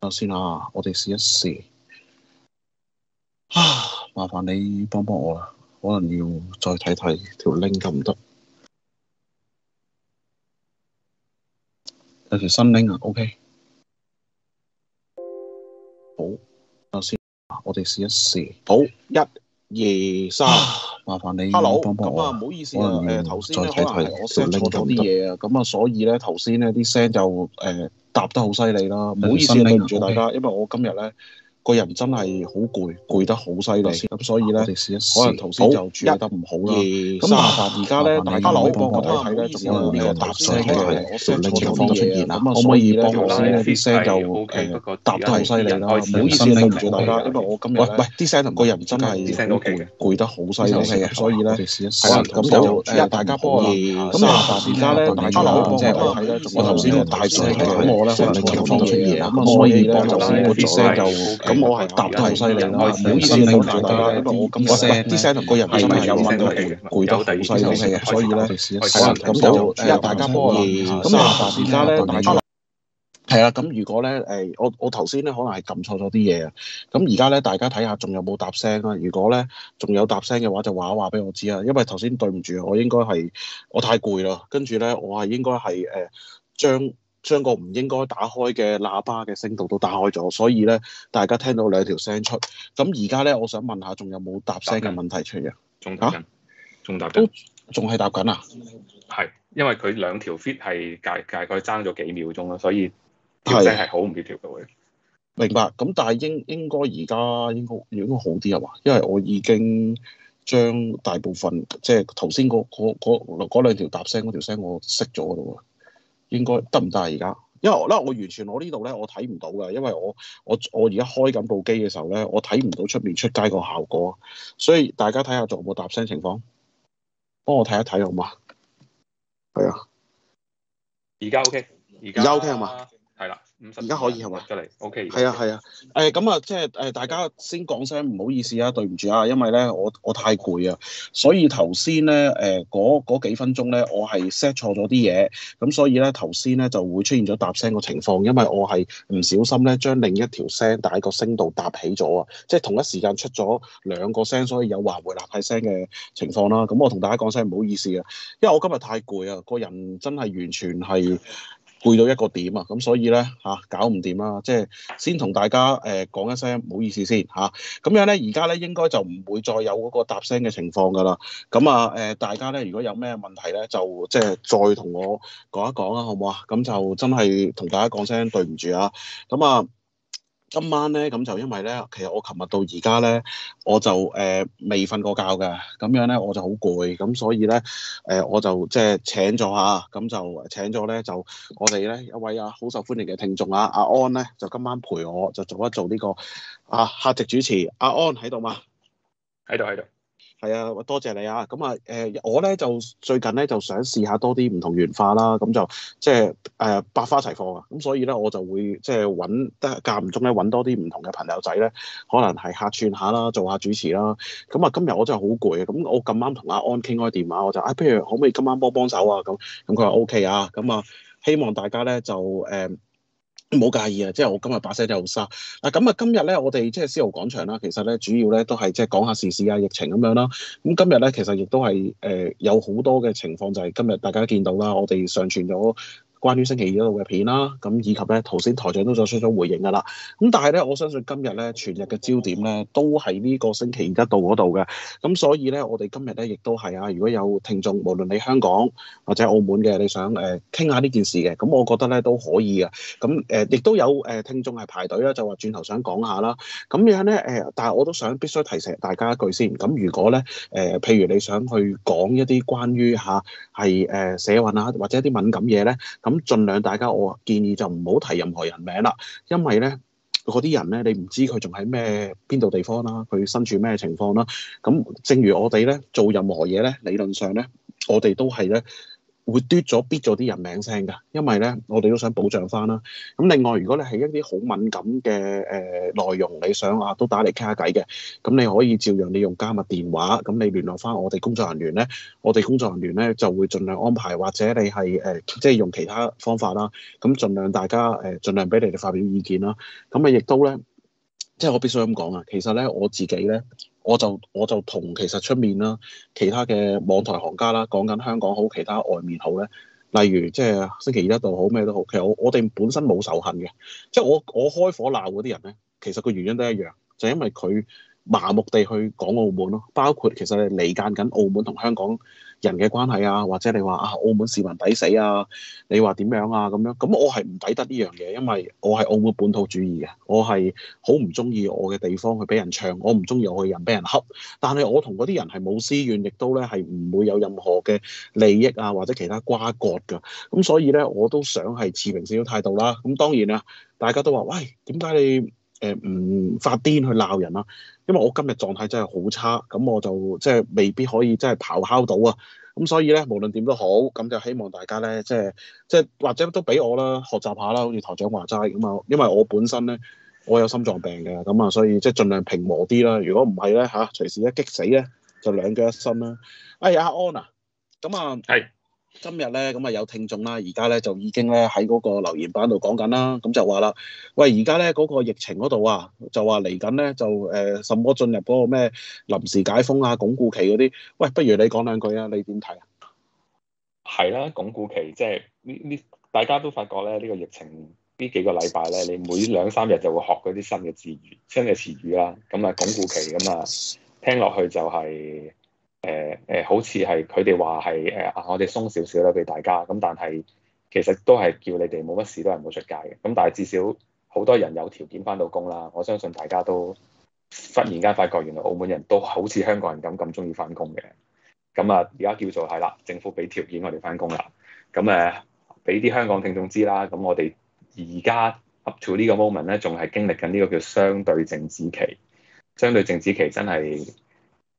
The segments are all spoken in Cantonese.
好，啊先啊，我哋試一試啊，麻煩你幫幫我啦，可能要再睇睇條 link 得唔得，有條新 link 啊，OK，好，啊先啊，我哋試一試，好，一、二、三，麻煩你 Hello, 幫幫我，咁啊，唔好意思、啊、可能頭先咧話係我 send 錯咗啲嘢啊，咁啊，所以咧頭先呢啲聲就誒。啊呃呃呃呃呃答得好犀利啦，唔好意思啊，對唔住 大家， 因為我今日咧。個人真係好攰，攰得好犀利，咁所以咧，可能頭先就注意得唔好啦。咁麻煩而家咧，大佬可以幫我睇睇咧，就咁啊搭曬係，從另一方出現可唔可以幫我先咧？啲聲就答得好犀利啦。唔好意思唔住大家，因為我咁樣。喂喂，啲聲個人真係攰得好犀利，所以咧，可咁就大家幫我咁麻煩而家咧，大佬幫我睇睇，我頭先都大聲嘅，從另一方出現啊。可唔可以幫我先咧？啲聲就咁我係答得好犀利啦，唔好意思咁嘈啦。咁聲啲聲同個人本身係有問題嘅，攰咗第二聲氣啊，所以咧，可能有誒大家可以。咁啊，而家咧，可能係啊。咁如果咧，誒我我頭先咧，可能係撳錯咗啲嘢啊。咁而家咧，大家睇下仲有冇答聲啦。如果咧，仲有答聲嘅話，就話一話俾我知啊。因為頭先對唔住啊，我應該係我太攰啦。跟住咧，我係應該係誒將。將個唔應該打開嘅喇叭嘅聲道都打開咗，所以咧大家聽到兩條聲出。咁而家咧，我想問下，仲有冇答聲嘅問題出現？仲答緊，仲答緊，仲係答緊啊！係，因為佢兩條 fit 係大大概爭咗幾秒鐘啦，所以聲係好唔協調嘅會。明白。咁但係應應該而家應該應該好啲係嘛？因為我已經將大部分即係頭先嗰嗰兩條答聲嗰條聲我熄咗嗰應該得唔得啊？而家，因為我咧，我完全我呢度咧，我睇唔到㗎，因為我我我而家開緊部機嘅時候咧，我睇唔到出面出街個效果，所以大家睇下仲有冇答聲情況，幫我睇一睇好嘛？係啊，而家 OK，而家 OK 係嘛？係啦。而家可以係嘛，得嚟 OK？係啊係啊，誒咁啊，即係誒大家先講聲唔好意思啊，對唔住啊，因為咧我我太攰啊，所以頭先咧誒嗰幾分鐘咧我係 set 錯咗啲嘢，咁所以咧頭先咧就會出現咗搭聲嘅情況，因為我係唔小心咧將另一條聲帶個聲度搭起咗啊，即係同一時間出咗兩個聲，所以有混濁邋遢聲嘅情況啦。咁我同大家講聲唔好意思啊，因為我今日太攰啊，個人真係完全係，攰到一個點啊！咁所以咧嚇搞唔掂啦，即係先同大家誒講、呃、一聲唔好意思先嚇。咁、啊、樣咧而家咧應該就唔會再有嗰個答聲嘅情況噶啦。咁啊誒、呃、大家咧如果有咩問題咧就即係再同我講一講啦，好唔好啊？咁就真係同大家講聲對唔住啊。咁啊～今晚咧咁就因為咧，其實我琴日到而家咧，我就誒未瞓過覺㗎，咁樣咧我就好攰，咁所以咧誒、呃、我就即係、呃、請咗嚇，咁、嗯、就請咗咧就我哋咧一位啊好受歡迎嘅聽眾啊，阿安咧就今晚陪我就做一做呢、這個啊客席主持，阿、啊、安喺度嘛？喺度喺度。係啊，多謝你啊！咁啊，誒、呃、我咧就最近咧就想試下多啲唔同原化啦，咁就即係誒百花齊放啊！咁所以咧我就會即係揾得間唔中咧揾多啲唔同嘅朋友仔咧，可能係客串下啦，做下主持啦。咁啊，今日我真係好攰啊！咁我咁啱同阿安傾開電話，我就啊，不如可唔可以今晚幫幫手啊？咁咁佢話 OK 啊！咁啊，希望大家咧就誒。呃唔好介意啊，即係我今日把聲又沙。嗱，咁啊，今日咧，我哋即係思豪廣場啦，其實咧，主要咧都係即係講下時事啊、疫情咁樣啦。咁啊，今日咧，其實亦都係誒有好多嘅情況，就係、係、今日大家見到啦，我哋上傳咗。關於星期二嗰度嘅片啦，咁以及咧，頭先台長都作出咗回應㗎喇。咁但係咧，我相信今日咧全日嘅焦點咧，都係呢個星期二而家到嗰度嘅。咁、嗯、所以咧，我哋今日咧亦都係啊，如果有聽眾，無論你香港或者澳門嘅，你想誒傾下呢件事嘅，咁、嗯、我覺得咧都可以啊。咁、嗯、誒，亦、呃、都有誒聽眾係排隊啦，就話轉頭想講下啦。咁樣咧誒、呃，但係我都想必須提醒大家一句先。咁、嗯、如果咧誒、呃，譬如你想去講一啲關於嚇係誒社運啊，或者一啲敏感嘢咧，咁、嗯咁盡量大家我建議就唔好提任何人名啦，因為咧嗰啲人咧，你唔知佢仲喺咩邊度地方啦，佢身處咩情況啦。咁正如我哋咧做任何嘢咧，理論上咧我哋都係咧。會嘟咗、bit 咗啲人名聲㗎，因為咧，我哋都想保障翻啦。咁另外，如果你係一啲好敏感嘅誒內容，你想啊都打嚟傾下偈嘅，咁、嗯、你可以照樣你用加密電話，咁、嗯、你聯絡翻我哋工作人員咧，我哋工作人員咧就會盡量安排，或者你係誒、呃、即係用其他方法啦。咁、嗯、盡量大家誒，盡、呃、量俾你哋發表意見啦。咁、嗯、啊，亦都咧，即係我必須咁講啊，其實咧我自己咧。我就我就同其實出面啦，其他嘅網台行家啦，講緊香港好，其他外面好咧。例如即係星期一度好咩都好，其實我我哋本身冇仇恨嘅，即係我我開火鬧嗰啲人咧，其實個原因都一樣，就因為佢麻木地去講澳門咯，包括其實你離間緊澳門同香港人嘅關係啊，或者你話啊，澳門市民抵死啊，你話點樣啊咁樣？咁我係唔抵得呢樣嘢，因為我係澳門本土主義嘅，我係好唔中意我嘅地方去俾人唱，我唔中意我嘅人俾人恰。但係我同嗰啲人係冇私怨，亦都咧係唔會有任何嘅利益啊或者其他瓜葛㗎。咁所以咧，我都想係持平少少態度啦。咁、嗯、當然啊，大家都話喂，點解你誒唔、呃、發癲去鬧人啊？因為我今日狀態真係好差，咁我就即係未必可以真係咆哮到啊！咁所以咧，無論點都好，咁就希望大家咧，即係即係或者都俾我啦，學習下啦，好似台長話齋咁啊！因為我本身咧，我有心臟病嘅，咁啊，所以即係盡量平和啲啦。如果唔係咧，吓隨時一激死咧，就兩腳一伸啦。哎阿安娜，咁啊，係。今日咧，咁啊有聽眾啦，而家咧就已經咧喺嗰個留言板度講緊啦，咁就話啦，喂，而家咧嗰個疫情嗰度啊，就話嚟緊咧就誒、呃、什麼進入嗰個咩臨時解封啊、鞏固期嗰啲，喂，不如你講兩句啊，你點睇啊？係啦，鞏固期即係呢呢，大家都發覺咧呢、這個疫情呢幾個禮拜咧，你每兩三日就會學嗰啲新嘅字語、新嘅詞語啦，咁啊鞏固期咁啊、嗯，聽落去就係、是。誒誒、呃，好似係佢哋話係誒，我哋鬆少少啦，俾大家咁，但係其實都係叫你哋冇乜事都係唔好出街嘅。咁但係至少好多人有條件翻到工啦。我相信大家都忽然間發覺，原來澳門人都好似香港人咁咁中意翻工嘅。咁啊，而家叫做係啦，政府俾條件我哋翻工啦。咁誒、啊，俾啲香港聽眾知啦。咁我哋而家 up to 呢個 moment 咧，仲係經歷緊呢個叫相對靜止期。相對靜止期真係。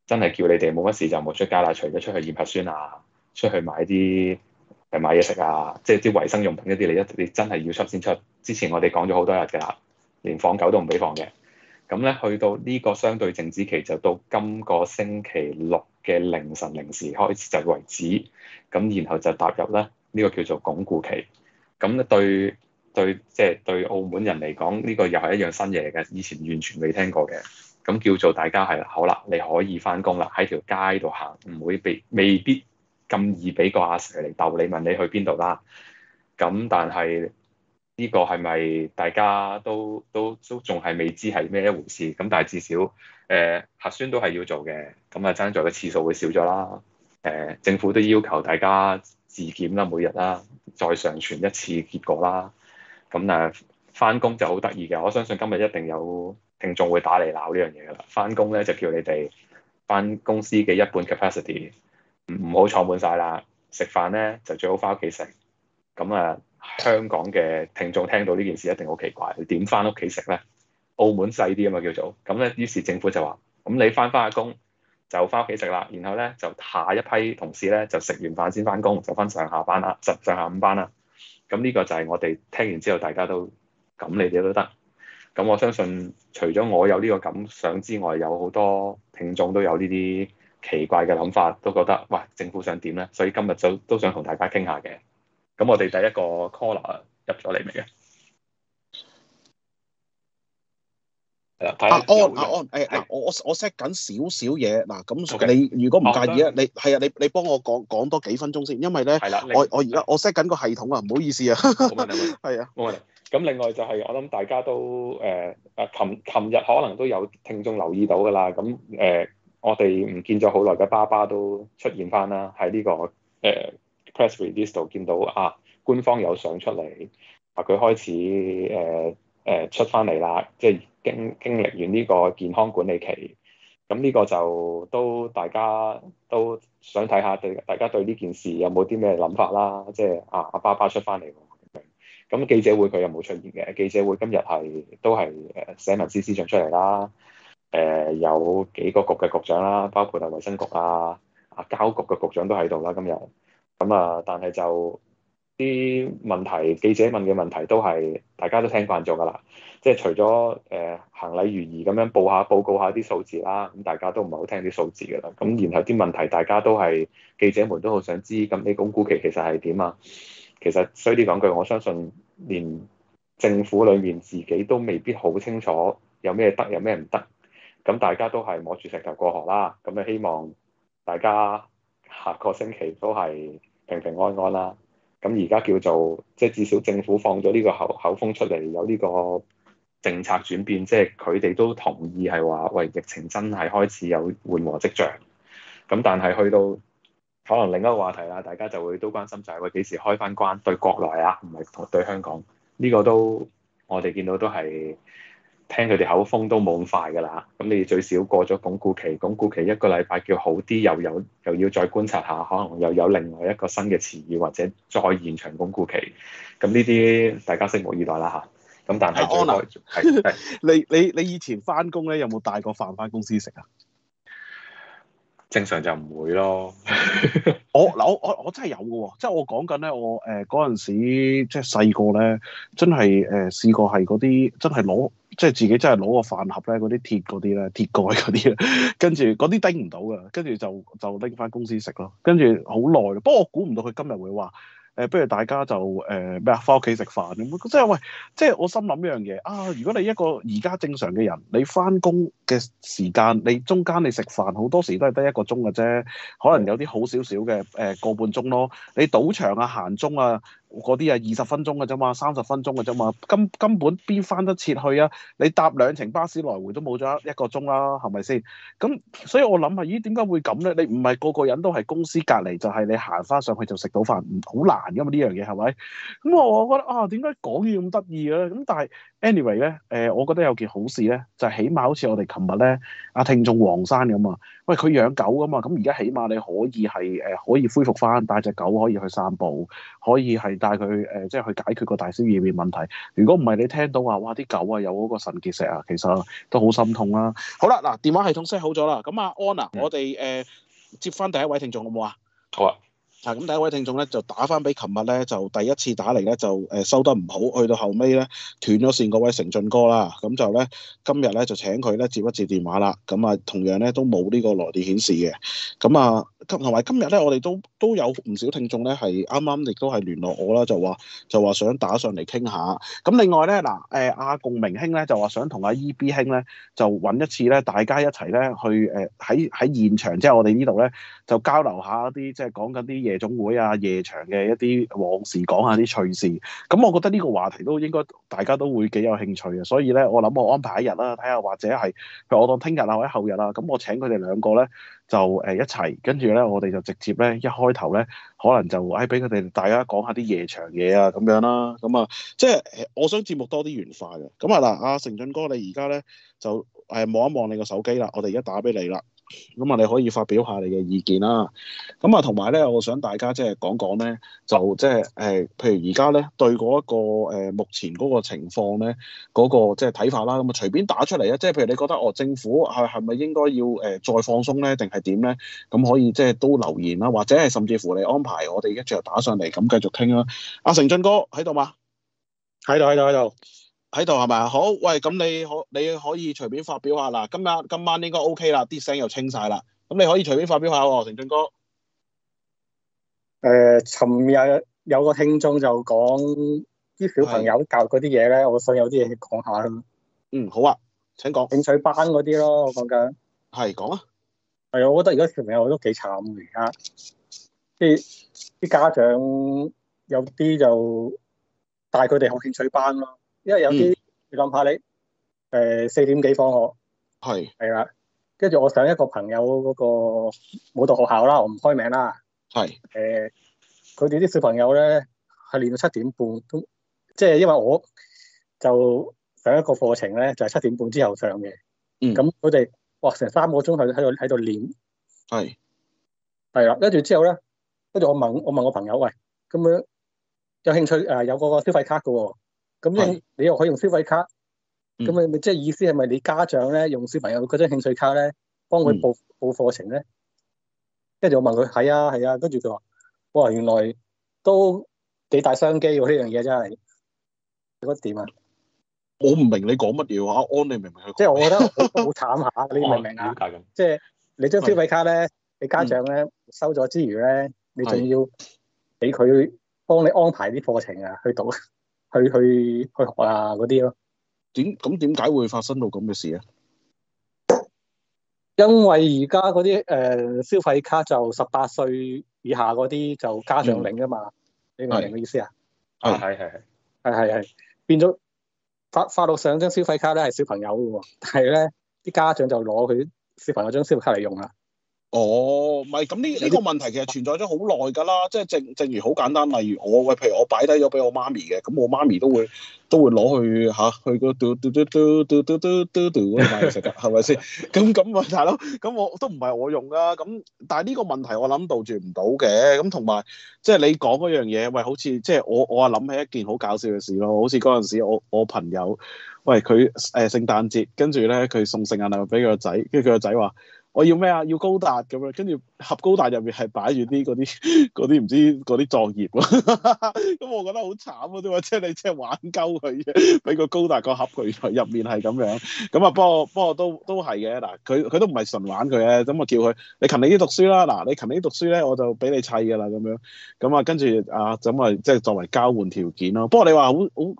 真係叫你哋冇乜事就冇出街啦，除咗出去驗核酸啊，出去買啲誒買嘢食啊，即係啲衞生用品嗰啲，你一你真係要出先出。之前我哋講咗好多日㗎啦，連放狗都唔俾放嘅。咁咧，去到呢個相對靜止期就到今個星期六嘅凌晨零時開始就為止，咁然後就踏入咧呢個叫做鞏固期。咁咧對對，即係對澳門人嚟講，呢個又係一樣新嘢嚟嘅，以前完全未聽過嘅。咁叫做大家係好啦，你可以翻工啦，喺條街度行，唔會被未必咁易俾個阿 Sir 嚟逗你問你去邊度啦。咁但係呢、這個係咪大家都都都仲係未知係咩一回事？咁但係至少誒、呃、核酸都係要做嘅，咁啊爭在嘅次數會少咗啦。誒、呃、政府都要求大家自檢啦，每日啦，再上傳一次結果啦。咁但係翻工就好得意嘅，我相信今日一定有。聽眾會打嚟鬧呢樣嘢噶啦，翻工咧就叫你哋翻公司嘅一半 capacity，唔好坐滿晒啦。食飯咧就最好翻屋企食。咁啊，香港嘅聽眾聽到呢件事一定好奇怪，你點翻屋企食咧？澳門細啲啊嘛叫做，咁咧於是政府就話：咁你翻翻下工就翻屋企食啦。然後咧就下一批同事咧就食完飯先翻工，就翻上下班啦，上上下午班啦。咁呢個就係我哋聽完之後大家都噉，你哋都得。咁我相信，除咗我有呢個感想之外，有好多聽眾都有呢啲奇怪嘅諗法，都覺得，哇！政府想點咧？所以今日就都想同大家傾下嘅。咁我哋第一個 caller 入咗嚟未啊？阿安，阿安，誒嗱，我我我 set 緊少少嘢，嗱咁你如果唔介意咧 Okay.，你係啊，你你幫我講講多幾分鐘先，因為咧，我我而家我 set 緊個系統啊，唔好意思啊，係啊。 咁另外就係、是、我諗大家都誒誒，琴、呃、琴日可能都有聽眾留意到㗎啦。咁、嗯、誒、呃，我哋唔見咗好耐嘅巴巴都出現翻啦，喺呢、這個誒、呃、press release 度見到啊，官方有相出嚟，話、啊、佢開始誒誒、呃呃、出翻嚟啦，即係經經歷完呢個健康管理期。咁、嗯、呢、這個就都大家都想睇下對大家對呢件事有冇啲咩諗法啦。即係啊，阿巴巴出翻嚟。咁記者會佢又冇出現嘅？記者會今日係都係誒寫文斯司長出嚟啦，誒、呃、有幾個局嘅局長啦，包括係衛生局啊、啊交局嘅局長都喺度啦今日。咁啊，但係就啲問題，記者問嘅問題都係大家都聽慣咗㗎啦。即係除咗誒、呃、行禮如儀咁樣報下報告下啲數字啦，咁大家都唔係好聽啲數字㗎啦。咁然後啲問題大家都係記者們都好想知，咁你供股期其實係點啊？其實衰啲講句，我相信連政府裡面自己都未必好清楚有咩得有咩唔得，咁大家都係摸住石頭過河啦。咁啊，希望大家下個星期都係平平安安啦。咁而家叫做即係至少政府放咗呢個口口風出嚟，有呢個政策轉變，即係佢哋都同意係話，喂，疫情真係開始有緩和跡象。咁但係去到可能另一個話題啦，大家就會都關心就係，喂，幾時開翻關對國內啊？唔係對香港呢個都我哋見到都係聽佢哋口風都冇咁快㗎啦。咁你最少過咗鞏固期，鞏固期一個禮拜叫好啲，又有又要再觀察下，可能又有另外一個新嘅詞語或者再延長鞏固期。咁呢啲大家拭目以待啦嚇。咁但係最耐係可能 你你你以前翻工咧有冇帶過飯翻公司食啊？正常就唔會咯 我。我嗱我我我真係有嘅喎、哦就是呃，即係我講緊咧，我誒嗰陣時即係細個咧，真係誒、呃、試過係嗰啲真係攞即係自己真係攞個飯盒咧，嗰啲鐵嗰啲咧，鐵蓋嗰啲，跟住嗰啲叮唔到㗎，跟住就就拎返公司食咯。跟住好耐，不過我估唔到佢今日會話。誒、呃，不如大家就誒咩啊，翻屋企食飯咁。即係喂，即係我心諗一樣嘢啊！如果你一個而家正常嘅人，你翻工嘅時間，你中間你食飯好多時都係得一個鐘嘅啫。可能有啲好少少嘅誒個半鐘咯。你賭場啊、閒鐘啊嗰啲啊，二十分鐘嘅啫嘛，三十分鐘嘅啫嘛。根根本邊翻得切去啊？你搭兩程巴士來回都冇咗一一個鐘啦，係咪先？咁所以我諗下咦？點解會咁咧？你唔係個個人都係公司隔離，就係、是、你行翻上去就食到飯，唔好難。因為呢樣嘢係咪？咁我、嗯、我覺得啊，點解講嘢咁得意咧？咁但係 anyway 咧，誒，我覺得有件好事咧，就係、起碼好似我哋琴日咧，阿、啊、聽眾黃生咁啊，喂，佢養狗噶嘛，咁而家起碼你可以係誒、呃，可以恢復翻帶隻狗可以去散步，可以係帶佢誒、呃，即係去解決個大小便問題。如果唔係你聽到話，哇，啲狗啊有嗰個腎結石啊，其實都好心痛啦、啊。好啦，嗱、啊，電話系統 set 好咗啦，咁啊，安娜，我哋誒接翻第一位聽眾好唔好啊？好啊。咁、啊、第一位聽眾咧就打返畀，琴日咧就第一次打嚟咧就誒收得唔好，去到後尾咧斷咗線嗰位成俊哥啦，咁就咧今日咧就請佢咧接一接電話啦，咁啊同樣咧都冇呢個來電顯示嘅，咁啊同埋今日咧，我哋都都有唔少聽眾咧係啱啱亦都係聯絡我啦，就話就話想打上嚟傾下，咁、啊、另外咧嗱誒阿共明兄咧就話想同阿 E B 兄咧就揾一次咧，大家一齊咧去誒喺喺現場，即係我哋呢度咧就交流一下啲即係講緊啲嘢。夜總會啊，夜場嘅一啲往事，講下啲趣事。咁我覺得呢個話題都應該大家都會幾有興趣嘅，所以咧，我諗我安排一日啦，啊，睇下或者係譬如我當聽日啊，或者後日啊，咁我請佢哋兩個咧就誒、呃、一齊，跟住咧我哋就直接咧一開頭咧可能就誒俾佢哋大家講下啲夜場嘢啊咁樣啦，啊，咁啊即係我想節目多啲元化嘅。咁啊嗱，阿成俊哥，你而家咧就誒望、呃、一望你個手機啦，我哋而家打俾你啦。咁啊，你可以發表下你嘅意見啦。咁啊，同埋咧，我想大家即係講講咧，就即係誒，譬如而家咧，對嗰一個誒，目前嗰個情況咧，嗰、嗰個即係睇法啦。咁啊，隨便打出嚟啊，即、就、係、係、譬如你覺得哦、呃，政府係係咪應該要誒、呃、再放鬆咧，定係點咧？咁可以即係都留言啦，或者係甚至乎你安排我哋一齊打上嚟，咁繼續傾啦。阿、啊、成俊哥喺度嘛？喺度，喺度，喺度。喺度係咪啊？好，喂，咁你可你可以隨便發表下嗱，今日今晚應該 OK 啦，啲聲又清晒啦。咁你可以隨便發表下喎，成俊哥。誒、呃，尋日有個聽眾就講啲小朋友教嗰啲嘢咧，的我想有啲嘢講下咯。嗯，好啊，請講。興趣班嗰啲咯，我講緊。係講啊。係啊，我覺得而家小朋友都幾慘嘅，而家啲啲家長有啲就帶佢哋學興趣班咯。因為有啲你諗下你誒四點幾放學，係係是啦，跟住我上一個朋友嗰個舞蹈學校啦，我唔開名啦，係誒是，佢哋啲小朋友咧係練到七點半，咁即係因為我就上一個課程咧就係七點半之後上嘅，嗯，咁佢哋哇成三個鐘喺喺度喺度練，係係是啦，跟住之後咧，跟住我問我問我朋友喂，咁樣有興趣誒、呃、有個消費卡嘅喎、哦。咁你，你又可以用消費卡，咁你咪即係意思係咪你家長咧用小朋友嗰張興趣卡咧，幫佢報、嗯、報課程咧？跟住我問佢，係啊係啊，跟住佢話，哇原來都幾大商機喎，呢樣嘢，真係，你覺得點啊？我唔明你講乜嘢話？安你明唔明？即係我覺得好慘下，慘啊、 你明唔明啊？即係 你張消費卡咧，你家長咧收咗之餘咧，嗯、你仲要俾佢幫你安排啲課程啊，去到。去去去學啊嗰啲咯。點，咁點解會發生到咁嘅事啊？因為而家嗰啲誒消費卡就十八歲以下嗰啲就家長領噶嘛。呢、嗯、明唔明嘅意思啊？啊係系系系系係變咗法法律上張消費卡咧係小朋友噶喎，但係咧啲家長就攞佢小朋友張消費卡嚟用啦。哦，唔係，咁呢呢個問題其實存在咗好耐㗎啦，即係正正如好簡單，例如我喂，譬如我擺低咗俾我媽咪嘅，咁我媽咪都會都會攞去嚇去嗰嘟嘟嘟嘟嘟嘟嘟度嗰度買嘢食嘅，係咪先？咁咁咪大佬，咁我都唔係我用㗎，咁但係呢個 analogy，問題我諗杜絕唔到嘅，咁同埋即係你講嗰樣嘢，喂，好似即係我我啊諗起一件好搞笑嘅事咯，好似嗰陣時我我朋友喂佢誒聖誕節，跟住咧佢送聖誕禮物俾佢個仔，跟住佢個仔話。我要咩啊？要高達，咁樣，跟住盒高達入面係擺住啲嗰啲啲唔知嗰啲作業，咁我覺得好慘啊！即係你即係玩鳩佢，俾個高達個盒佢，入面係咁樣。咁啊，不過不過都都係嘅嗱，佢佢都唔係純玩佢嘅。咁啊，叫佢你勤力啲讀書啦。嗱，你勤力啲讀書咧，我就俾你砌噶啦咁樣。咁啊，跟住啊，咁啊，即係作為交換條件咯。不過你話好好，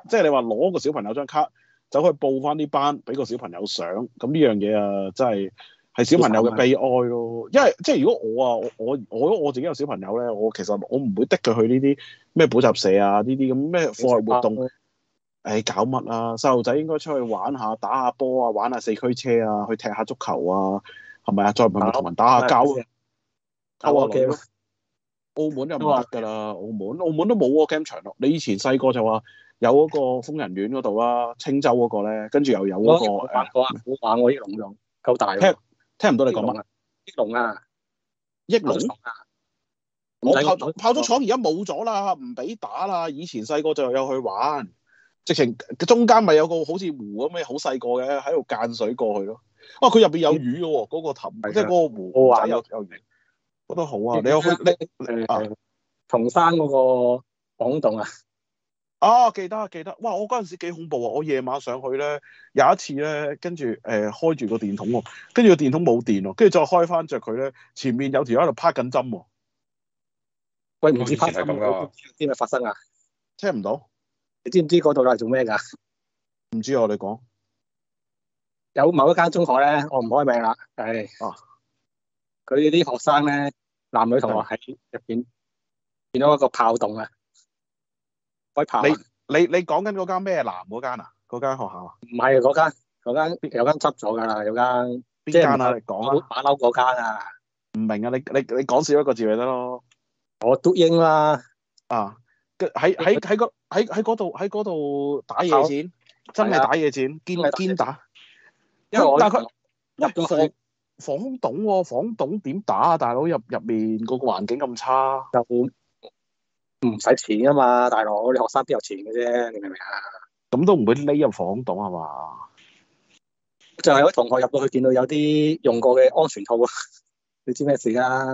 即係你話攞個小朋友張卡走去報翻啲班，俾個小朋友上，咁呢樣嘢啊，真係～係小朋友嘅悲哀咯，因為即係如果我啊，我我我自己有小朋友咧，我其實我唔會逼佢去呢啲咩補習社啊，呢啲咁咩課外活動。誒、哎，搞乜啊？細路仔應該出去玩下，打下波啊，玩下四驅車啊，去踢下足球啊，係咪啊？再同人打下交，打下 game 咯說。澳門就唔得㗎啦，澳門澳門都冇個 game 場咯。你以前細個就話有個瘋人院嗰度啦，青州嗰個咧，跟住又有個誒，我玩我啲籠用夠大。聽唔到你講乜？益龍啊，益龍啊，冇炮炮竹廠而家冇咗啦，唔俾打啦。以前細個就有去玩，直情中間咪有個好似湖咁嘅，好細個嘅喺度間水過去咯。哇，佢入邊有魚喎，嗰個氹，即係嗰個湖，啊，有有魚，嗰都的好啊。你有去你誒，松山嗰個廣洞啊？哦、啊，記得記得，哇！我嗰陣時幾恐怖啊！我夜晚上，上去咧，有一次咧，跟住誒、呃、開住個電筒喎，跟住個電筒冇電喎，跟住再開翻着佢咧，前面有條喺度拍緊針喎、啊，喂唔知拍針點解、啊、發生知知啊？聽唔到？你知唔知嗰度係做咩噶？唔知我哋講有某一間中學咧，我唔開名啦，係啊，佢啲學生咧，男女同學喺入邊見到一個炮洞啊！你你你講緊嗰間咩南嗰間啊？嗰間學校？啊？唔係嗰間，嗰間有間執咗噶啦，有間邊間啊？你講啊！馬騮嗰間啊？唔明啊？你你你講少一個字咪得咯？我篤應啦。啊，喺喺喺個喺喺嗰度喺嗰度打野戰，真係打野戰，堅堅打。因但係佢一房房棟，房棟點打啊？大佬入入面個環境咁差。就唔使錢啊嘛，大佬，你學生邊有錢嘅啫，你明唔明啊？咁都唔會匿入房度係嘛？就係有同學入到去見到有啲用過嘅安全套， 你知咩事啦、啊？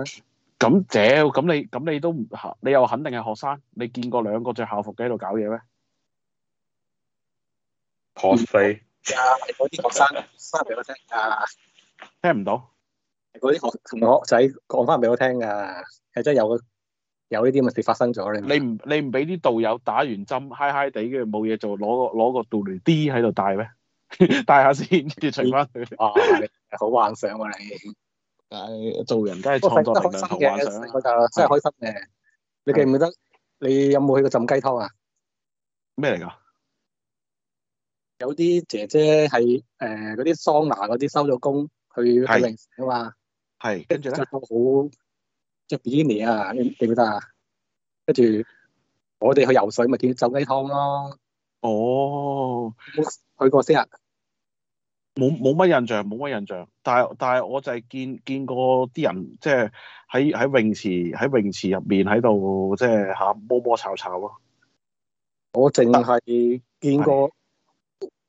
咁即咁你咁你都唔你又肯定係學生，你見過兩個着校服嘅喺度搞嘢咩？破四嗰啲學生，翻嚟我聽啊，聽唔到？嗰啲學同學仔講翻俾我聽㗎，係真係有嘅。有呢啲咪事發生咗你？你唔你唔俾啲導遊打完針，嗨嗨地跟住冇嘢做，攞個攞個杜蕾 D 喺度帶咩？帶下先，跟住除翻佢。哇！好幻想喎你。但係做人梗係創作好幻想，真係開心嘅。你記唔記得？你有冇去過浸雞湯啊？咩嚟㗎？有啲姐姐係誒嗰啲桑拿嗰啲收咗工去凌晨啊嘛。係。跟住咧。好。着 bikini 啊，你記唔記得啊？跟住我哋去游水咪點走雞湯咯。哦，去過先啊？冇冇乜印象，冇乜印象。但係但係我就係見見過啲人，即係喺喺泳池喺泳池入面喺度即係吓摸摸炒炒咯。我淨係見過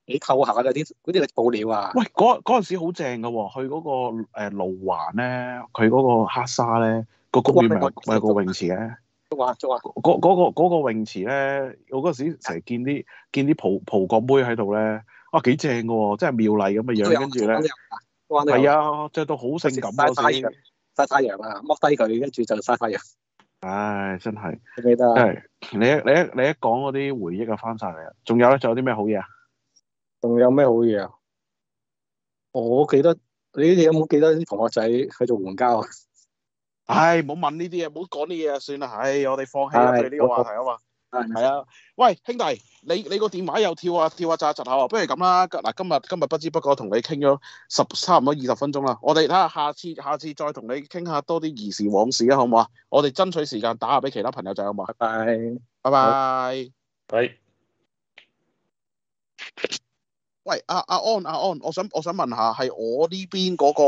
幾是透下嘅啲嗰啲係布料啊。喂，嗰嗰陣時好正㗎，去嗰個誒路環咧，佢嗰個黑沙咧。個公園咪個泳池嘅，仲話仲話嗰嗰個嗰個泳池咧，我嗰時成日見啲見啲葡葡國妹喺度咧，啊幾正嘅喎，即係妙麗咁嘅樣，跟住咧係啊，着到好性感啊，曬太曬太陽啊，剝低佢，跟住就曬太陽。唉，真係係你記得你一你一講嗰啲回憶啊，翻晒嚟啦。仲有咧，仲有啲咩好嘢啊？仲有咩好嘢啊？我記得你哋有冇記得啲同學仔喺度援交？啊？唉，冇問呢啲嘢，冇講呢嘢啊，算啦。唉，我哋放棄對呢個話題啊嘛。係係啊，喂，兄弟，你你個電話又跳啊，跳啊炸炸炸，窒下窒口，不如咁啦。嗱，今日今日不知不覺同你傾咗十差唔多二十分鐘啦。我哋睇下下次下次再同你傾下多啲兒時往事啊，好唔好啊？我哋爭取時間打下俾其他朋友仔啊嘛。拜拜拜拜。喂喂，阿阿安阿安，我想我想問下，係我呢邊嗰個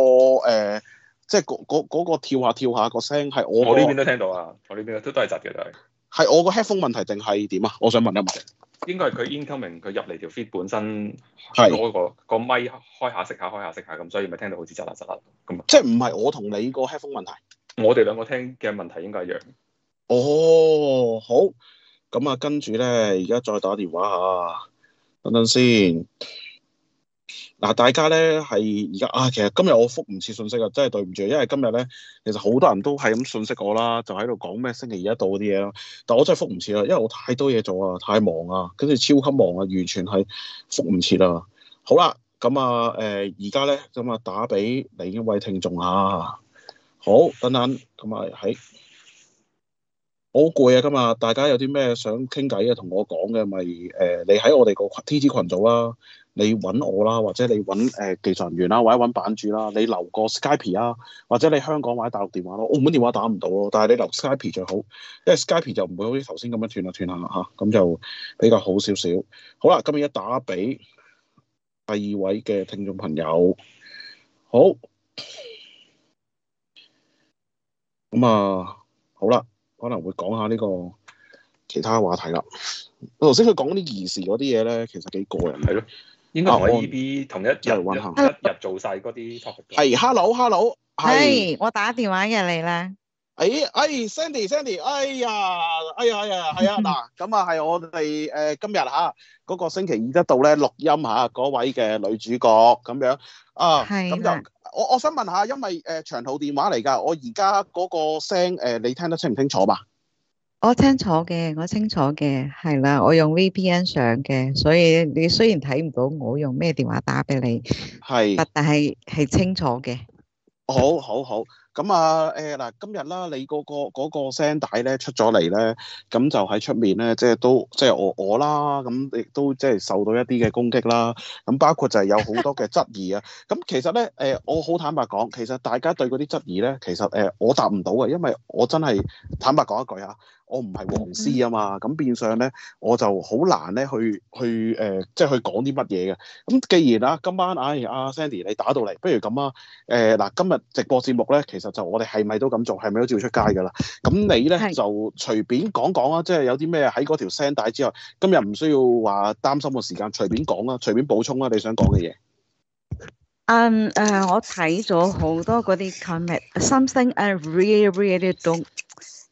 誒。啊即係嗰嗰個跳下跳下個聲係我我呢邊都聽到啊，我呢邊都都係窒嘅，都係，係我個 headphone 問題定係點啊？我想問一問？應該係佢 incoming 佢入嚟條 feed 本身係嗰個個咪開下食下開下食下咁，所以咪聽到好似窒下窒下咁。即係唔係我同你個 headphone 問題？我哋兩個聽嘅問題應該一樣。哦，好，咁啊，跟住咧，而家再打電話啊，等等先。嗱，大家咧係而家啊，其實今日我覆唔切信息啊，真係對唔住，因為今日咧其實好多人都係咁信息我啦，就喺度講咩星期一到啲嘢啦。但我真係覆唔切啦，因為我太多嘢做啊，太忙啊，跟住超級忙啊，完全係覆唔切啦。好啦，咁啊誒，而家咧咁啊打俾另一位聽眾下。好，等等，咁啊喺，好、哎、攰啊，今日大家有啲咩想傾偈嘅，同我講嘅咪誒，你喺我哋個 T T 群組啦、啊。你揾我啦，或者你揾、呃、技術人員啦，或者揾版主啦。你留個 Skype 啊，或者你香港或者大陸電話咯。澳門電話打唔到咯，但係你留 Skype 最好，因為 Skype 就唔會好似頭先咁樣斷下斷下嚇，咁、啊、就比較好少少。好啦，今日一打俾第二位嘅聽眾朋友，好，咁啊，好啦，可能會講下呢個其他話題啦。頭先佢講啲兒時嗰啲嘢咧，其實幾個人係咯。應該喺 E B 同一日，同一日做晒嗰啲 topic。係 Hello，Hello，係我打電話入嚟咧。哎哎，Sandy，Sandy，哎呀，哎呀，哎呀，係啊。嗱，咁啊，係我哋誒今日吓嗰個星期二得到咧錄音吓嗰位嘅女主角咁樣啊。係咁就我我想問下，因為誒長途電話嚟噶，我而家嗰個聲誒，你聽得清唔清楚嘛？我清楚嘅，我清楚嘅，係啦，我用 VPN 上嘅，所以你雖然睇唔到我用咩電話打俾你，係是，但係係清楚嘅。好，好，好。咁啊，誒嗱，今日啦，你嗰個嗰個聲帶咧出咗嚟，咧咁就喺出面咧，即係都即係我我啦，咁亦都即係受到一啲嘅攻擊啦。咁包括就係有好多嘅質疑啊。咁 其實咧，誒，我好坦白講，其實大家對嗰啲質疑咧，其實誒，我答唔到嘅，因為我真係坦白講一句啊。我唔係黃絲啊嘛，咁變相咧，我就好難咧去去誒，即係去講啲乜嘢嘅。咁、就是、既然、哎、啊，今晚唉啊 Sandy 你打到嚟，不如咁啊，誒、呃、嗱，今日直播節目咧，其實就我哋係咪都咁做，係咪都照出街噶啦？咁、嗯、你咧是的 就隨便講講啊，即、就、係、是、有啲咩喺嗰條聲帶之外，今日唔需要話擔心個時間，隨便講啦，隨便補充啦，你想講嘅嘢。嗯誒，我睇咗好多嗰啲 comment，something I really really don't。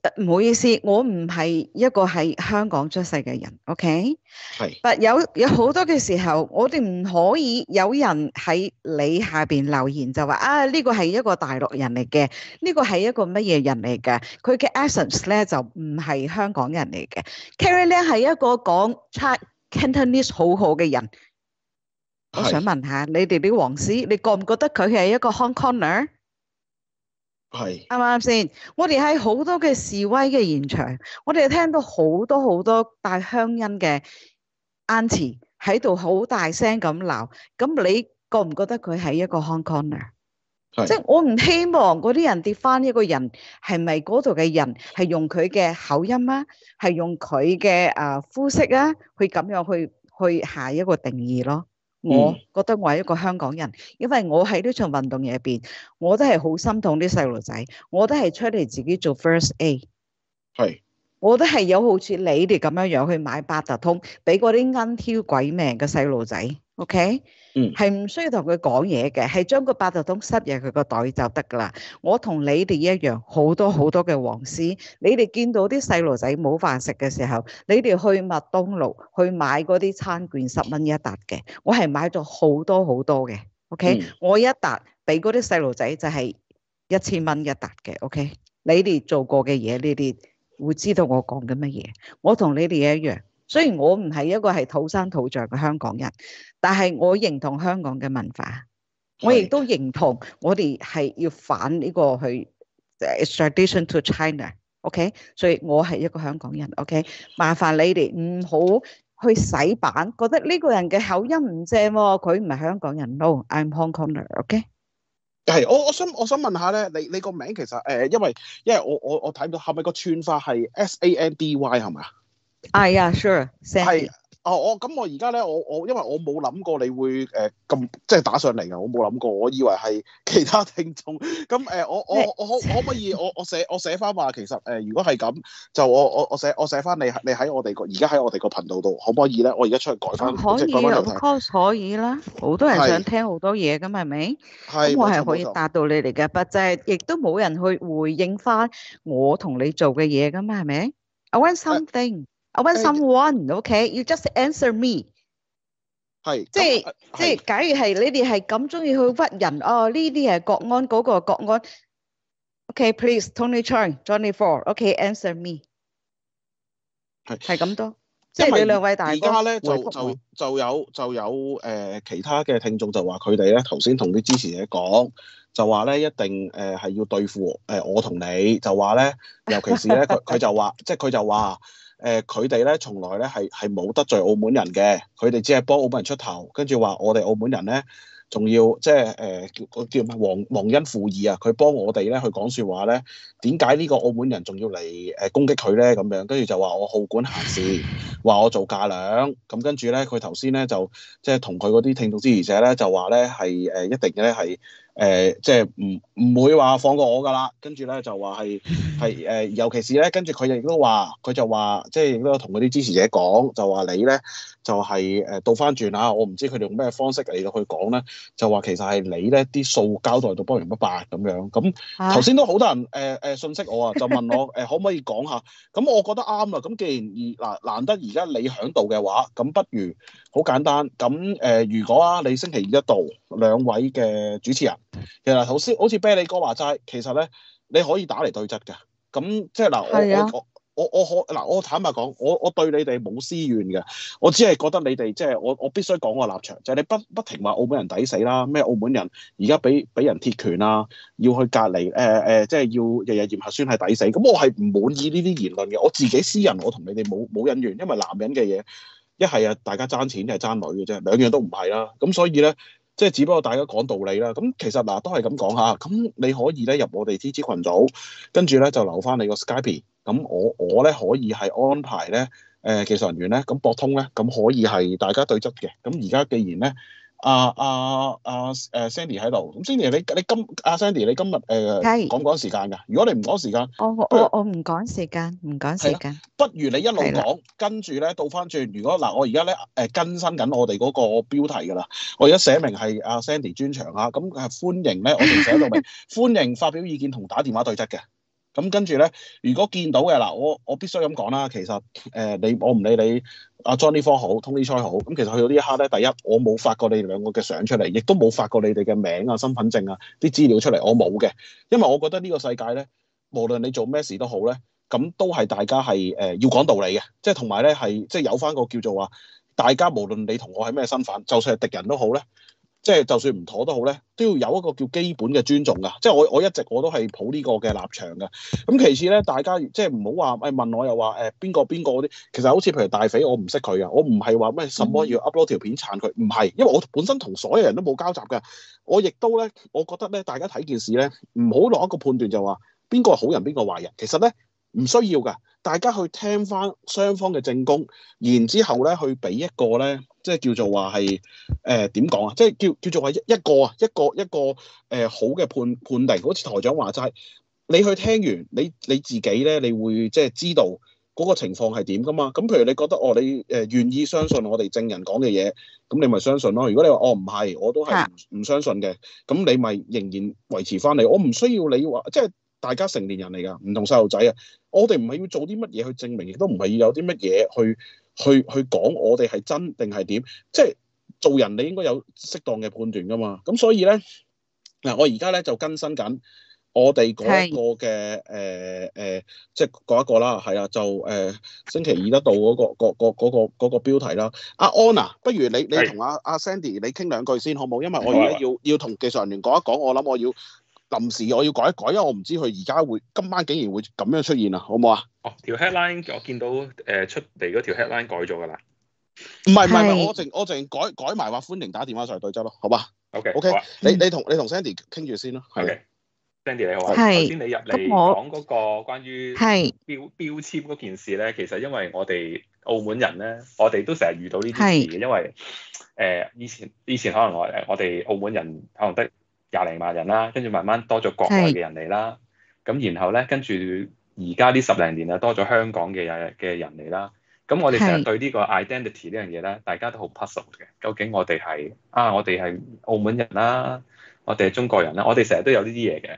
呃、唔好意思，我唔係一個喺香港出世嘅人，OK？係是，但有有好多嘅時候，我哋唔可以有人喺你下邊留言就話啊呢、這個係一個大陸人嚟嘅，呢、這個係一個乜嘢人嚟嘅？佢嘅 essence 咧就唔係香港人嚟嘅。Carrie 咧係一個講 Chat Cantonese 好好嘅人，是我想問下你哋啲黃絲，你覺唔覺得佢係一個 Hong Konger？係，啱唔啱先？我哋喺好多嘅示威嘅現場，我哋聽到好多好多帶鄉音嘅 Auntie 喺度好大聲咁鬧，咁你覺唔覺得佢係一個 Hong Konger? 是的 即係我唔希望嗰啲人跌翻一個人，係咪嗰度嘅人係用佢嘅口音啊，係用佢嘅誒膚色啊，去咁樣去去下一個定義咯？我覺得我係一個香港人，因為我喺呢場運動嘢入邊，我都係好心痛啲細路仔，我都係出嚟自己做 first aid，是我都係有好似你哋咁樣樣去買八達通，俾嗰啲奀挑鬼命嘅細路仔。O K，嗯，係唔 Okay?、mm. 需要同佢講嘢嘅，係將個八達通塞入佢個袋就得噶啦。我同你哋一樣，好多好多嘅黃絲。你哋見到啲細路仔冇飯食嘅時候，你哋去麥當勞去買嗰啲餐券十蚊一沓嘅，我係買咗好多好多嘅。O、okay? K，、mm. 我一沓俾嗰啲細路仔就係一千蚊一沓嘅。O、okay? K，你哋做過嘅嘢呢啲會知道我講緊乜嘢。我同你哋一樣。雖然我唔係一個係土生土長嘅香港人，但係我認同香港嘅文化，我亦都認同我哋係要反呢個去 extradition to China。OK，所以我係一個香港人。OK，麻煩你哋唔好去洗版，覺得呢個人嘅口音唔正喎，佢唔係香港人咯。No，I'm Hong Konger。OK，係我我想我想問下咧，你你個名其實誒，因為因為我我我睇到係咪個串法係 S A N D Y 係咪啊？啊呀，sure，係，哦，哦我咁我而家咧，我我因為我冇諗過你會誒咁、呃、即係打上嚟噶，我冇諗過，我以為係其他聽眾。咁誒、呃，我 我我，我可可唔可以我我寫我寫翻話，其實誒，如果係咁，就我我寫我寫我寫翻你你喺我哋個而家喺我哋個頻道度，可唔可以咧？我而家出去改翻。可以啊 c 可以啦，好多人想聽好多嘢噶嘛，係咪是？係，我係可以達到你哋嘅，but 即係亦都冇人去回應翻我同你做嘅嘢噶嘛，係咪？I want something。I want someone, okay. You just answer me. 係即係即係，假如係你哋係咁中意去屈人哦，呢啲係國安嗰個國安。Okay, please, Tony Chan, Johnny Four. Okay, answer me. 係係咁多，即係你兩位大。而家咧就就就有就有誒其他嘅聽眾就話佢哋咧頭先同啲支持者講，就話咧一定誒係要對付誒我同你，就話咧尤其是咧佢佢就話即係佢就話。誒佢哋咧，從來咧係係冇得罪澳門人嘅，佢哋只係幫澳門人出頭，跟住話我哋澳門人咧，仲要即係誒叫、呃、叫咩？忘恩負義啊！佢幫我哋咧去講説話咧，點解呢個澳門人仲要嚟誒攻擊佢咧？咁樣跟住就話我好管閒事，話我做嫁倆。咁跟住咧，佢頭先咧就即係同佢嗰啲聽眾支持者咧就話咧係誒一定咧係。誒、呃，即係唔唔會話放過我㗎啦，跟住咧就話係係誒，尤其是咧，跟住佢亦都話，佢就話，即係亦都同嗰啲支持者講，就話你咧。就係誒倒翻轉啊！我唔知佢哋用咩方式嚟到去講咧，就話其實係你咧啲數交代到不明不白咁樣。咁頭先都好多人誒誒訊息我啊，就問我誒 可唔可以講下？咁我覺得啱啊。咁既然難難得而家你響度嘅話，咁不如好簡單。咁誒、呃，如果啊你星期二一到兩位嘅主持人，其實頭先好似啤梨哥話齋，其實咧你可以打嚟對質㗎。咁即係嗱，我，我我可嗱，我坦白講，我我對你哋冇私怨嘅，我只係覺得你哋即係我我必須講個立場，就係、是、你不不停話澳門人抵死啦，咩澳門人而家俾俾人鐵拳啊，要去隔離誒誒，即、呃、係、呃就是、要日日驗核酸係抵死，咁、嗯、我係唔滿意呢啲言論嘅。我自己私人我同你哋冇冇隱怨，因為男人嘅嘢一係啊，大家爭錢係爭女嘅啫，兩樣都唔係啦。咁、嗯、所以咧，即係只不過大家講道理啦。咁、嗯、其實嗱、嗯、都係咁講下。咁、嗯、你可以咧入我哋 TG 群組，跟住咧就留翻你個 Skype。咁我我咧可以係安排咧，誒、呃、技術人員咧，咁、嗯、博通咧，咁可以係大家對質嘅。咁而家既然咧，阿阿阿誒 Sandy 喺度，咁、啊啊、Sandy、啊、你你、啊、Sandy，你今阿 Sandy 你今日誒講講時間㗎，如果你唔講時間，我我我唔講時間，唔講時間。不如你一路講，的跟住咧倒翻轉。如果嗱，我而家咧誒更新緊我哋嗰個標題㗎啦，我而家寫明係阿 Sandy 專場啊，咁係歡迎咧，我哋寫到明， 歡迎發表意見同打電話對質嘅。咁、嗯、跟住咧，如果見到嘅嗱，我我必須咁講啦。其實誒、呃，你我唔理你阿 Johnny 科好，Tony Choi 好咁、嗯。其實去到呢一刻咧，第一我冇發過你哋兩個嘅相出嚟，亦都冇發過你哋嘅名啊、身份證啊啲資料出嚟，我冇嘅。因為我覺得呢個世界咧，無論你做咩事都好咧，咁都係大家係誒、呃、要講道理嘅，即係同埋咧係即係有翻個叫做話，大家無論你同我係咩身份，就算係敵人都好咧。即係就算唔妥都好咧，都要有一個叫基本嘅尊重㗎。即係我我一直我都係抱呢個嘅立場㗎。咁其次咧，大家即係唔好話誒問我又話誒邊個邊個嗰啲。其實好似譬如大肥，我唔識佢嘅，我唔係話咩什麼要 upload 條片撐佢，唔係，因為我本身同所有人都冇交集㗎。我亦都咧，我覺得咧，大家睇件事咧，唔好攞一個判斷就話邊個係好人、邊個壞人。其實咧唔需要㗎，大家去聽翻雙方嘅證供，然之後咧去俾一個咧。即係叫做話係誒點講啊？即係叫叫做話一一個啊一個一個誒、呃、好嘅判判定。好似台長話齋，你去聽完你你自己咧，你會即係知道嗰個情況係點噶嘛？咁譬如你覺得哦，你誒願意相信我哋證人講嘅嘢，咁你咪相信咯。如果你話我唔係，我都係唔相信嘅，咁你咪仍然維持翻你。我唔需要你話，即係大家成年人嚟噶，唔同細路仔啊。我哋唔係要做啲乜嘢去證明，亦都唔係要有啲乜嘢去。去去講我哋係真定係點？即係做人，你應該有適當嘅判斷噶嘛。咁所以咧，嗱，我而家咧就更新緊我哋嗰個嘅誒誒，即係嗰一個啦，係啊，就誒星期二得到嗰個嗰個嗰個嗰個標題啦。阿安娜，不如你你同阿阿 Sandy 的你傾兩句先好冇？因為我而家要的要同技術人員講一講，我諗我要。臨時我要改一改，因為我唔知佢而家會，今晚竟然會咁樣出現啊，好唔好啊？哦，條 headline 我見到誒、呃、出嚟嗰條 headline 改咗㗎啦。唔係唔係唔係，我淨我淨改改埋話歡迎打電話上嚟對質咯，好嗎？OK OK，吧你你同你同 Sandy 傾住先咯。係、okay. Sandy 你好啊，頭先是你入嚟講嗰個關於標是標籤嗰件事咧，其實因為我哋澳門人咧，我哋都成日遇到呢件事嘅，是是因為誒以前以前可能我可能我哋澳門人可能得。廿零萬人啦，跟住慢慢多咗國內嘅人嚟啦，咁是然後咧，跟住而家呢十零年啊，多咗香港嘅嘅人嚟啦。咁我哋成日對呢個 identity 呢樣嘢咧，大家都好 puzzle 嘅。究竟我哋係啊，我哋係澳門人啦，我哋係中國人啦，我哋成日都有呢啲嘢嘅。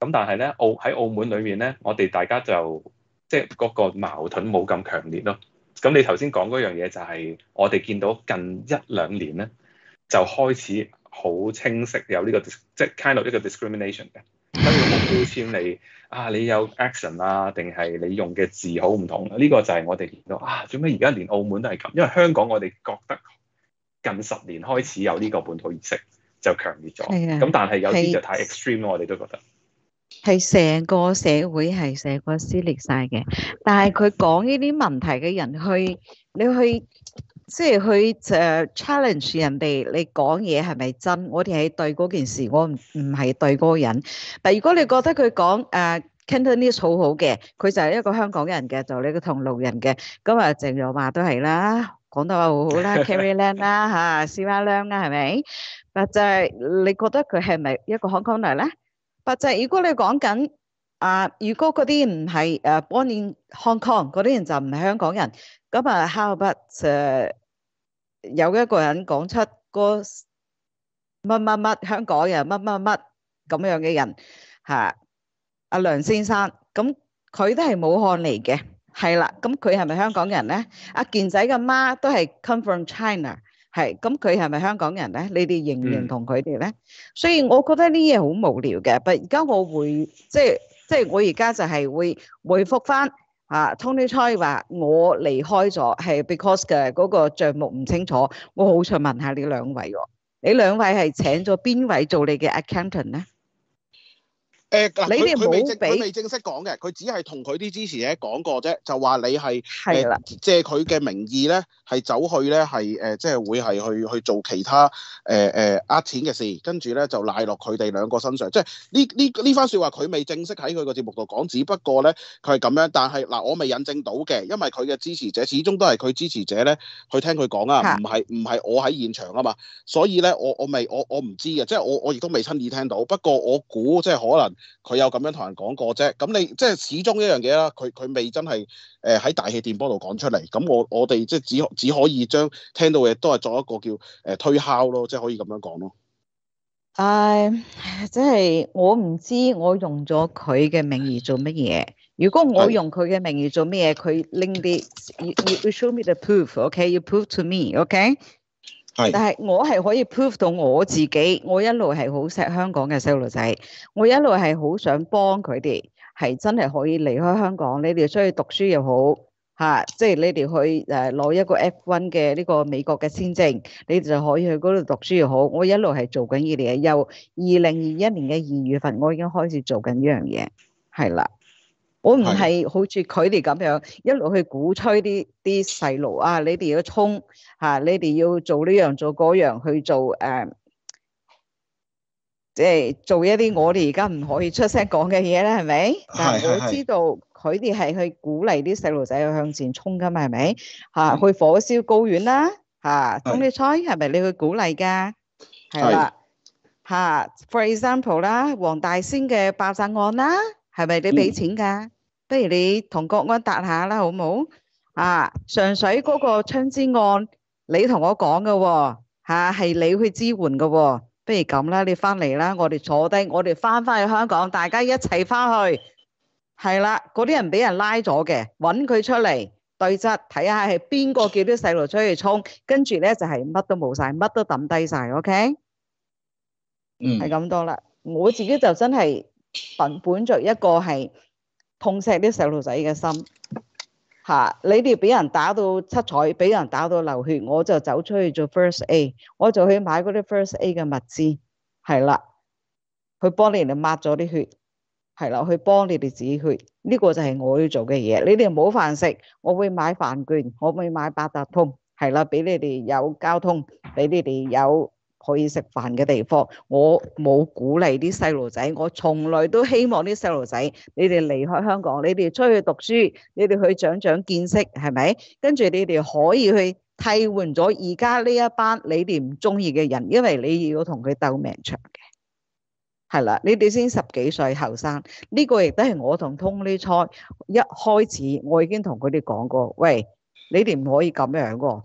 咁但係咧，澳喺澳門裏面咧，我哋大家就即係嗰個矛盾冇咁強烈咯。咁你頭先講嗰樣嘢就係、是、我哋見到近一兩年咧就開始。好清晰有呢個即係 kind of 呢個 discrimination 嘅，跟住好標籤你啊，你有 action 啦，定係你用嘅字好唔同？呢個就係我哋見到啊，做咩而家連澳門都係咁？因為香港我哋覺得近十年開始有呢個本土意識就強烈咗，咁的但係有啲就太 extreme 咯，我哋都覺得係成個社會係成個撕裂晒嘅，但係佢講呢啲問題嘅人去，你去。即係佢誒 challenge 人哋，你講嘢係咪真？我哋係對嗰件事，我唔唔係對嗰個人。但如果你覺得佢講誒 Cantonese 好好嘅，佢就係一個香港人嘅，就你個同路人嘅。咁 啊，鄭若華都係啦，講得好好啦，Carrie Lam 啦嚇，屎巴孿啦，係咪？白就係你覺得佢係咪一個 Hong Konger 咧？白、er、就係如果你講緊啊，如果嗰啲唔係誒 Born in Hong Kong 嗰啲人，就唔係香港人。咁啊，how about 誒有一個人講出個乜乜乜香港人乜乜乜咁樣嘅人嚇？阿梁先生，咁佢都係武漢嚟嘅，係啦。咁佢係咪香港人咧？阿健仔嘅媽都係 come from China，係。咁佢係咪香港人咧？你哋認唔認同佢哋咧？所以我覺得呢嘢好無聊嘅。但而家我會即係即係我而家就係會回覆翻。啊，Tony Choi 話我離開咗係 because 嘅嗰個帳目唔清楚，我好想問下你兩位喎，你兩位係請咗邊位做你嘅 accountant 呢？誒嗱，佢未、呃、佢未正、佢未正式講嘅，佢只係同佢啲支持者講過啫，就話你係係啦，借佢嘅名義咧，係走去咧，係誒，即、呃、係、即係、會係去去做其他誒誒呃錢嘅事，跟住咧就賴落佢哋兩個身上。即係呢呢呢番說話佢未正式喺佢個節目度講，只不過咧佢係咁樣。但係嗱、呃，我未引證到嘅，因為佢嘅支持者始終都係佢支持者咧去聽佢講啊，唔係唔係我喺現場啊嘛，所以咧我我未我我唔知嘅，即係我我亦都未親耳聽到。不過我估即係可能。佢有咁樣同人講過啫，咁你即係始終一樣嘢啦。佢佢未真係誒喺大氣電波度講出嚟，咁我我哋即係只只可以將聽到嘅都係作一個叫誒、呃、推敲咯，即係可以咁樣講咯。唉，uh, 即係我唔知我用咗佢嘅名義做乜嘢。如果我用佢嘅名義做乜嘢，佢拎啲 You show me the proof，OK？Okay? You prove to me，OK？Okay? 但係我係可以 prove 到我自己，我一路係好錫香港嘅細路仔，我一路係好想幫佢哋，係真係可以離開香港，你哋出去讀書又好，吓、啊，即係你哋去誒攞一個 F1 嘅呢個美國嘅簽證，你哋就可以去嗰度讀書又好，我一路係做緊呢啲嘢，由二零二一年嘅二月份我已經開始做緊呢樣嘢，係啦。我唔係好似佢哋咁樣一路去鼓吹啲啲細路啊，你哋要衝嚇，你哋要做呢樣做嗰樣去做誒，即係做一啲我哋而家唔可以出聲講嘅嘢咧，係咪？但係我知道佢哋係去鼓勵啲細路仔去向前衝㗎嘛，係咪？嚇，去火燒高院啦，嚇，咁你猜係咪你去鼓勵㗎？係啦，嚇，for example 啦，黃大仙嘅爆炸案啦。係咪你俾錢噶？不如你同國安搭下啦，好冇？啊，上水嗰個槍支案，你同我講噶，吓係你去支援噶。不如咁啦，你翻嚟啦，我哋坐低，我哋翻翻去香港，大家一齊翻去。係啦，嗰啲人俾人拉咗嘅，揾佢出嚟對質，睇下係邊個叫啲細路出去衝，跟住咧就係乜都冇晒，乜都抌低晒。OK，嗯，係咁多啦。我自己就真係。憑本着一個係痛錫啲細路仔嘅心，吓，你哋俾人打到七彩，俾人打到流血，我就走出去做 first aid，我就去買嗰啲 first aid 嘅物資，係啦，去幫你哋抹咗啲血，係啦，去幫你哋止血，呢個就係我要做嘅嘢。你哋冇飯食，我會買飯券，我會買八達通，係啦，俾你哋有交通，俾你哋有。可以食飯嘅地方，我冇鼓勵啲細路仔。我從來都希望啲細路仔，你哋離開香港，你哋出去讀書，你哋去長長見識，係咪？跟住你哋可以去替換咗而家呢一班你哋唔中意嘅人，因為你要同佢鬥命長嘅，係啦。你哋先十幾歲後生，呢個亦都係我同通呢菜一開始我已經同佢哋講過，喂，你哋唔可以咁樣嘅，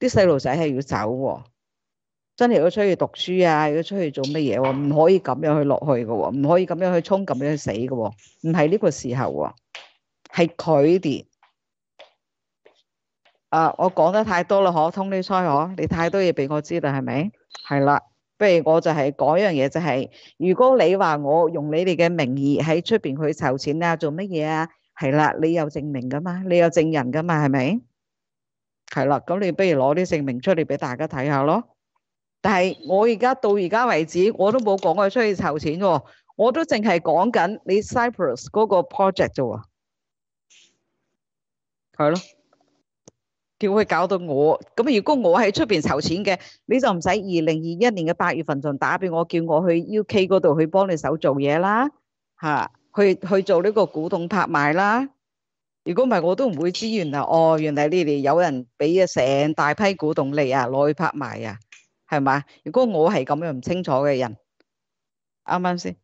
啲細路仔係要走喎。真係要出去讀書啊！要出去做乜嘢喎？唔可以咁樣去落去嘅喎，唔可以咁樣去衝咁樣去死嘅喎、啊。唔係呢個時候喎、啊，係佢哋。啊，我講得太多啦，可通你猜可？你太多嘢俾我知啦，係咪？係啦，不如我就係講一樣嘢、就係，就係如果你話我用你哋嘅名義喺出邊去籌錢啊，做乜嘢啊？係啦，你有證明噶嘛？你有證人噶嘛？係咪？係啦，咁你不如攞啲證明出嚟俾大家睇下咯。但係我而家到而家為止，我都冇講過出去籌錢喎，我都淨係講緊你 Cyprus 嗰個 project 啫喎，係咯，叫佢搞到我。咁如果我喺出邊籌錢嘅，你就唔使二零二一年嘅八月份就打俾我，叫我去 UK 嗰度去幫你手做嘢啦，吓，去去做呢個古董拍賣啦。如果唔係，我都唔會知原來哦，原來你哋有人俾咗成大批古董嚟啊攞去拍賣啊。係嘛？如果我係咁樣唔清楚嘅人，啱唔啱先？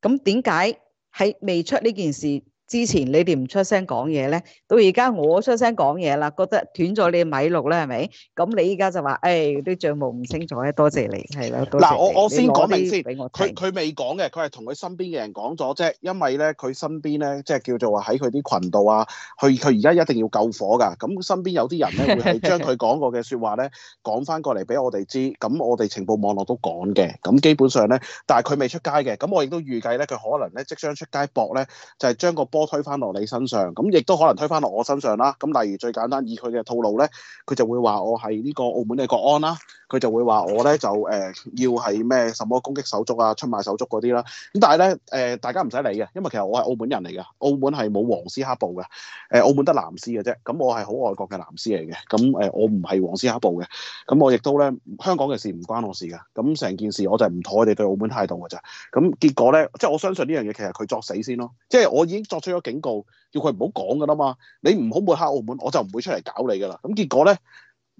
咁點解喺未出呢件事？之前你哋唔出聲講嘢咧，到而家我出聲講嘢啦，覺得斷咗你嘅米路咧，係咪？咁你依家就話，誒啲帳目唔清楚咧，多謝你，係啦，多謝。嗱，我我先講明先，佢佢未講嘅，佢係同佢身邊嘅人講咗啫。因為咧，佢身邊咧，即係叫做話喺佢啲羣度啊，佢佢而家一定要救火㗎。咁身邊有啲人咧，會係將佢講過嘅説話咧講翻過嚟俾我哋知。咁我哋情報網絡都講嘅。咁基本上咧，但係佢未出街嘅。咁我亦都預計咧，佢可能咧即將出街搏咧，就係將個波。多推返落你身上，咁亦都可能推返落我身上啦。咁例如最簡單，以佢嘅套路咧，佢就會話：「我係呢個澳門嘅國安啦。」佢就會話我咧就誒、呃、要係咩什,什麼攻擊手足啊、出賣手足嗰啲啦，咁但係咧誒大家唔使理嘅，因為其實我係澳門人嚟嘅，澳門係冇黃絲黑暴嘅，誒、呃、澳門得藍絲嘅啫，咁我係好愛國嘅藍絲嚟嘅，咁誒、呃、我唔係黃絲黑暴嘅，咁我亦都咧香港嘅事唔關我事嘅，咁成件事我就係唔妥佢哋對澳門態度嘅咋，咁結果咧即係我相信呢樣嘢其實佢作死先咯，即係我已經作出咗警告，叫佢唔好講㗎啦嘛，你唔好抹黑澳門，我就唔會出嚟搞你㗎啦，咁結果咧。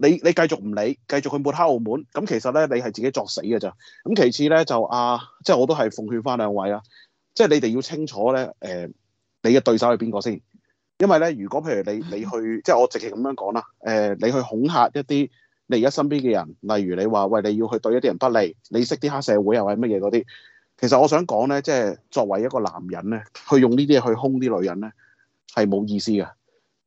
你你繼續唔理，繼續去抹黑澳門，咁其實咧你係自己作死㗎咋。咁其次咧就啊，即係我都係奉勸翻兩位啦，即係你哋要清楚咧，誒、呃、你嘅對手係邊個先？因為咧，如果譬如你你去，即係我直情咁樣講啦，誒、呃、你去恐嚇一啲你而家身邊嘅人，例如你話喂你要去對一啲人不利，你識啲黑社會又係乜嘢嗰啲，其實我想講咧，即係作為一個男人咧，去用呢啲去兇啲女人咧，係冇意思嘅。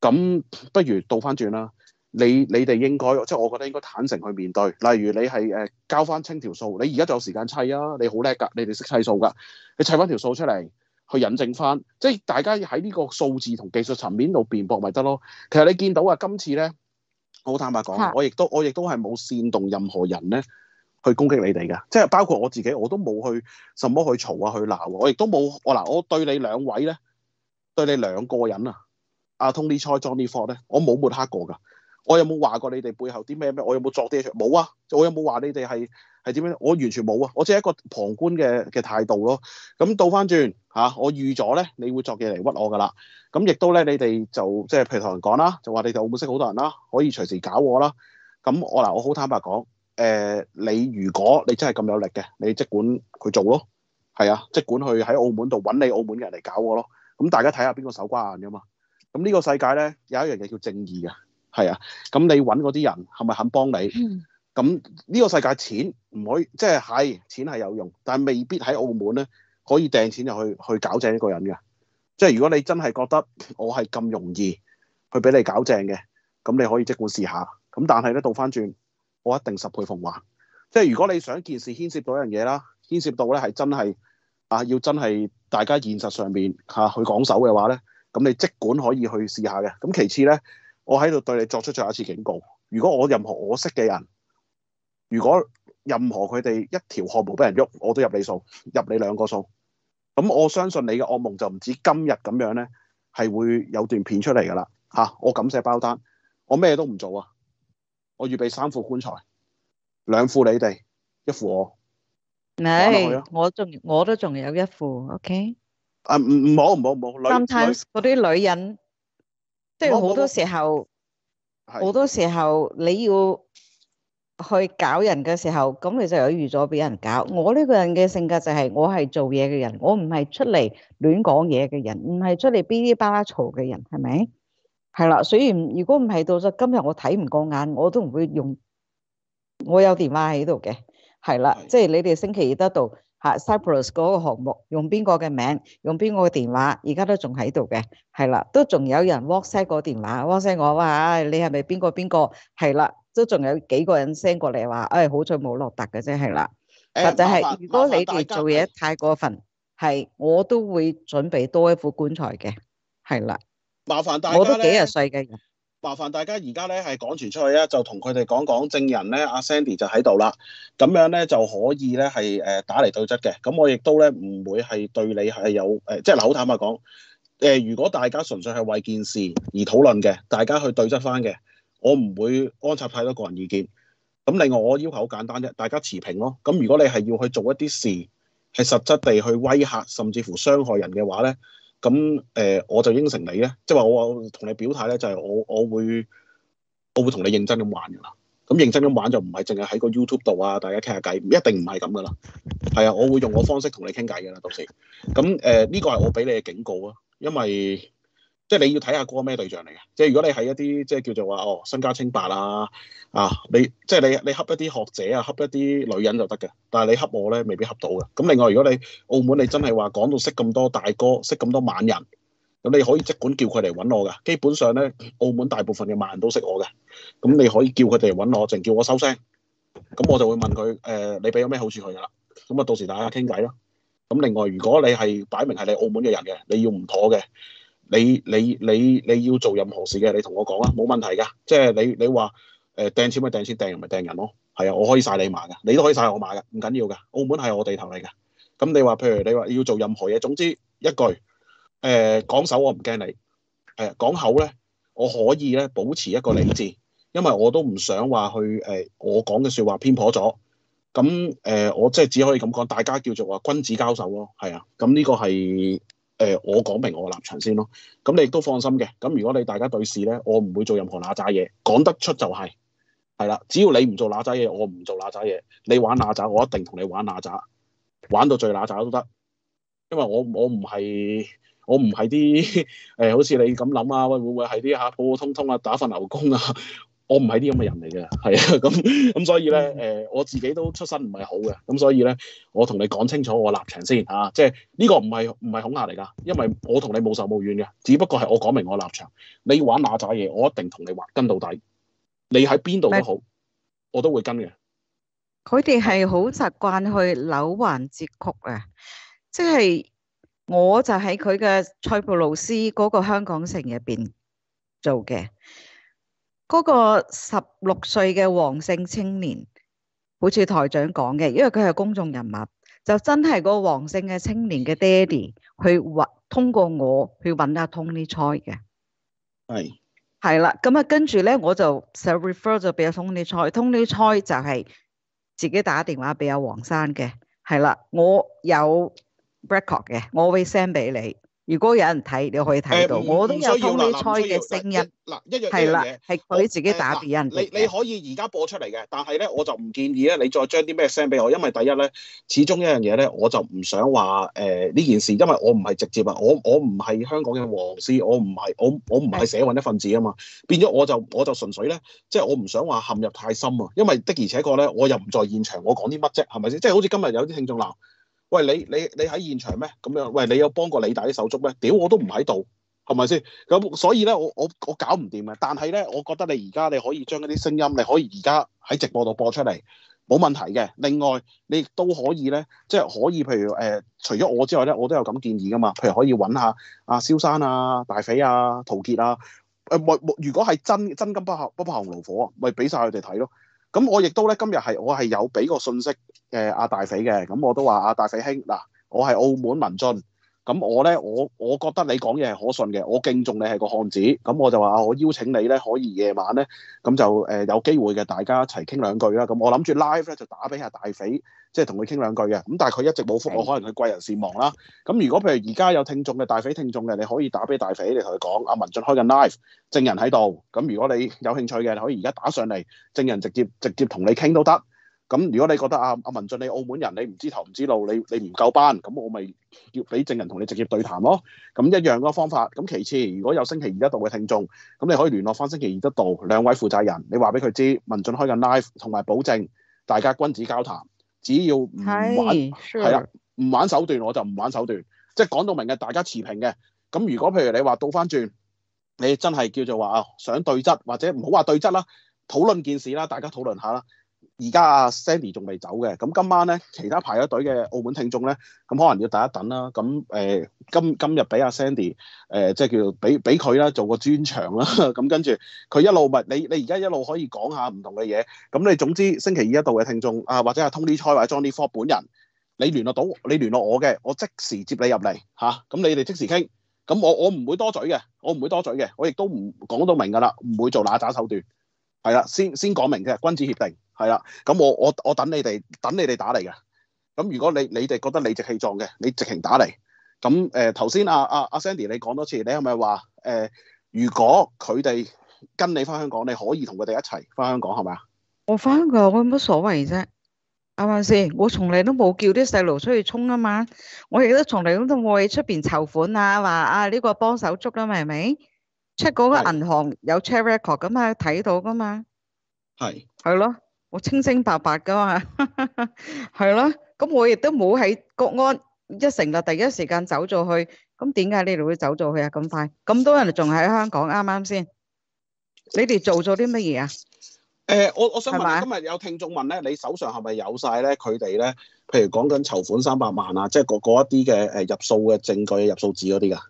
咁不如倒翻轉啦。你你哋應該即係我覺得應該坦誠去面對，例如你係誒、呃、交翻清條數，你而家就有時間砌啊！你好叻㗎，你哋識砌數㗎，你砌翻條數出嚟去引證翻，即係大家喺呢個數字同技術層面度辯駁咪得咯。其實你見到啊，今次咧，好坦白講是的，我亦都我亦都係冇煽動任何人咧去攻擊你哋㗎，即係包括我自己我都冇去什麼去嘈啊去鬧、啊，我亦都冇我嗱我對你兩位咧，對你兩個人啊，阿 Tony Choi、Johnny Ford 咧，我冇抹黑過㗎。我有冇話過你哋背後啲咩咩？我有冇作啲嘢？冇啊！我有冇話你哋係係點樣？我完全冇啊！我只係一個旁觀嘅嘅態度咯。咁倒翻轉吓，我預咗咧，你會作嘢嚟屈我噶啦。咁亦都咧，你哋就即係譬如同人講啦，就話你哋澳門識好多人啦，可以隨時搞我啦。咁我嗱，我好坦白講，誒、呃，你如果你真係咁有力嘅，你即管去做咯，係啊，即管去喺澳門度搵你澳門嘅人嚟搞我咯。咁、嗯、大家睇下邊個手瓜硬噶嘛。咁、嗯、呢、嗯，這個世界咧有一樣嘢叫正義嘅。係啊，咁你揾嗰啲人係咪肯幫你？咁呢、嗯、個世界錢唔可以，即係係錢係有用，但係未必喺澳門咧可以掟錢入去去搞正一個人嘅。即係如果你真係覺得我係咁容易去俾你搞正嘅，咁你可以即管試下。咁但係咧倒翻轉，我一定十倍奉還。即係如果你想件事牽涉到一樣嘢啦，牽涉到咧係真係啊，要真係大家現實上面嚇、啊、去講手嘅話咧，咁你即管可以去試下嘅。咁其次咧。我喺度對你作出最後一次警告，如果我任何我識嘅人，如果任何佢哋一條汗毛俾人喐，我都入你數，入你兩個數。咁我相信你嘅噩夢就唔止今日咁樣咧，係會有段片出嚟噶啦。吓、啊，我感謝包單，我咩都唔做啊，我預備三副棺材，兩副你哋，一副我。你、哎啊、我仲我都仲有一副，OK。啊，唔唔好，唔好。女。Sometimes 嗰啲女人。即係好多時候，好我多時候你要去搞人嘅時候，咁的你就有預咗俾人搞。我呢個人嘅性格就係我係做嘢嘅人，我唔係出嚟亂講嘢嘅人，唔係出嚟嗶哩吧啦嘈嘅人，係咪？係啦，所以如果唔係到咗今日，我睇唔過眼，我都唔會用。我有電話喺度嘅，係啦，的即係你哋星期二得到。吓 Cyprus 嗰個項目用邊個嘅名，用邊個嘅電話，而家都仲喺度嘅，係啦，都仲有人 WhatsApp 個電話，WhatsApp 我啊、哎，你係咪邊個邊個？係啦，都仲有幾個人 send 過嚟話，哎，好彩冇落達嘅啫，係啦。或者係如果你哋做嘢太過分，係我都會準備多一副棺材嘅，係啦。麻煩大家，我都幾十歲嘅人麻煩大家而家咧係講傳出去啊，就同佢哋講講證人咧，阿、啊、Sandy 就喺度啦，咁樣咧就可以咧係誒打嚟對質嘅。咁我亦都咧唔會係對你係有誒、呃，即係嗱好坦白講，誒、呃、如果大家純粹係為件事而討論嘅，大家去對質翻嘅，我唔會安插太多個人意見。咁另外我要求好簡單啫，大家持平咯。咁如果你係要去做一啲事，係實質地去威嚇甚至乎傷害人嘅話咧。咁誒、呃，我就應承你咧，即係話我同你表態咧，就係、是、我我會我會同你認真咁玩㗎啦。咁、嗯、認真咁玩就唔係淨係喺個 YouTube 度啊，大家傾下偈，一定唔係咁㗎啦。係啊，我會用我方式同你傾偈㗎啦，到時。咁、嗯、誒，呢、呃這個係我俾你嘅警告啊，因為。即係你要睇下個咩對象嚟嘅。即係如果你係一啲即係叫做話哦身家清白啦、啊」，啊，你即係你你恰一啲學者啊，恰一啲女人就得嘅。但係你恰我咧，未必恰到嘅。咁另外，如果你澳門你真係話講到識咁多大哥，識咁多猛人，咁你可以即管叫佢嚟揾我嘅。基本上咧，澳門大部分嘅猛人都識我嘅。咁你可以叫佢哋嚟揾我，淨叫我收聲。咁我就會問佢誒、呃，你俾咗咩好處佢啦？咁啊，到時大家傾偈咯。咁另外，如果你係擺明係你係澳門嘅人嘅，你要唔妥嘅。你你你你要做任何事嘅，你同我講啊，冇問題噶。即係你你話誒掟錢咪掟錢，掟人咪掟人咯、哦。係啊，我可以晒你馬噶，你都可以晒我馬噶，唔緊要噶。澳門係我地頭嚟噶。咁你話譬如你話要做任何嘢，總之一句誒講、呃、手我唔驚你，誒、呃、講口咧我可以咧保持一個理智，因為我都唔想話去誒、呃、我講嘅說話偏頗咗。咁誒、呃、我即係只可以咁講，大家叫做話君子交手咯、哦。係啊，咁呢個係。誒、呃，我講明我立場先咯。咁、嗯、你亦都放心嘅。咁、嗯、如果你大家對視咧，我唔會做任何邋遢嘢，講得出就係、是，係啦。只要你唔做邋遢嘢，我唔做邋遢嘢。你玩邋遢，我一定同你玩邋遢，玩到最邋遢都得。因為我我唔係我唔係啲誒，好、哎、似你咁諗啊，會唔會係啲吓普普通通啊，打份牛工啊？ 我唔係啲咁嘅人嚟嘅，係啊，咁咁所以咧，誒、呃，我自己都出身唔係好嘅，咁所以咧，我同你講清楚我立場先嚇，即係呢個唔係唔係恐嚇嚟噶，因為我同你冇仇冇怨嘅，只不過係我講明我立場，你玩馬仔嘢，我一定同你，你跟到底，你喺邊度都好，的我都會跟嘅。佢哋係好習慣去扭橫折曲啊，即係我就喺佢嘅塞浦路斯嗰個香港城入邊做嘅。嗰個十六歲嘅黃姓青年，好似台長講嘅，因為佢係公眾人物，就真係個黃姓嘅青年嘅爹哋去揾，通過我去揾阿、啊、Tony Choi 嘅，係係啦，咁啊跟住咧我就我就 refer to oy, 就俾阿 Tony Choi，Tony Choi 就係自己打電話俾阿黃生嘅，係啦，我有 record 嘅，我會 send 俾你。如果有人睇，你可以睇到，欸、我都有通杯賽嘅聲音。嗱、欸，一樣嘢係啦，係佢的、呃、自己打俾人。你你可以而家播出嚟嘅，但係咧我就唔建議咧，你再將啲咩聲俾我，因為第一咧，始終一樣嘢咧，我就唔想話誒呢件事，因為我唔係直接啊，我我唔係香港嘅黃絲，我唔係我我唔係社運一份子啊嘛，的變咗我就我就純粹咧，即、就、係、是、我唔想話陷入太深啊，因為的而且確咧，我又唔在現場，我講啲乜啫，係咪先？即、就、係、是、好似今日有啲聽眾鬧。喂，你你你喺現場咩？咁樣喂，你有幫過理大啲手足咩？屌我都唔喺度，係咪先？咁所以咧，我我我搞唔掂嘅。但係咧，我覺得你而家你可以將嗰啲聲音，你可以而家喺直播度播出嚟，冇問題嘅。另外，你亦都可以咧，即係可以譬如誒、呃，除咗我之外咧，我都有咁建議噶嘛。譬如可以揾下阿、啊、蕭生啊、大飛啊、陶傑啊，誒、呃，咪如果係真真金不怕不怕紅爐火，咪俾晒佢哋睇咯。咁我亦都咧今日係我係有俾個信息，誒阿、呃、大肥嘅，咁我都話阿大肥兄嗱，我係澳門文津。咁我咧，我我覺得你講嘢係可信嘅，我敬重你係個漢子，咁我就話我邀請你咧，可以夜晚咧，咁就誒、呃、有機會嘅，大家一齊傾兩句啦。咁我諗住 live 咧就打俾下大匪，即係同佢傾兩句嘅。咁但係佢一直冇覆我，可能佢貴人善忘啦。咁如果譬如而家有聽眾嘅大匪聽眾嘅，你可以打俾大匪，你同佢講阿文俊開緊 live，證人喺度。咁如果你有興趣嘅，可以而家打上嚟，證人直接直接同你傾都得。咁如果你覺得啊啊文俊你澳門人你唔知頭唔知路你你唔夠班咁我咪要俾證人同你直接對談咯咁一樣嗰個方法咁其次如果有星期二一度嘅聽眾咁你可以聯絡翻星期二一度兩位負責人你話俾佢知文俊開緊 live 同埋保證大家君子交談，只要唔玩係啦，唔玩手段我就唔玩手段，即係講到明嘅，大家持平嘅。咁如果譬如你話倒翻轉，你真係叫做話啊想對質或者唔好話對質啦，討論件事啦，大家討論下啦。而家阿 Sandy 仲未走嘅，咁今晚咧，其他排咗隊嘅澳門聽眾咧，咁可能要等一等啦。咁誒、呃，今今日俾阿 Sandy 誒、呃，即係叫做俾俾佢啦，做個專場啦。咁 跟住佢一路咪你你而家一路可以講下唔同嘅嘢。咁你總之星期二一度嘅聽眾啊，或者係 Tony Choi 或者 Johnny 科本人，你聯絡到你聯絡我嘅，我即時接你入嚟嚇。咁、啊、你哋即時傾，咁我我唔會多嘴嘅，我唔會多嘴嘅，我亦都唔講到明㗎啦，唔會做拿爪手段，係啦，先先講明嘅，君子協定。係啦，咁我我我等你哋，等你哋打嚟㗎。咁如果你你哋覺得理直氣壯嘅，你直情打嚟。咁誒頭、呃、先阿阿阿、啊啊啊、Sandy，你講多次，你係咪話誒？如果佢哋跟你翻香港，你可以同佢哋一齊翻香港，係咪啊？我翻香港我冇乜所謂啫，係咪先？我從嚟都冇叫啲細路出去衝啊嘛，我亦都從嚟都冇去出邊籌款啊，話啊呢、這個幫手足啦，係咪？check 嗰個銀行是有 check record 噶嘛，睇到噶嘛，係係咯。我清清白白噶嘛，係咯，咁我亦都冇喺國安一成立第一時間走咗去，咁點解你哋會走咗去啊？咁快？咁多人仲喺香港，啱唔啱先？你哋做咗啲乜嘢啊？誒，我我想問，今日有聽眾問咧，你手上係咪有晒咧？佢哋咧，譬如講緊籌款三百萬啊，即係嗰嗰一啲嘅誒入數嘅證據、入數字嗰啲噶。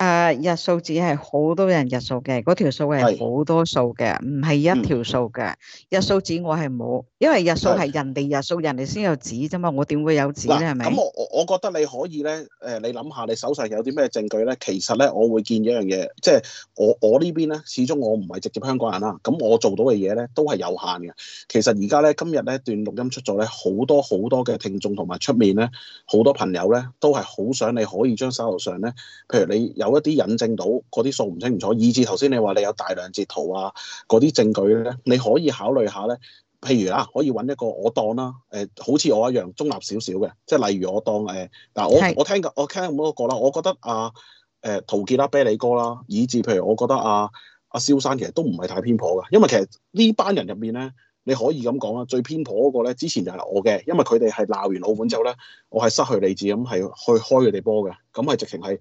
誒，uh, 日數紙係好多人日數嘅，嗰條數係好多數嘅，唔係是一條數嘅。嗯、日數紙我係冇，因為日數係人哋日數，是人哋先有紙啫嘛，我點會有紙咧？係咪？咁我我覺得你可以咧，誒，你諗下你手上有啲咩證據咧？其實咧，我會見一樣嘢，即係我我呢邊咧，始終我唔係直接香港人啦，咁我做到嘅嘢咧都係有限嘅。其實而家咧，今日咧段錄音出咗咧，好多好多嘅聽眾同埋出面咧，好多朋友咧都係好想你可以將手頭上咧，譬如你有。有一啲引證到嗰啲數唔清唔楚，以至頭先你話你有大量截圖啊，嗰啲證據咧，你可以考慮下咧。譬如啊，可以揾一個我當啦，誒、呃，好似我一樣中立少少嘅，即係例如我當誒嗱、呃是的，我聽我聽我聽咁多個啦，我覺得啊，誒、呃、陶傑啦、啤梨哥啦，以至譬如我覺得啊，阿、啊、蕭生其實都唔係太偏頗嘅，因為其實呢班人入面咧，你可以咁講啦，最偏頗嗰個咧，之前就係我嘅，因為佢哋係鬧完老闆之後咧，我係失去理智咁係去開佢哋波嘅，咁係直情係。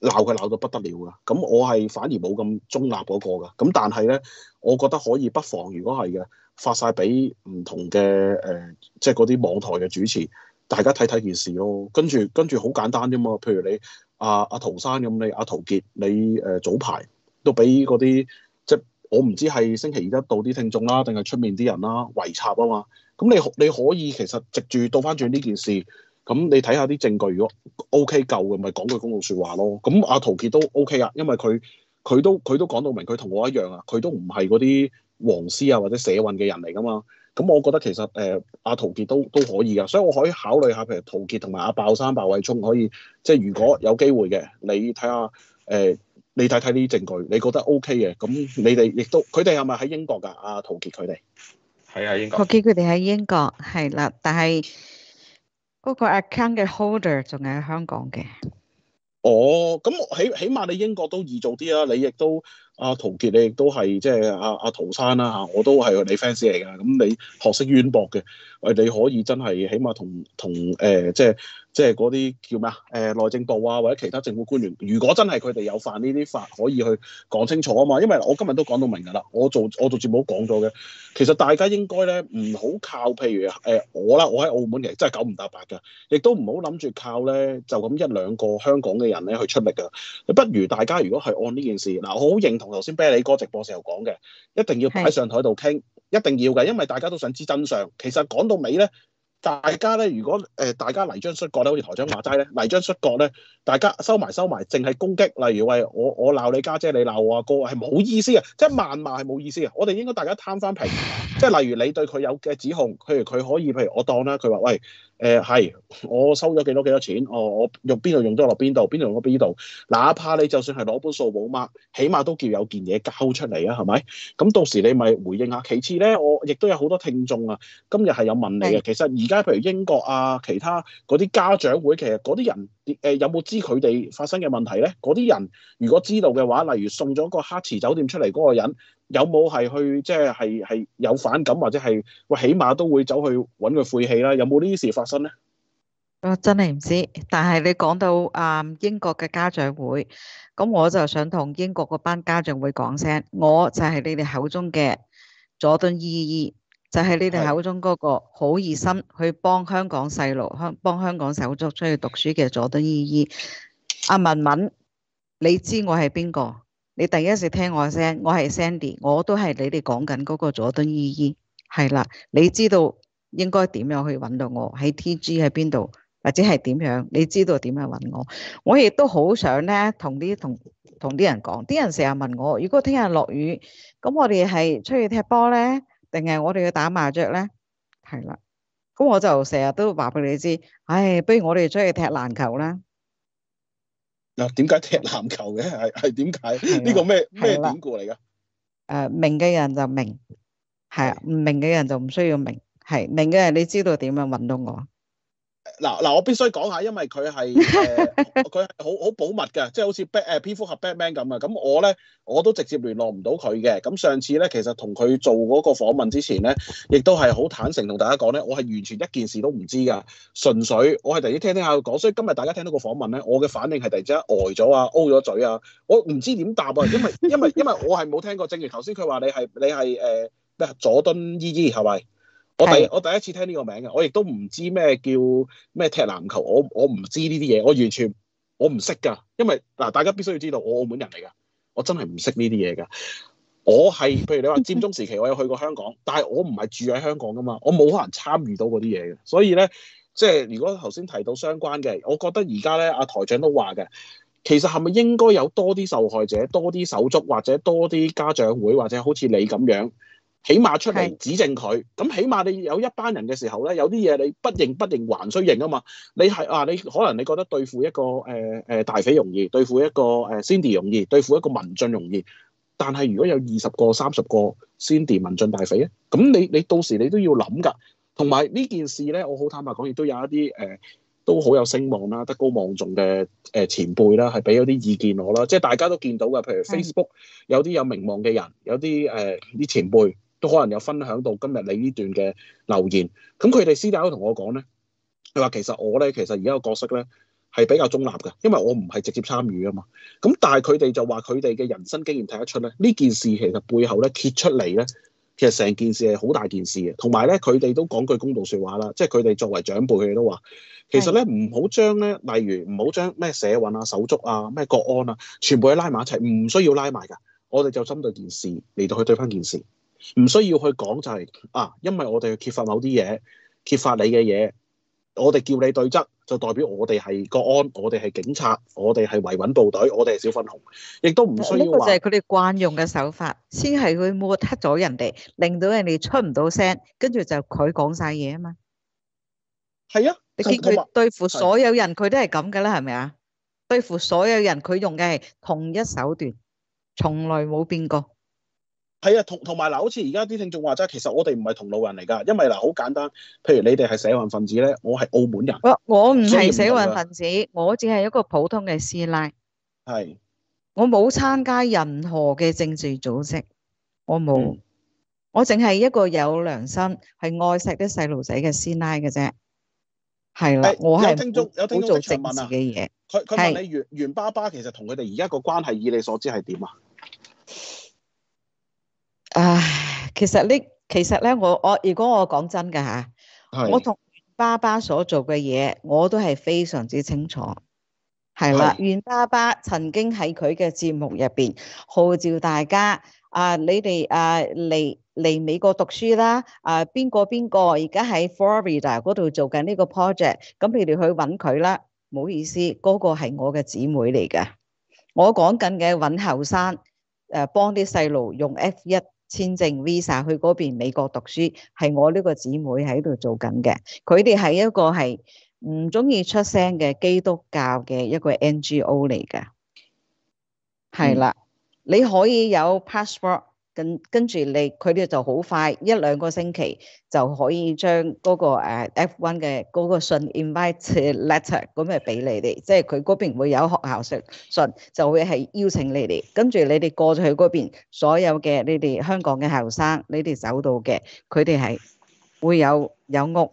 鬧佢鬧到不得了啦，咁我係反而冇咁中立嗰個噶，咁但係咧，我覺得可以不妨如果係嘅，發晒俾唔同嘅誒、呃，即係嗰啲網台嘅主持，大家睇睇件事咯、哦。跟住跟住好簡單啫嘛，譬如你阿阿、啊、陶生咁，你阿、啊、陶傑，你誒、呃、早排都俾嗰啲，即係我唔知係星期二一到啲聽眾啦，定係出面啲人啦圍插啊嘛，咁你可你可以其實藉住倒翻轉呢件事。咁你睇下啲證據，如果 OK 夠嘅，咪講句公道説話咯。咁阿、啊、陶傑都 OK 啊，因為佢佢都佢都講到明，佢同我一樣啊，佢都唔係嗰啲黃絲啊或者社運嘅人嚟噶嘛。咁我覺得其實誒阿、呃啊、陶傑都都可以噶，所以我可以考慮下，譬如陶傑同埋阿爆山、爆衞聰可以，即係如果有機會嘅，你睇下誒，你睇睇啲證據，你覺得 OK 嘅，咁你哋亦都佢哋係咪喺英國㗎？阿、啊、陶傑佢哋係啊，英國。陶傑佢哋喺英國係啦，但係。不過 account 嘅 holder 仲喺香港嘅。哦，咁起起碼你英國都易做啲啦。你亦都阿、啊、陶傑，你亦都係即係阿阿陶山啦、啊、嚇，我都係你 fans 嚟噶。咁你學識淵博嘅，喂，你可以真係起碼同同誒即係。呃就是即係嗰啲叫咩啊？誒、呃、內政部啊，或者其他政府官員，如果真係佢哋有犯呢啲法，可以去講清楚啊嘛。因為我今日都講到明㗎啦，我做我做節目講咗嘅。其實大家應該咧唔好靠，譬如誒、呃、我啦，我喺澳門其實真係九唔搭八㗎，亦都唔好諗住靠咧就咁一兩個香港嘅人咧去出力㗎。不如大家如果係按呢件事嗱、呃，我好認同頭先啤梨哥直播時候講嘅，一定要擺上台度傾，一定要嘅，因為大家都想知真相。其實講到尾咧。大家咧，如果誒大家嚟張摔角咧，好似台長話齋咧，嚟張摔角咧，大家收埋收埋，淨係攻擊，例如喂我我鬧你家姐，姐，你鬧我阿哥，哥，係冇意思嘅，即係謾罵係冇意思嘅。我哋應該大家攤翻平，即係例如你對佢有嘅指控，譬如佢可以，譬如我當啦，佢話喂誒係、呃，我收咗幾多幾多錢，我我用邊度用咗落邊度，邊度用咗邊度，哪怕你就算係攞本數簿掹，起碼都叫有件嘢交出嚟啊，係咪？咁到時你咪回應下。其次咧，我亦都有好多聽眾啊，今日係有問你嘅，其實而家。譬如英國啊，其他嗰啲家長會，其實嗰啲人，誒、呃、有冇知佢哋發生嘅問題咧？嗰啲人如果知道嘅話，例如送咗個黑池酒店出嚟嗰個人，有冇係去即係係係有反感或者係，我、呃、起碼都會走去揾佢晦氣啦。有冇呢啲事發生咧？我真係唔知。但係你講到啊、嗯、英國嘅家長會，咁我就想同英國嗰班家長會講聲，我就係你哋口中嘅佐敦依依。但係你哋口中嗰個好熱心去幫香港細路，香幫香港手足出去讀書嘅佐敦姨姨。阿文文，你知我係邊個？你第一次聽我聲，我係 Sandy，我都係你哋講緊嗰個佐敦姨姨。係啦，你知道應該點樣去揾到我喺 TG 喺邊度，或者係點樣？你知道點樣揾我？我亦都好想呢，同啲同同啲人講，啲人成日問我，如果聽日落雨，咁我哋係出去踢波呢？」定係我哋要打麻雀咧，係啦。咁我就成日都話俾你知，唉，不如我哋出去踢籃球啦。嗱，點解踢籃球嘅係係點解？呢個咩咩典故嚟噶？誒，明嘅人就明，係啊，唔明嘅人就唔需要明，係明嘅人你知道點樣搵到我。嗱嗱，我必須講下，因為佢係誒，佢係好好保密嘅，即係好似誒蝙蝠俠 Batman 咁啊。咁、嗯、我咧，我都直接聯絡唔到佢嘅。咁、嗯、上次咧，其實同佢做嗰個訪問之前咧，亦都係好坦誠同大家講咧，我係完全一件事都唔知噶，純粹我係突然聽聽下佢講。所以今日大家聽到個訪問咧，我嘅反應係突然之間呆咗啊、O 咗嘴啊，我唔知點答啊，因為因為因為我係冇聽過。正如頭先佢話你係你係誒咩佐敦姨姨係咪？是我第我第一次聽呢個名嘅，我亦都唔知咩叫咩踢籃球，我我唔知呢啲嘢，我完全我唔識噶，因為嗱，大家必須要知道我澳門人嚟噶，我真係唔識呢啲嘢噶，我係譬如你話佔中時期，我有去過香港，但係我唔係住喺香港噶嘛，我冇可能參與到嗰啲嘢嘅，所以咧，即係如果頭先提到相關嘅，我覺得而家咧阿台長都話嘅，其實係咪應該有多啲受害者，多啲手足，或者多啲家長會，或者好似你咁樣？起碼出嚟指證佢，咁起碼你有一班人嘅時候咧，有啲嘢你不認不認還須認啊嘛！你係啊，你可能你覺得對付一個誒誒、呃、大匪容易，對付一個誒、呃、Cindy 容易，對付一個民進容易，但係如果有二十個、三十個 Cindy、民進大匪咧，咁你你到時你都要諗㗎。同埋呢件事咧，我好坦白講，亦都有一啲誒、呃、都好有聲望啦、德高望重嘅誒前輩啦，係俾咗啲意見我啦，即、就、係、是、大家都見到嘅，譬如 Facebook 有啲有名望嘅人，有啲誒啲前輩。可能有分享到今日你呢段嘅留言，咁佢哋私底下都同我講咧，佢話其實我咧其實而家個角色咧係比較中立嘅，因為我唔係直接參與啊嘛。咁但係佢哋就話佢哋嘅人生經驗睇得出咧，呢件事其實背後咧揭出嚟咧，其實成件事係好大件事嘅。同埋咧，佢哋都講句公道說話啦，即係佢哋作為長輩，佢哋都話，其實咧唔好將咧，例如唔好將咩社運啊、手足啊、咩國安啊，全部都拉埋一齊，唔需要拉埋噶。我哋就針對件事嚟到去對翻件事。唔需要去講就係、是、啊，因為我哋要揭發某啲嘢，揭發你嘅嘢，我哋叫你對質，就代表我哋係國安，我哋係警察，我哋係維穩部隊，我哋係小粉紅，亦都唔需要呢個就係佢哋慣用嘅手法，先係佢抹黑咗人哋，令到人哋出唔到聲，跟住就佢講晒嘢啊嘛。係啊，你見佢對付所有人，佢的都係咁噶啦，係咪啊？對付所有人，佢用嘅係同一手段，從來冇變過。係啊，同同埋嗱，好似而家啲聽眾話齋，其實我哋唔係同路人嚟噶，因為嗱，好簡單，譬如你哋係社運分子咧，我係澳門人。我唔係社運分子，我淨係一個普通嘅師奶。係。我冇參加任何嘅政治組織，我冇。嗯、我淨係一個有良心、係愛錫啲細路仔嘅師奶嘅啫。係啦，我係有好做、啊、政治嘅嘢。佢佢問你袁袁爸爸，其實同佢哋而家個關係，以你所知係點啊？唉，其實呢，其實咧，我我如果我講真噶吓，是我同爸爸所做嘅嘢，我都係非常之清楚，係啦。是袁爸爸曾經喺佢嘅節目入邊號召大家啊，你哋啊嚟嚟美國讀書啦，啊邊個邊個而家喺 Florida 嗰度做緊呢個 project，咁你哋去搵佢啦。唔好意思，嗰、那個係我嘅姊妹嚟噶，我講緊嘅搵後生誒，幫啲細路用 F 一。簽證 visa 去嗰邊美國讀書係我呢個姊妹喺度做緊嘅，佢哋係一個係唔中意出聲嘅基督教嘅一個 NGO 嚟㗎，係啦，嗯、你可以有 passport。跟跟住你，佢哋就好快一兩個星期就可以將嗰個誒 F1 嘅嗰個信 invite letter 咁咪俾你哋，即係佢嗰邊會有學校信，信就會係邀請你哋。跟住你哋過咗去嗰邊，所有嘅你哋香港嘅學生，你哋走到嘅，佢哋係會有有屋，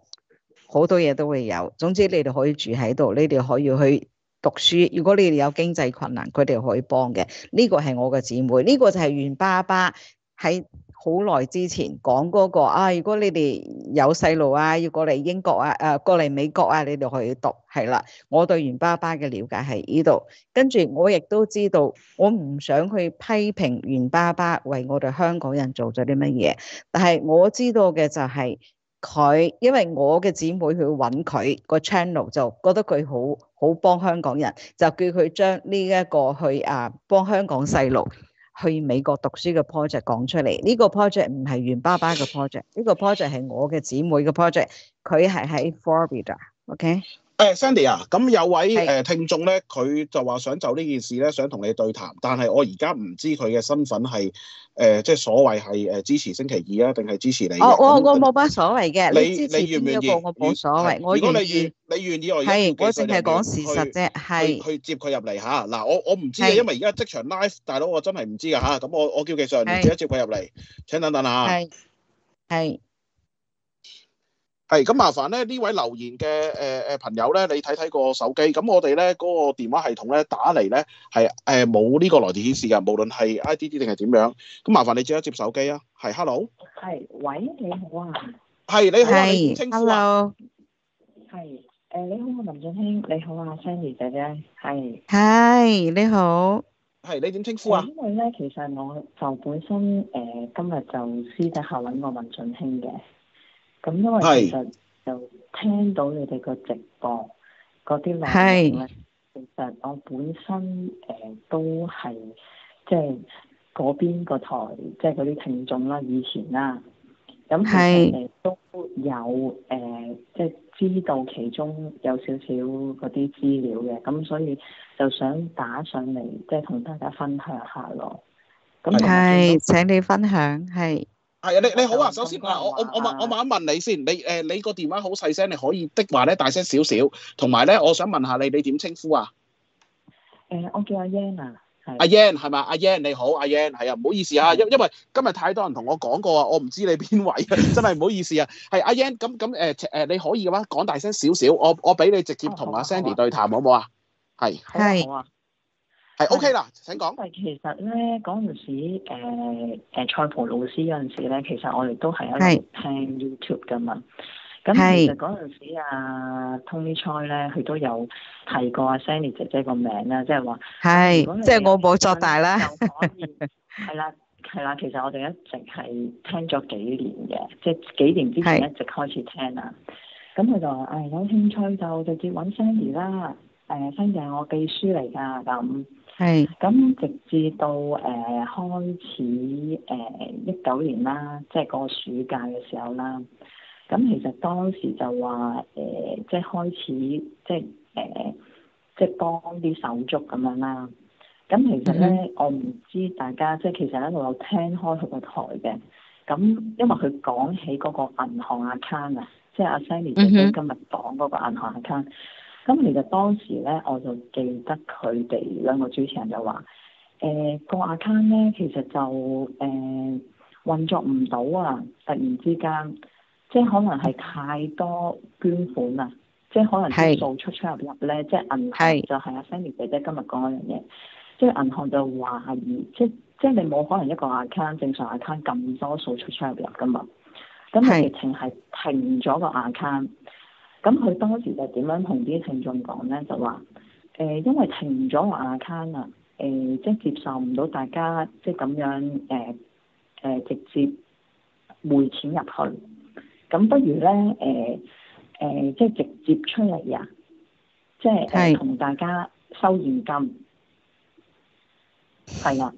好多嘢都會有。總之，你哋可以住喺度，你哋可以去讀書，如果你哋有經濟困難，佢哋可以幫嘅。呢、這個係我嘅姊妹，呢、這個就係袁爸爸喺好耐之前講嗰、那個啊。如果你哋有細路啊，要過嚟英國啊，誒、啊、過嚟美國啊，你哋可以讀。係啦，我對袁爸爸嘅了解係呢度，跟住我亦都知道，我唔想去批評袁爸爸為我哋香港人做咗啲乜嘢，但係我知道嘅就係、是。佢，因為我嘅姊妹去揾佢個 channel，就覺得佢好好幫香港人，就叫佢將呢一個去啊幫香港細路去美國讀書嘅 project 講出嚟。呢個 project 唔係袁爸爸嘅 project，呢個 project 係我嘅姊妹嘅 project。佢係喺 Florida，OK。誒，Sandy 啊，咁有位誒聽眾咧，佢就話想就呢件事咧，想同你對談，但係我而家唔知佢嘅身份係誒，即係所謂係誒支持星期二啊，定係支持你？我我我冇乜所謂嘅，你你願唔願意？我冇所謂，如果你意，你願意我願意。係，我淨係講事實啫，係。去接佢入嚟吓。嗱，我我唔知因為而家即場 live，大佬我真係唔知噶吓，咁我我叫技術員而家接佢入嚟，請等等啊。係。係，咁麻煩咧呢位留言嘅誒誒朋友咧，你睇睇個手機。咁我哋咧嗰個電話系統咧打嚟咧係誒冇呢個來電顯示嘅，無論係 I D D 定係點樣。咁麻煩你接一接手機啊。係，hello。係，喂，你好啊。係，你好，你點稱呼啊？係，誒，你好啊，林俊卿，你好啊，Sandy 姐姐，係。係，你好。係，你點稱呼啊？因為咧，其實我就本身誒今日就私底下揾過林俊卿嘅。咁因為其實就聽到你哋個直播嗰啲名，容是其實我本身誒、呃、都係即係嗰邊個台，即係嗰啲聽眾啦，以前啦、啊，咁、嗯、其實是都有誒、呃，即係知道其中有少少嗰啲資料嘅，咁所以就想打上嚟，即係同大家分享下咯。係、嗯是，請你分享係。係啊，你你好啊，首先啊，我我我問我問一問你先，你誒你個電話好細聲，你可以的話咧大聲少少，同埋咧我想問下你，你點稱呼啊？誒，我叫阿 Yan 啊，係。阿 Yan 係咪？阿 Yan 你好，阿 Yan 係啊，唔好意思啊，因因為今日太多人同我講過啊，我唔知你邊位啊。真係唔好意思啊。係阿 Yan，咁咁誒誒，你可以嘅話講大聲少少，我我俾你直接同阿 Sandy 對談好唔好，好啊？係，係。係 OK 啦，請講。但其實咧嗰陣時，誒蔡蒲老師嗰陣時咧，其實我哋都係一直聽 YouTube 嘅嘛。咁是其實嗰陣時阿、啊、Tony Choi 咧，佢都有提過阿 Sandy 姐姐個名啦，即係話，係即係我冇作大啦。係啦係啦，其實我哋一直係聽咗幾年嘅，即係幾年之前一直開始聽啦、啊。咁佢是就話：誒、哎、有興趣就直接揾 Sandy 啦。誒、呃、Sandy 係我寄書嚟㗎咁。係，咁是直至到誒、呃、開始誒一九年啦，即係過暑假嘅時候啦。咁其實當時就話誒、呃，即係開始即係誒，即係、呃、幫啲手足咁樣啦。咁其實咧，嗯、哼我唔知大家即係其實我有聽開佢個台嘅。咁因為佢講起嗰個銀行 account 啊，即係阿 Sammy 就係今日講嗰個銀行 account。嗯咁其實當時咧，我就記得佢哋兩個主持人就話，誒、呃、個 account 咧，其實就誒、呃、運作唔到啊！突然之間，即係可能係太多捐款啊，即係可能數出出入入咧，是即係銀行就係阿、啊、Sandy 姐姐今日講嗰樣嘢，即係銀行就話係，即係即係你冇可能一個 account 正常 account 咁多數出出入入㗎嘛，咁疫情係停咗個 account。是咁佢當時就點樣同啲聽眾講咧？就話誒、呃，因為停咗話 account 啊，誒、呃，即係接受唔到大家即係咁樣誒誒、呃呃、直接匯錢入去，咁不如咧誒誒，即係直接出嚟啊！即係同、呃、大家收現金，係啦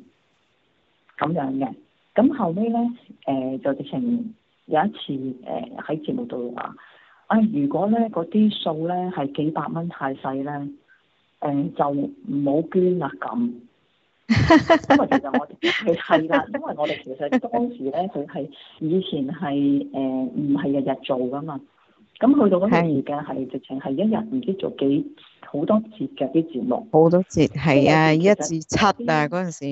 是，咁樣嘅。咁後尾咧誒，就直情有一次誒喺、呃、節目度話。唉、哎，如果咧嗰啲數咧係幾百蚊太細咧，誒、嗯、就唔好捐啦咁。 因為其實我哋，係啦，因為我哋其實當時咧佢係以前係誒唔係日日做㗎嘛。咁去到嗰陣時，而家係直情係一日唔知做幾好多節嘅啲節目，好多節。係啊，一至七啊嗰陣時，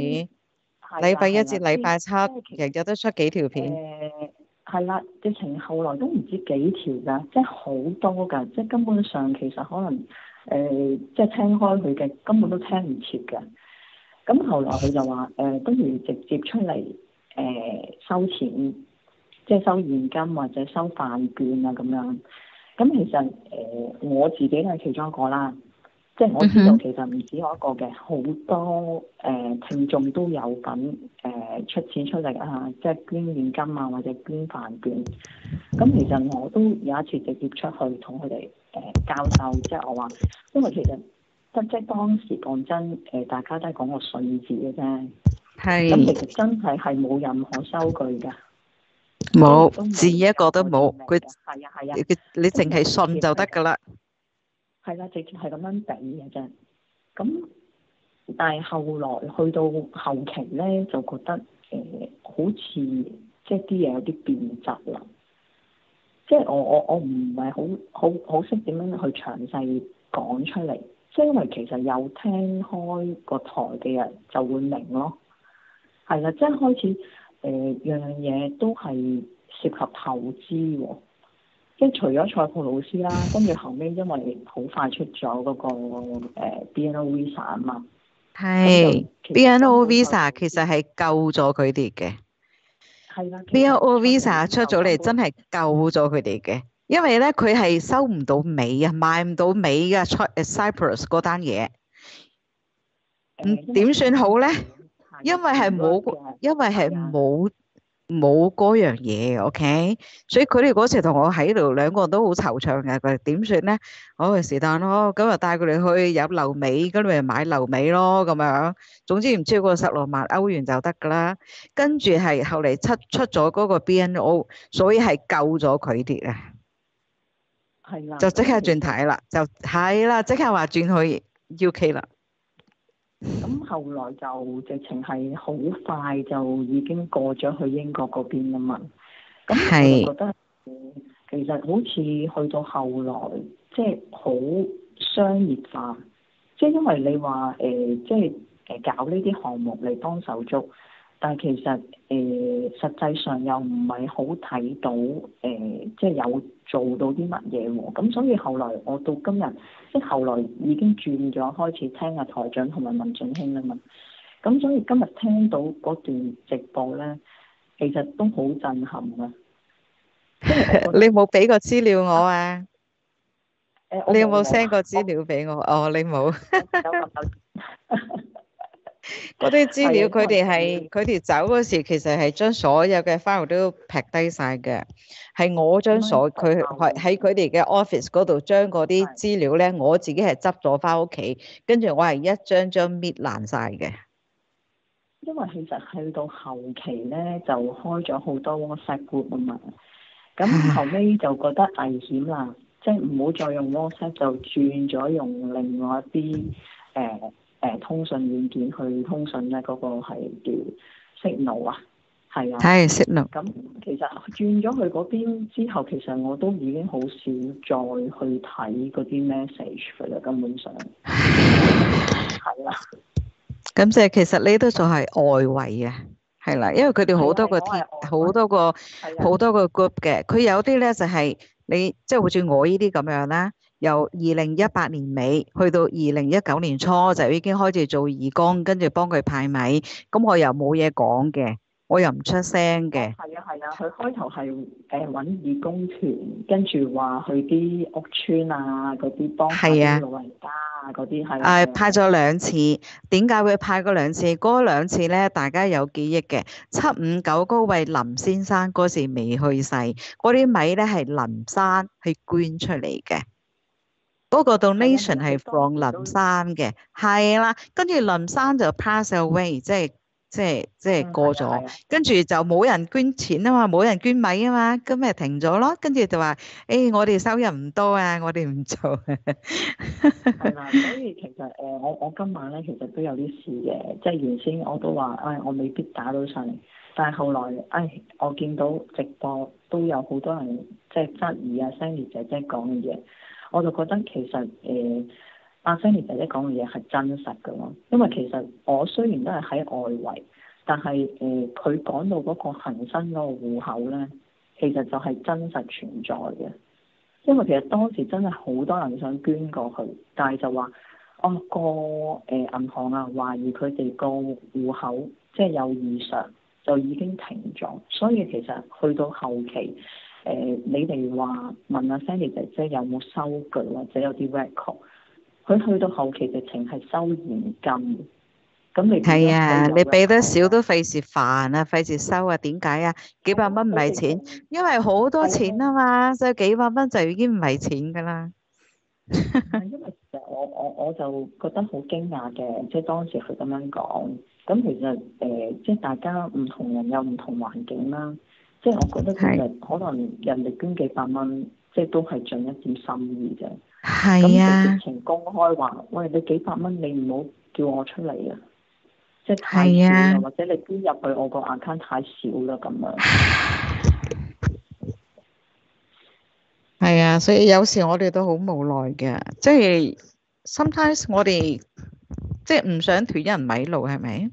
禮拜的一至禮拜七日日都出幾條片。呃係啦，直情後來都唔知幾條㗎，即係好多㗎，即係根本上其實可能誒、呃，即係聽開佢嘅根本都聽唔切㗎。咁後來佢就話誒、呃，不如直接出嚟誒、呃、收錢，即係收現金或者收飯券啊咁樣。咁其實誒、呃，我自己係其中一個啦。即係我知道，其實唔止我一個嘅，好多誒、呃、聽眾都有咁誒、呃、出錢出力啊，即係捐現金啊，或者捐飯券。咁、嗯、其實我都有一次直接出去同佢哋誒交收，即係我話，因為其實不即係當時講真，誒、呃、大家都係講個信字嘅啫。係是。咁其實真係係冇任何收據㗎。冇沒，只一個都冇。佢係啊係啊，你你淨係信就得㗎啦。係啦，直接係咁樣比嘅啫。咁但係後來去到後期咧，就覺得誒、呃，好似即係啲嘢有啲變質啦。即係我我我唔係好好好識點樣去詳細講出嚟，即係因為其實有聽開個台嘅人就會明咯。係啦，即係開始誒、呃、樣樣嘢都係涉及投資喎。即除咗塞浦路斯啦，跟住後尾因為好快出咗嗰個 BNO Visa 啊嘛，係是 BNO Visa 其實係救咗佢哋嘅，係啦，BNO Visa 出咗嚟真係救咗佢哋嘅，因為咧佢係收唔到尾啊，賣唔到尾噶，出 Cyprus 嗰單嘢，嗯，點算好咧？因為係冇，因為係冇。冇嗰樣嘢，OK，所以佢哋嗰時同我喺度，兩個人都好惆悵嘅。佢點算咧？我係是但咯，咁就帶佢哋去入樓尾，咁咪買樓尾咯，咁樣。總之唔超過十六萬歐元就得㗎啦。跟住係後嚟出出咗嗰個 BNO，所以係救咗佢哋啊。係啦。就即刻轉軚啦，就係啦，即刻話轉去 UK 啦。咁、嗯、後來就直情係好快就已經過咗去英國嗰邊㗎嘛，咁覺得是其實好似去到後來，即係好商業化，即、就、係、是、因為你話誒，即係誒搞呢啲項目嚟幫手足，但係其實。誒、呃，實際上又唔係好睇到，誒、呃，即係有做到啲乜嘢喎？咁所以後來我到今日，即係後來已經轉咗，開始聽阿台長同埋文俊卿啦嘛。咁所以今日聽到嗰段直播咧，其實都好震撼啊！ 你冇俾個資料我啊？誒、呃，有你有冇 send 個資料俾我？哦，哦，你冇。 嗰啲資料，佢哋係佢哋走嗰時，其實係將所有嘅 file 都劈低晒嘅。係我將所佢喺喺佢哋嘅 office 嗰度將嗰啲資料咧，的我自己係執咗翻屋企，跟住我係一張張搣爛晒嘅。因為其實去到後期咧，就開咗好多 WhatsApp group 啊嘛，咁後尾就覺得危險啦，即係唔好再用 WhatsApp，就轉咗用另外一啲誒。Uh, 誒通訊軟件去通訊咧，嗰、那個係叫 Signal 啊，係啊的，係 Signal。咁其實轉咗去嗰邊之後，其實我都已經好少再去睇嗰啲 message 啦，根本上。係啦。咁即係其實呢都仲係外圍啊，係啦，因為佢哋好多個 team，好多個，好多個 group 嘅，佢的有啲咧就係、是、你，即係好似我呢啲咁樣啦。由二零一八年尾去到二零一九年初，就已經開始做義工，跟住幫佢派米。咁我又冇嘢講嘅，我又唔出聲嘅。係啊，係啊，佢開頭係誒揾義工團，跟住話去啲屋村啊嗰啲幫翻啲老人家啊嗰啲係。誒派咗兩次，點解會派過兩次？嗰、嗰個、兩次咧，大家有記憶嘅七五九嗰位林先生嗰時未去世，嗰啲米咧係林生去捐出嚟嘅。嗰個 donation 係 from 林生嘅，係啦、嗯，跟住林生就 pass away，嗯、即係即係即係過咗，跟住就冇人捐錢啊嘛，冇人捐米啊嘛，咁咪停咗咯，跟住就話，誒、哎、我哋收入唔多啊，我哋唔做、啊。係 啦，所以其實誒、呃，我我今晚咧其實都有啲事嘅，即係原先我都話，誒、哎、我未必打到上嚟，但係後來，誒、哎、我見到直播都有好多人即係質疑阿、啊、Sunny 姐姐講嘅嘢。我就覺得其實誒，八、呃、十、啊、年姐姐講嘅嘢係真實㗎咯，因為其實我雖然都係喺外圍，但係誒佢講到嗰個恆生嗰個戶口咧，其實就係真實存在嘅，因為其實當時真係好多人想捐過去，但係就話，哦、嗰個誒、呃、銀行啊懷疑佢哋個戶口即係、就係、有異常，就已經停咗，所以其實去到後期。誒、呃，你哋話問阿 Sandy 姐姐有冇收據或者有啲 record，佢去到後期直情係收現金，咁你係啊，你俾得少都費事煩啊，費事收啊，點解啊？幾百蚊唔係錢，啊、因為好多錢啊嘛，啊所以幾百蚊就已經唔係錢㗎啦。啊、 因為其實我我我就覺得好驚訝嘅，即、就、係、是、當時佢咁樣講。咁其實誒，即、呃、係、就是、大家唔同人有唔同環境啦。即係我覺得其實可能人哋捐幾百蚊，是即係都係盡一點心意啫。係。啊，你直情公開話，喂，你幾百蚊，你唔好叫我出嚟啊！即係太少啦，或者你捐入去我個 account 太少啦咁樣。係啊，所以有時我哋都好無奈嘅，即係 sometimes 我哋即係唔想斷人米路，係咪？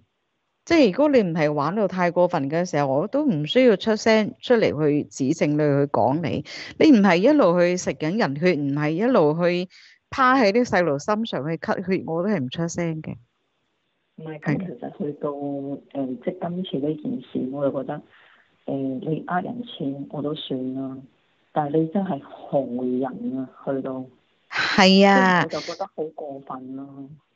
即係如果你唔係玩到太過分嘅時候，我都唔需要出聲出嚟去指正你去講你。你唔係一路去食緊人血，唔係一路去趴喺啲細路身上去吸血，我都係唔出聲嘅。唔係佢其實去到誒、呃，即係今次呢件事，我就覺得誒、呃，你呃人錢我都算啦，但係你真係害人啊，去到係啊，我就覺得好過分咯、啊。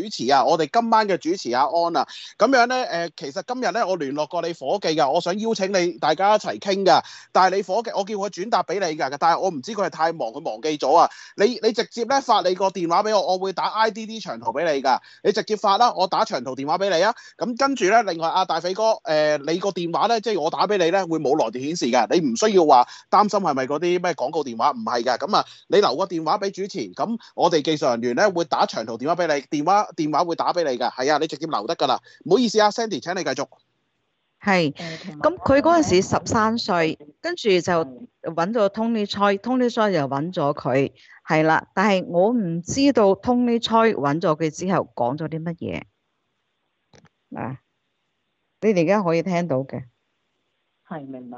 主持啊，我哋今晚嘅主持阿、啊、安啊，咁樣咧，誒、呃，其實今日咧，我聯絡過你伙計噶，我想邀請你大家一齊傾噶，但係你伙計，我叫佢轉達俾你噶，但係我唔知佢係太忙，佢忘記咗啊，你你直接咧發你個電話俾我，我會打 IDD 長途俾你噶，你直接發啦，我打長途電話俾你啊，咁、嗯、跟住咧，另外阿、啊、大肥哥，誒、呃，你個電話咧，即係我打俾你咧，會冇來電顯示噶，你唔需要話擔心係咪嗰啲咩廣告電話，唔係噶，咁、嗯、啊、嗯，你留個電話俾主持，咁我哋技術人員咧會打長途電話俾你，電話。電話會打俾你㗎，係啊，你直接留得㗎啦。唔好意思啊，Sandy，請你繼續。係，咁佢嗰陣時十三歲，跟住就揾咗 Tony Choy，Tony Choy 又揾咗佢，係啦。但係我唔知道 Tony Choy 揾咗佢之後講咗啲乜嘢。嗱、啊，你哋而家可以聽到嘅。係，明白。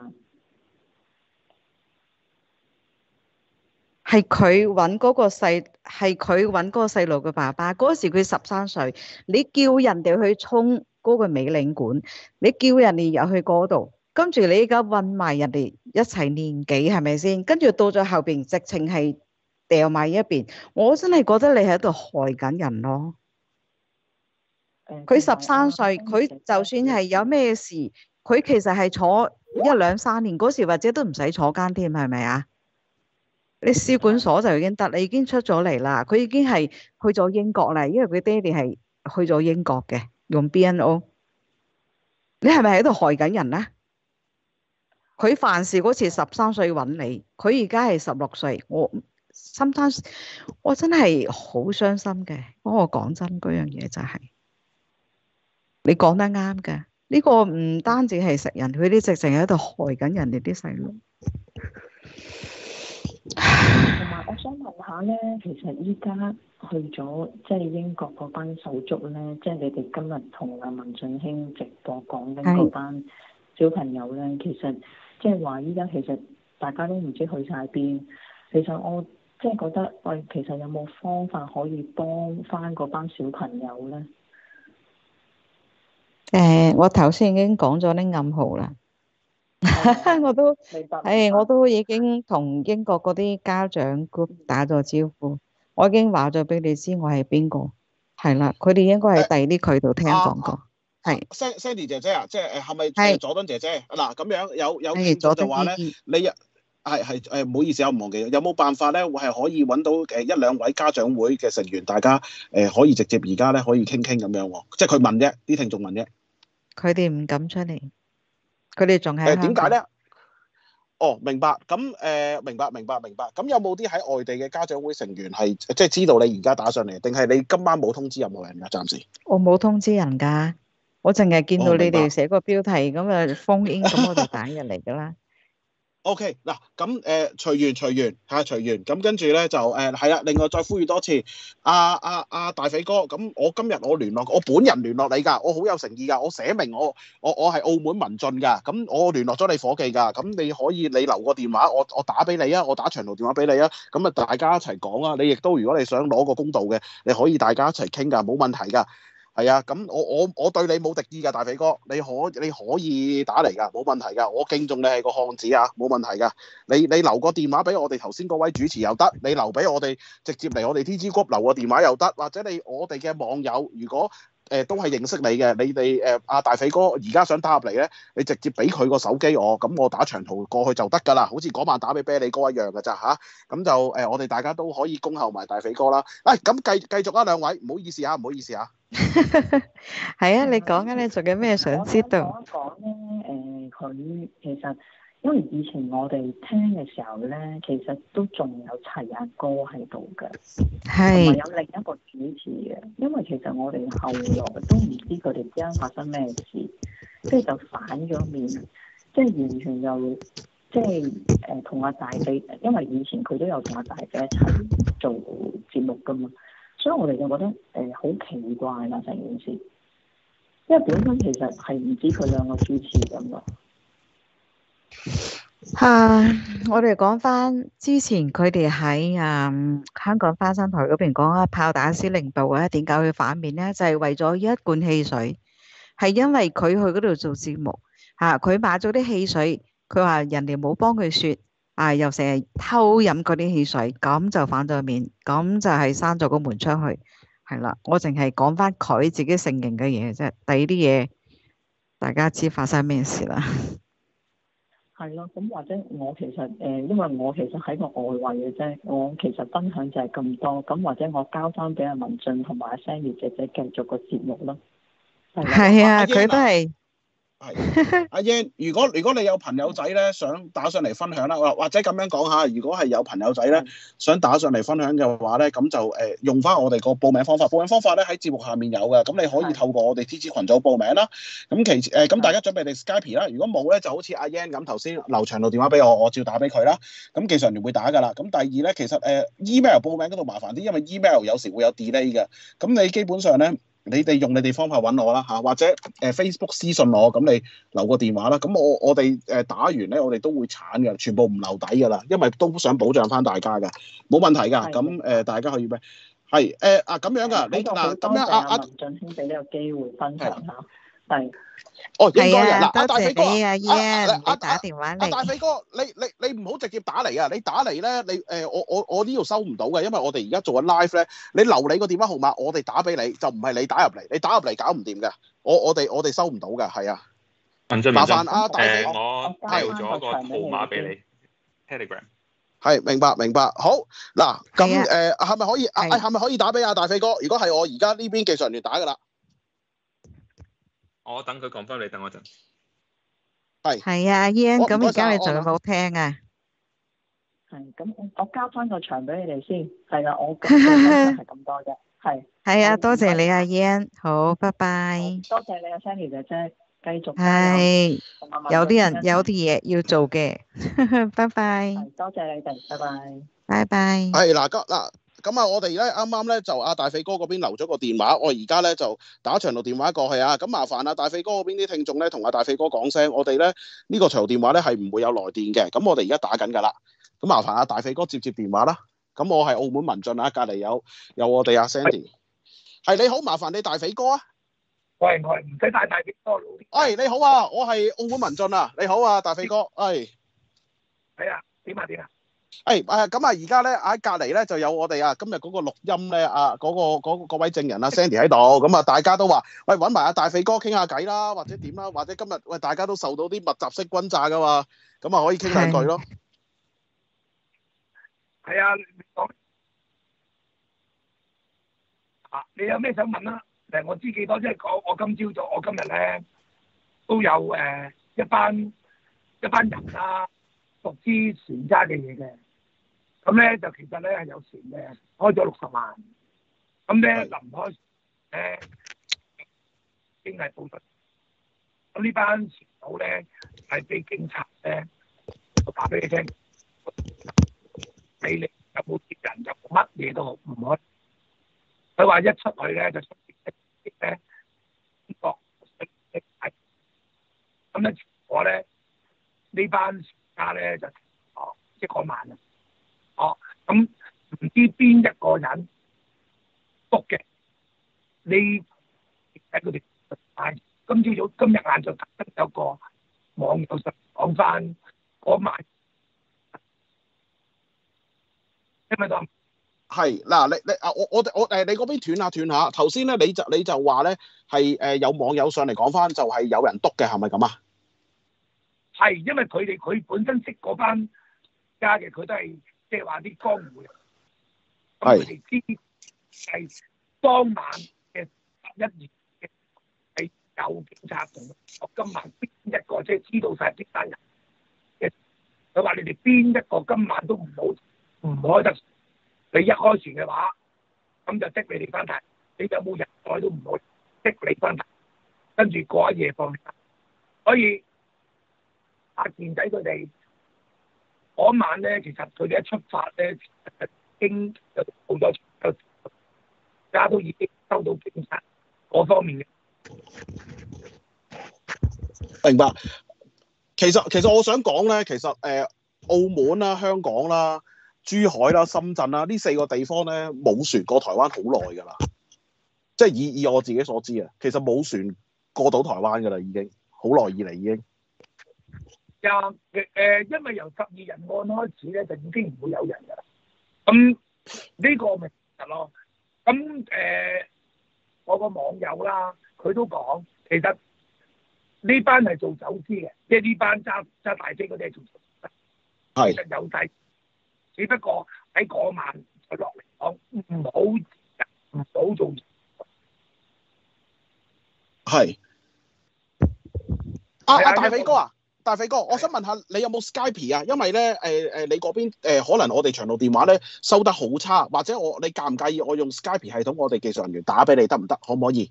係佢揾嗰個細，係佢揾嗰個細路嘅爸爸。嗰時佢十三歲，你叫人哋去沖嗰個美領館，你叫人哋入去嗰度，跟住你而家混埋人哋一齊年紀，係咪先？跟住到咗後邊，直情係掉埋一邊。我真係覺得你喺度害緊人咯。佢十三歲，佢就算係有咩事，佢其實係坐一兩三年嗰時，或者都唔使坐監添，係咪啊？你司管所就已經得，你已經出咗嚟啦。佢已經係去咗英國啦，因為佢爹哋係去咗英國嘅，用 B N O。你係咪喺度害緊人咧？佢犯事嗰次十三歲揾你，佢而家係十六歲。我 sometimes 我真係好傷心嘅，我講真嗰樣嘢就係你講得啱嘅。呢個唔單止係食人，佢啲直情喺度害緊人哋啲細路。同埋，我想問下咧，其實依家去咗即係英國嗰班手足咧，即係你哋今日同阿文俊卿直播講緊嗰班小朋友咧，是的 其實即係話依家其實大家都唔知去晒邊。其實我即係覺得，喂，其實有冇方法可以幫翻嗰班小朋友咧？誒，我頭先已經講咗啲暗號啦。 我都係，我都已經同英國嗰啲家長 group 打咗招呼，我已經話咗俾你知我係邊個，係啦，佢哋應該喺第二啲渠道聽講過，係。Sandy 姐姐啊，即係誒，係咪是佐敦姐姐？嗱、啊，咁樣有有咗就話咧，你係係誒，唔好意思，我忘記咗，有冇辦法咧，係可以搵到誒一兩位家長會嘅成員，大家誒可以直接而家咧可以傾傾咁樣，即係佢問啫，啲聽眾問啫，佢哋唔敢出嚟。佢哋仲係誒？點解咧？哦，明白。咁誒、呃，明白，明白，明白。咁有冇啲喺外地嘅家長會成員係即係知道你而家打上嚟，定係你今晚冇通知任何人噶？暫時我冇通知人噶，我淨係見到你哋寫個標題咁啊、哦、封印，咁我就打入嚟噶啦。 O.K. 嗱，咁誒隨緣隨緣嚇隨緣，咁跟住咧就誒係啦。另外再呼籲多次，阿阿阿大肥哥，咁我今日我聯絡我本人聯絡你㗎，我好有誠意㗎，我寫明我我我係澳門民進㗎，咁我聯絡咗你夥計㗎，咁你可以你留個電話，我我打俾你啊，我打長途電話俾你啊，咁啊大家一齊講啊，你亦都如果你想攞個公道嘅，你可以大家一齊傾㗎，冇問題㗎。係啊，咁我我我對你冇敵意噶，大肥哥，你可以你可以打嚟噶，冇問題噶，我敬重你係個漢子啊，冇問題噶，你你留個電話俾我哋頭先嗰位主持又得，你留俾我哋直接嚟我哋 TG Group 留個電話又得，或者你我哋嘅網友如果。誒都係認識你嘅，你哋誒阿大肥哥而家想打入嚟咧，你直接俾佢個手機我，咁我打長途過去就得㗎啦，好似嗰晚打俾啤梨哥一樣㗎咋吓？咁就誒，我哋大家都可以恭候埋大肥哥啦。誒，咁繼繼續啦，兩位唔好意思吓，唔好意思吓。係啊，你講緊你做緊咩？想知道。講咧誒，佢其實。因為以前我哋聽嘅時候咧，其實都仲有齊阿哥喺度嘅，同埋是有另一個主持嘅。因為其實我哋後來都唔知佢哋之間發生咩事，即係就反咗面，即係完全又即係誒同阿大飛，因為以前佢都有同阿大飛一齊做節目噶嘛，所以我哋就覺得誒好、呃、奇怪啦成件事，因為本身其實係唔止佢兩個主持咁嘅。吓、啊，我哋講翻之前佢哋喺啊香港花生台嗰邊講啊炮打司令部啊，點解佢反面呢？就係、是、為咗一罐汽水，係因為佢去嗰度做節目，吓、啊、佢買咗啲汽水，佢話人哋冇幫佢雪，啊又成日偷飲嗰啲汽水，咁就反咗面，咁就係閂咗個門出去，係啦，我淨係講翻佢自己承認嘅嘢啫，第啲嘢大家知發生咩事啦。係咯，咁或者我其實誒，因為我其實喺個外圍嘅啫，我其實分享就係咁多，咁或者我交翻俾阿文俊同埋阿 Sammy 姐姐繼續個節目咯。係啊，係啊，佢都係。阿 Yan 如果如果你有朋友仔咧想打上嚟分享啦，或者咁樣講下，如果係有朋友仔咧想打上嚟分享嘅話咧，咁就誒用翻我哋個報名方法。報名方法咧喺節目下面有嘅，咁你可以透過我哋 t 字群組報名啦。咁其誒，咁、呃、大家準備哋 Skype 啦。如果冇咧，就好似阿 Yan 咁頭先留長路電話俾我，我照打俾佢啦。咁技術人哋會打噶啦。咁第二咧，其實誒 email、呃、報名嗰度麻煩啲，因為 email 有時會有 delay 嘅。咁你基本上咧。你哋用你哋方法揾我啦嚇，或者誒 Facebook 私信我，咁你留個電話啦。咁我我哋誒打完咧，我哋都會鏟嘅，全部唔留底噶啦，因為都想保障翻大家噶，冇問題噶。咁誒是的 大家可以咩？係誒啊咁樣噶，的你嗱咁樣阿阿文俊兄俾呢個機會分享下。哦、嗯，應該啊，嗱、啊，多謝 大飛哥，阿阿打電話、啊、大飛哥，你你你唔好直接打嚟啊！你打嚟咧，你誒、呃，我我我呢度收唔到嘅，因為我哋而家做緊 live 咧，你留你個電話號碼，我哋打俾你，就唔係你打入嚟，你打入嚟搞唔掂嘅，我我哋我哋收唔到嘅，係啊，麻煩啊，算信大肥，誒、呃，我標咗個號碼俾你，Telegram，係、嗯，明白明白，明白，好，嗱，咁、嗯、誒，係咪可以？係、嗯、咪、啊啊、可以打俾阿大飛哥？如果係我而家呢邊技術人員打噶啦。我等佢講翻，你等我陣。係係啊，Ian，咁而家你仲有冇聽啊？係，咁我我交翻個場俾你哋先。係啦，我講嘅就係咁多啫。係係啊，多謝你啊，Ian。好，拜拜。多謝你啊，Sandy 姐姐繼續。係，有啲人有啲嘢要做嘅。拜拜。多謝你哋，拜拜。拜拜。係嗱，家嗱。咁啊，我哋咧啱啱咧就阿大肥哥嗰邊留咗個電話，我而家咧就打長途電話過去啊！咁麻煩阿大肥哥嗰邊啲聽眾咧，同阿大肥哥講聲，我哋咧呢個長途電話咧係唔會有來電嘅。咁我哋而家打緊噶啦，咁麻煩阿大肥哥接接電話啦。咁我係澳門民進啊，隔籬有有我哋啊，Sandy 是。係你好，麻煩你大肥哥啊。喂，唔使太大肥哥。喂、哎，你好啊，我係澳門民進啊，你好啊，大肥哥。喂、哎，係啊，點啊，點啊？誒誒，咁啊、哎，而家咧喺隔籬咧就有我哋啊、那個，今日嗰個錄音咧啊，嗰、那個嗰位、那個、證人啊，Sandy 喺度。咁啊，大家都話喂，搵埋阿大肥哥傾下偈啦，或者點啦，或者今日喂大家都受到啲密集式轟炸噶嘛，咁啊可以傾下偈咯。係啊，你講啊，你有咩想問啦？誒，我知幾多，即係講我今朝早，我今日咧都有誒一班一班人啦、啊。做啲船家嘅嘢嘅，咁咧就其實咧係有船嘅，開咗六十萬，咁咧臨開誒經濟暴發，咁呢班船佬咧係俾警察咧，我打俾你聽，俾你有冇接人又乜嘢都唔可，佢話一出去咧就出啲啲啲咧，咁咧結果咧呢班。家咧就哦，即係講慢啊，哦咁唔知邊一個人篤嘅，你睇佢哋晏今朝早今日晏晝突然有個網友就講翻嗰晚，係咪咁？係嗱，你你啊，我我我誒，你嗰邊斷下斷下。頭先咧，你就你就話咧係誒有網友上嚟講翻，就係有人篤嘅，係咪咁啊？係，因為佢哋佢本身識嗰班家嘅，佢都係即係話啲江湖人，咁佢哋知係當晚嘅十一月嘅係舊警察同我今晚邊一個即係知道晒啲班人嘅，佢話你哋邊一個今晚都唔好唔開得，你一開船嘅話，咁就逼你哋翻台，你有冇人開都唔開，逼你翻台，跟住過一夜放假，所以。阿健仔佢哋嗰晚咧，其實佢哋一出發咧，經好多就家都已經收到警察嗰方面嘅。明白。其實其實我想講咧，其實誒、呃、澳門啦、啊、香港啦、啊、珠海啦、啊、深圳啦、啊、呢四個地方咧，冇船過台灣好耐㗎啦。即係以以我自己所知啊，其實冇船過到台灣㗎啦，已經好耐以嚟已經。就因為由十二人案開始咧，就已經唔會有人噶啦。咁、嗯、呢、呢個咪實咯。咁、嗯、誒、呃，我個網友啦，佢都講，其實呢班係做走私嘅，即係呢班揸揸大飛嗰啲係做走私，其實是有嘅。只不過喺嗰晚佢落嚟講唔好唔好做。係。阿阿大尾哥啊！大肥哥，我想問下你有冇 Skype 啊？因為咧，誒、呃、誒、呃，你嗰邊，呃、可能我哋長途電話咧收得好差，或者我，你介唔介意我用 Skype 系統，我哋技術人員打俾你得唔得？可唔可以？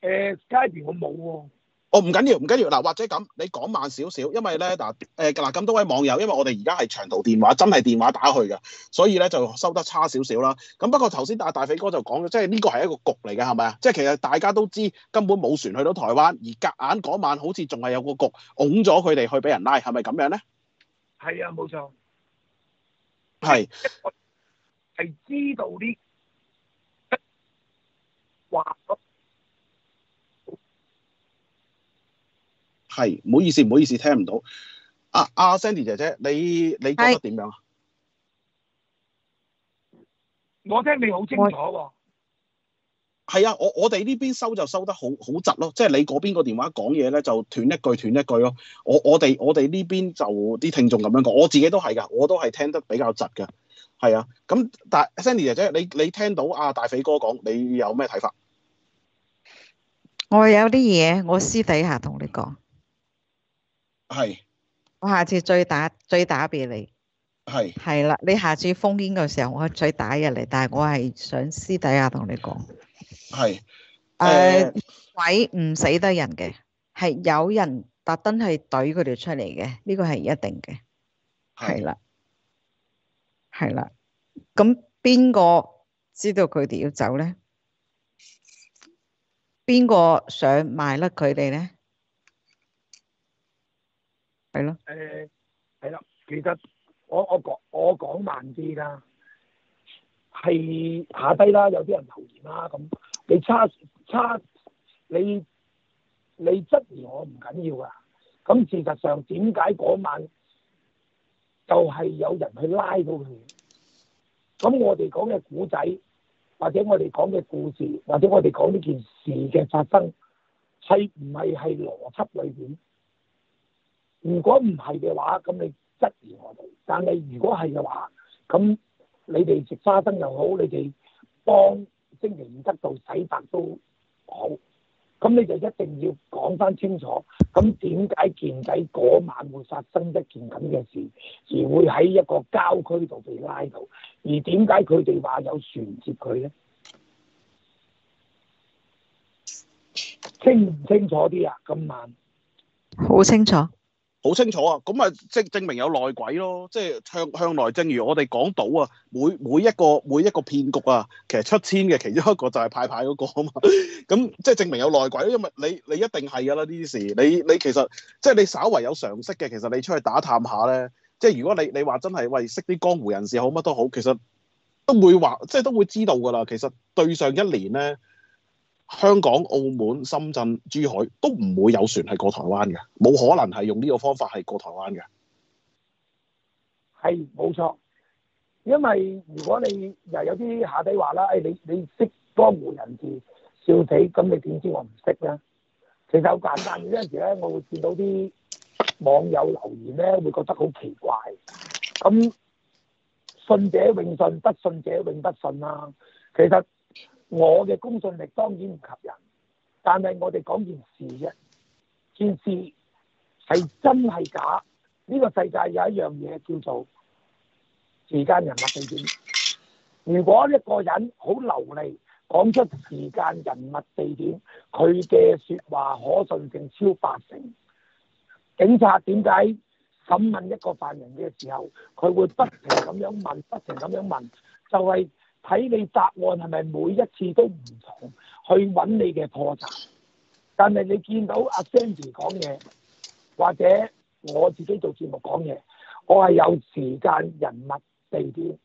誒、欸、Skype 我冇喎、啊。哦，唔緊要，唔緊要嗱，或者咁，你講慢少少，因為咧嗱，誒嗱咁多位網友，因為我哋而家係長途電話，真係電話打去嘅，所以咧就收得差少少啦。咁不過頭先大大肥哥就講嘅，即係呢個係一個局嚟嘅，係咪啊？即係其實大家都知根本冇船去到台灣，而隔硬嗰晚好似仲係有個局擁咗佢哋去俾人拉，係咪咁樣咧？係啊，冇錯，係係是知道啲。哇係，唔好意思，唔好意思，聽唔到。啊阿、啊、Sandy 姐姐，你你覺得點樣啊？我聽你好清楚喎、哦。係啊，我我哋呢邊收就收得好好窒咯，即係你嗰邊個電話講嘢咧，就斷一句斷一句咯。我我哋我哋呢邊就啲聽眾咁樣講，我自己都係噶，我都係聽得比較窒噶。係啊，咁但 Sandy 姐姐，你你聽到啊大肥哥講，你有咩睇法？我有啲嘢，我私底下同你講。係，我下次再打再打俾你。係係啦，你下次封煙嘅時候，我再打入嚟。但係我係想私底下同你講。係的。誒、uh，鬼唔死得人嘅，係有人特登係懟佢哋出嚟嘅，呢個係一定嘅。係啦的，係啦。咁邊個知道佢哋要走咧？邊個想賣甩佢哋咧？係咯，誒、係啦，其實我我講我講慢啲啦，係下低啦，有啲人留言啦，咁你差差你你質疑我唔緊要啊，咁事實上點解嗰晚就係有人去拉到佢？咁我哋講嘅古仔，或者我哋講嘅故事，或者我哋講呢件事嘅發生，係唔係係邏輯裏邊？如果唔係嘅話，咁你質疑我哋；但係如果係嘅話，咁你哋食花生又好，你哋幫星期五得到洗白都好。咁你就一定要講翻清楚。咁點解健仔嗰晚會發生一件咁嘅事，而會喺一個郊區度被拉到？而點解佢哋話有船接佢咧？清唔清楚啲啊？今晚。好清楚。好清楚啊！咁啊，即係證明有內鬼咯。即係向向來，正如我哋講到啊，每每一個每一個騙局啊，其實出千嘅其中一個就係派派嗰個啊嘛。咁即係證明有內鬼，因為你你一定係噶啦呢啲事。你你其實即係你稍為有常識嘅，其實你出去打探下咧，即係如果你你話真係喂識啲江湖人士好乜都好，其實都會話即係都會知道噶啦。其實對上一年咧。香港、澳門、深圳、珠海都唔會有船係過台灣嘅，冇可能係用呢個方法係過台灣嘅。係冇錯，因為如果你又有啲下底話啦，誒、哎、你你識江湖人士笑死，咁你點知我唔識咧？其實好簡單，有陣時咧，我會見到啲網友留言咧，會覺得好奇怪。咁信者永信，不信者永不信啦、啊。其實。我嘅公信力當然唔及人，但係我哋講件事啫。件事係真係假？呢個世界有一樣嘢叫做時間、人物、地點。如果一個人好流利講出時間、人物、地點，佢嘅説話可信性超八成。警察點解審問一個犯人嘅時候，佢會不停咁樣問、不停咁樣問，就係，睇你答案係咪每一次都唔同，去揾你嘅破綻。但係你見到阿 Sandy 講嘢，或者我自己做節目講嘢，我係有時間、人物、地點，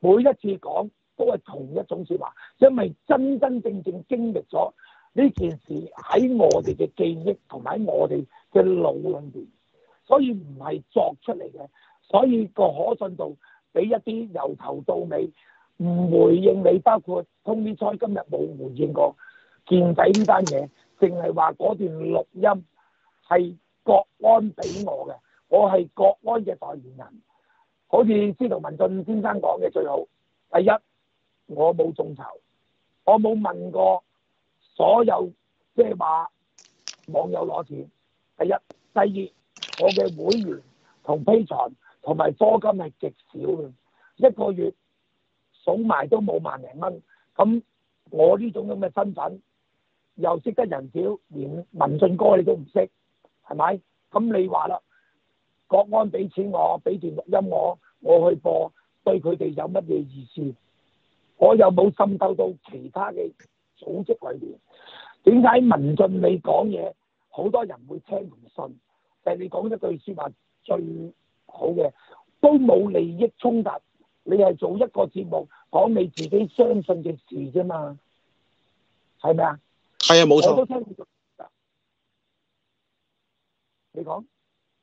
每一次講都係同一種説話，因為真真正正經歷咗呢件事喺我哋嘅記憶同埋喺我哋嘅腦裏邊，所以唔係作出嚟嘅，所以個可信度比一啲由頭到尾。唔回應你，包括通天財今日冇回應過健底呢單嘢，淨係話嗰段錄音係國安俾我嘅，我係國安嘅代言人。好似司徒文俊先生講嘅最好，第一我冇眾籌，我冇問過所有即係話網友攞錢。第一，第二，我嘅會員同 Patreon 同埋課金係極少嘅，一個月。數埋都冇萬零蚊，咁我呢種咁嘅身份又識得人少，連文進哥你都唔識，係咪？咁你話啦，國安俾錢我，俾段錄音我，我去播，對佢哋有乜嘢意思？我又冇滲透到其他嘅組織裏面。點解文進你講嘢好多人會聽唔信？就係你講一句説話最好嘅，都冇利益衝突。你係做一個節目講你自己相信嘅事啫嘛，係咪啊？係啊，冇錯。我都聽到。你講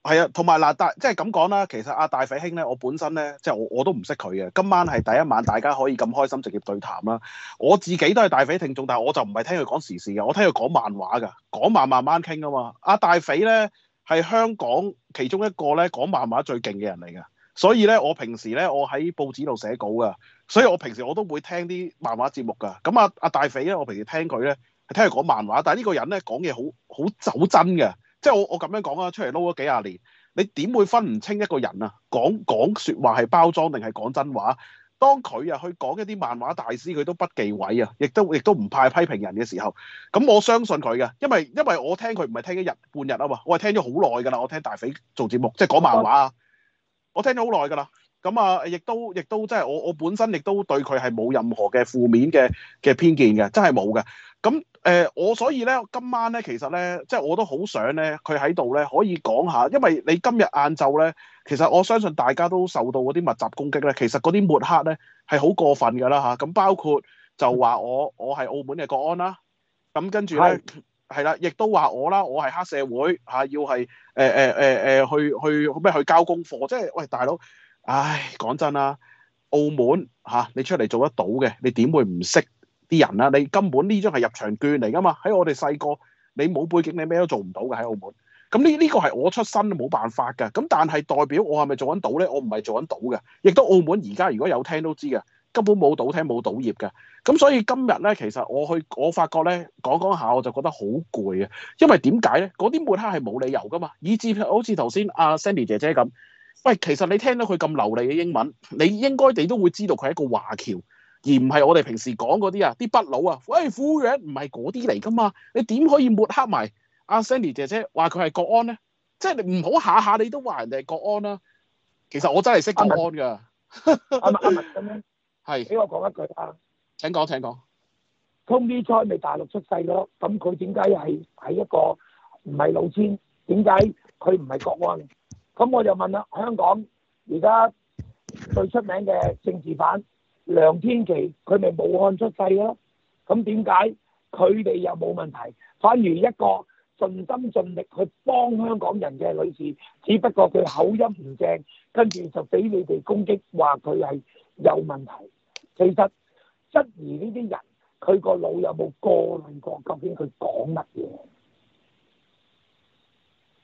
係啊，同埋嗱，大即係咁講啦。其實阿大肥兄咧，我本身咧，即係我我都唔識佢嘅。今晚係第一晚，大家可以咁開心直接對談啦。我自己都係大肥聽眾，但係我就唔係聽佢講時事嘅，我聽佢講漫畫㗎，講漫漫慢傾啊嘛。阿大肥咧係香港其中一個咧講漫畫最勁嘅人嚟嘅。所以咧，我平時咧，我喺報紙度寫稿㗎，所以我平時我都會聽啲漫畫節目㗎。咁啊，阿大肥咧，我平時聽佢咧係聽佢講漫畫，但係呢個人咧講嘢好好走真嘅，即係我我咁樣講啊，出嚟撈咗幾廿年，你點會分唔清一個人啊？講講説話係包裝定係講真話？當佢啊去講一啲漫畫大師，佢都不忌諱啊，亦都亦都唔怕批評人嘅時候，咁我相信佢嘅，因為因為我聽佢唔係聽一日半日啊嘛，我係聽咗好耐㗎啦。我聽大肥做節目，即係講漫畫啊。我聽咗好耐㗎啦，咁啊，亦都亦都即係我我本身亦都對佢係冇任何嘅負面嘅嘅偏見嘅，真係冇嘅。咁誒，我、呃、所以咧今晚咧，其實咧即係我都好想咧，佢喺度咧可以講下，因為你今日晏晝咧，其實我相信大家都受到嗰啲密集攻擊咧，其實嗰啲抹黑咧係好過分㗎啦吓，咁包括就話我、嗯、我係澳門嘅國安啦，咁跟住咧。係啦，亦都話我啦，我係黑社會嚇，要係誒誒誒誒去去咩去交功課。即係喂大佬，唉講真啦，澳門嚇、啊、你出嚟做得到嘅，你點會唔識啲人啊？你根本呢張係入場券嚟㗎嘛？喺我哋細個，你冇背景，你咩都做唔到嘅喺澳門。咁呢呢個係我出身都冇辦法㗎。咁但係代表我係咪做得到咧？我唔係做得到嘅。亦都澳門而家如果有聽都知嘅。根本冇賭廳冇賭業嘅，咁所以今日咧，其實我去我發覺咧講講下我就覺得好攰啊！因為點解咧？嗰啲抹黑係冇理由噶嘛！以至好似頭先阿 Sandy 姐姐咁，喂，其實你聽到佢咁流利嘅英文，你應該地都會知道佢係一個華僑，而唔係我哋平時講嗰啲啊啲北佬啊，喂苦樣唔係嗰啲嚟噶嘛！你點可以抹黑埋阿 Sandy 姐姐話佢係國安咧？即係你唔好下下你都話人哋係國安啦、啊！其實我真係識國安㗎。咁樣。係，俾我講一句啊，請講，請講。Tony Choi 咪大陸出世咯，咁佢點解係喺一個唔係老千？點解佢唔係國安？咁我就問啦，香港而家最出名嘅政治犯梁天琦，佢咪武漢出世嘅咯？咁點解佢哋又冇問題，反而一個盡心盡力去幫香港人嘅女士，只不過佢口音唔正，跟住就俾你哋攻擊，話佢係有問題。其實質疑呢啲人，佢個腦有冇過濾過？究竟佢講乜嘢？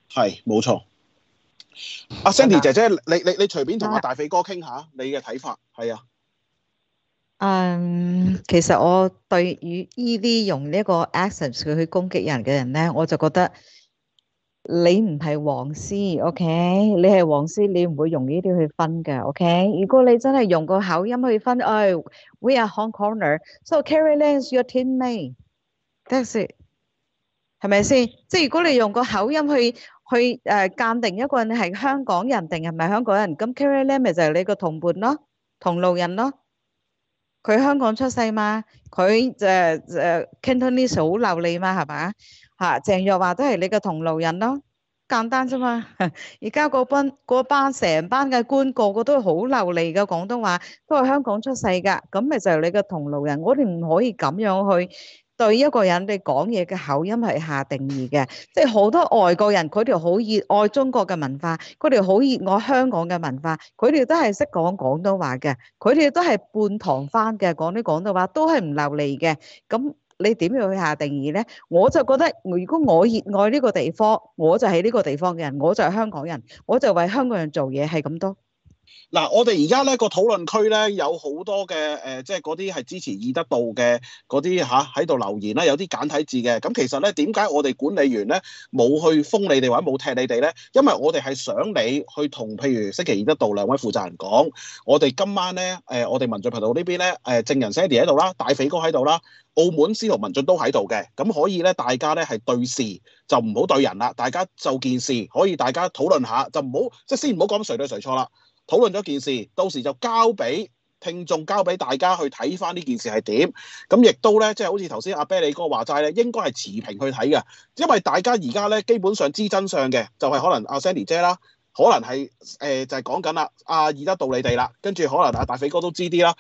係，冇錯。阿的 Sandy 姐姐，你你你隨便同阿大肥哥傾下你，你嘅睇法係啊。嗯，其實我對於呢啲用呢個 accent 佢去攻擊人嘅人咧，我就覺得。你唔係黃絲，OK？你係黃絲，你唔會用呢啲去分㗎，OK？如果你真係用個口音去分，哎，we are Hong Konger？So Carrie Lam is your teammate，得先，係咪先？即係如果你用個口音去去誒鑑定一個人係香港人定係唔係香港人，咁 Carrie Lam 咪就係你個同伴咯，同路人咯，佢香港出世嘛，佢就就 Cantonese 好流利嘛，係嘛？嚇、啊，鄭若驊都係你個同路人咯，簡單啫嘛。而家個班個班成班嘅官，個個都好流利嘅廣東話，都係香港出世噶，咁咪就係你個同路人。我哋唔可以咁樣去對一個人哋講嘢嘅口音係下定義嘅，即係好多外國人，佢哋好熱愛中國嘅文化，佢哋好熱愛香港嘅文化，佢哋都係識講廣東話嘅，佢哋都係半堂翻嘅講啲廣東話，都係唔流利嘅，咁。你點樣去下定義呢？我就覺得，如果我熱愛呢個地方，我就係呢個地方嘅人，我就係香港人，我就為香港人做嘢，係咁多。嗱，我哋而家咧個討論區咧有好多嘅，誒、呃，即係嗰啲係支持義德道嘅嗰啲吓喺度留言啦，有啲簡體字嘅。咁、嗯、其實咧，點解我哋管理員咧冇去封你哋或者冇踢你哋咧？因為我哋係想你去同譬如星期二德道兩位負責人講，我哋今晚咧，誒、呃，我哋民進頻道邊呢邊咧，誒，證人 Sandy 喺度啦，大肥哥喺度啦，澳門司徒文進都喺度嘅，咁、嗯、可以咧，大家咧係對事就唔好對人啦，大家就件事可以大家討論下，就唔好即係先唔好講誰對誰錯啦。討論咗件事，到時就交俾聽眾，交俾大家去睇翻呢件事係點。咁亦都咧，即係好似頭先阿啤利哥話齋咧，應該係持平去睇嘅，因為大家而家咧基本上知真相嘅，就係、是、可能阿 Sandy 姐啦，可能係誒、呃、就係、是、講緊啦，阿而家到你哋啦，跟住可能阿大肥哥都知啲啦。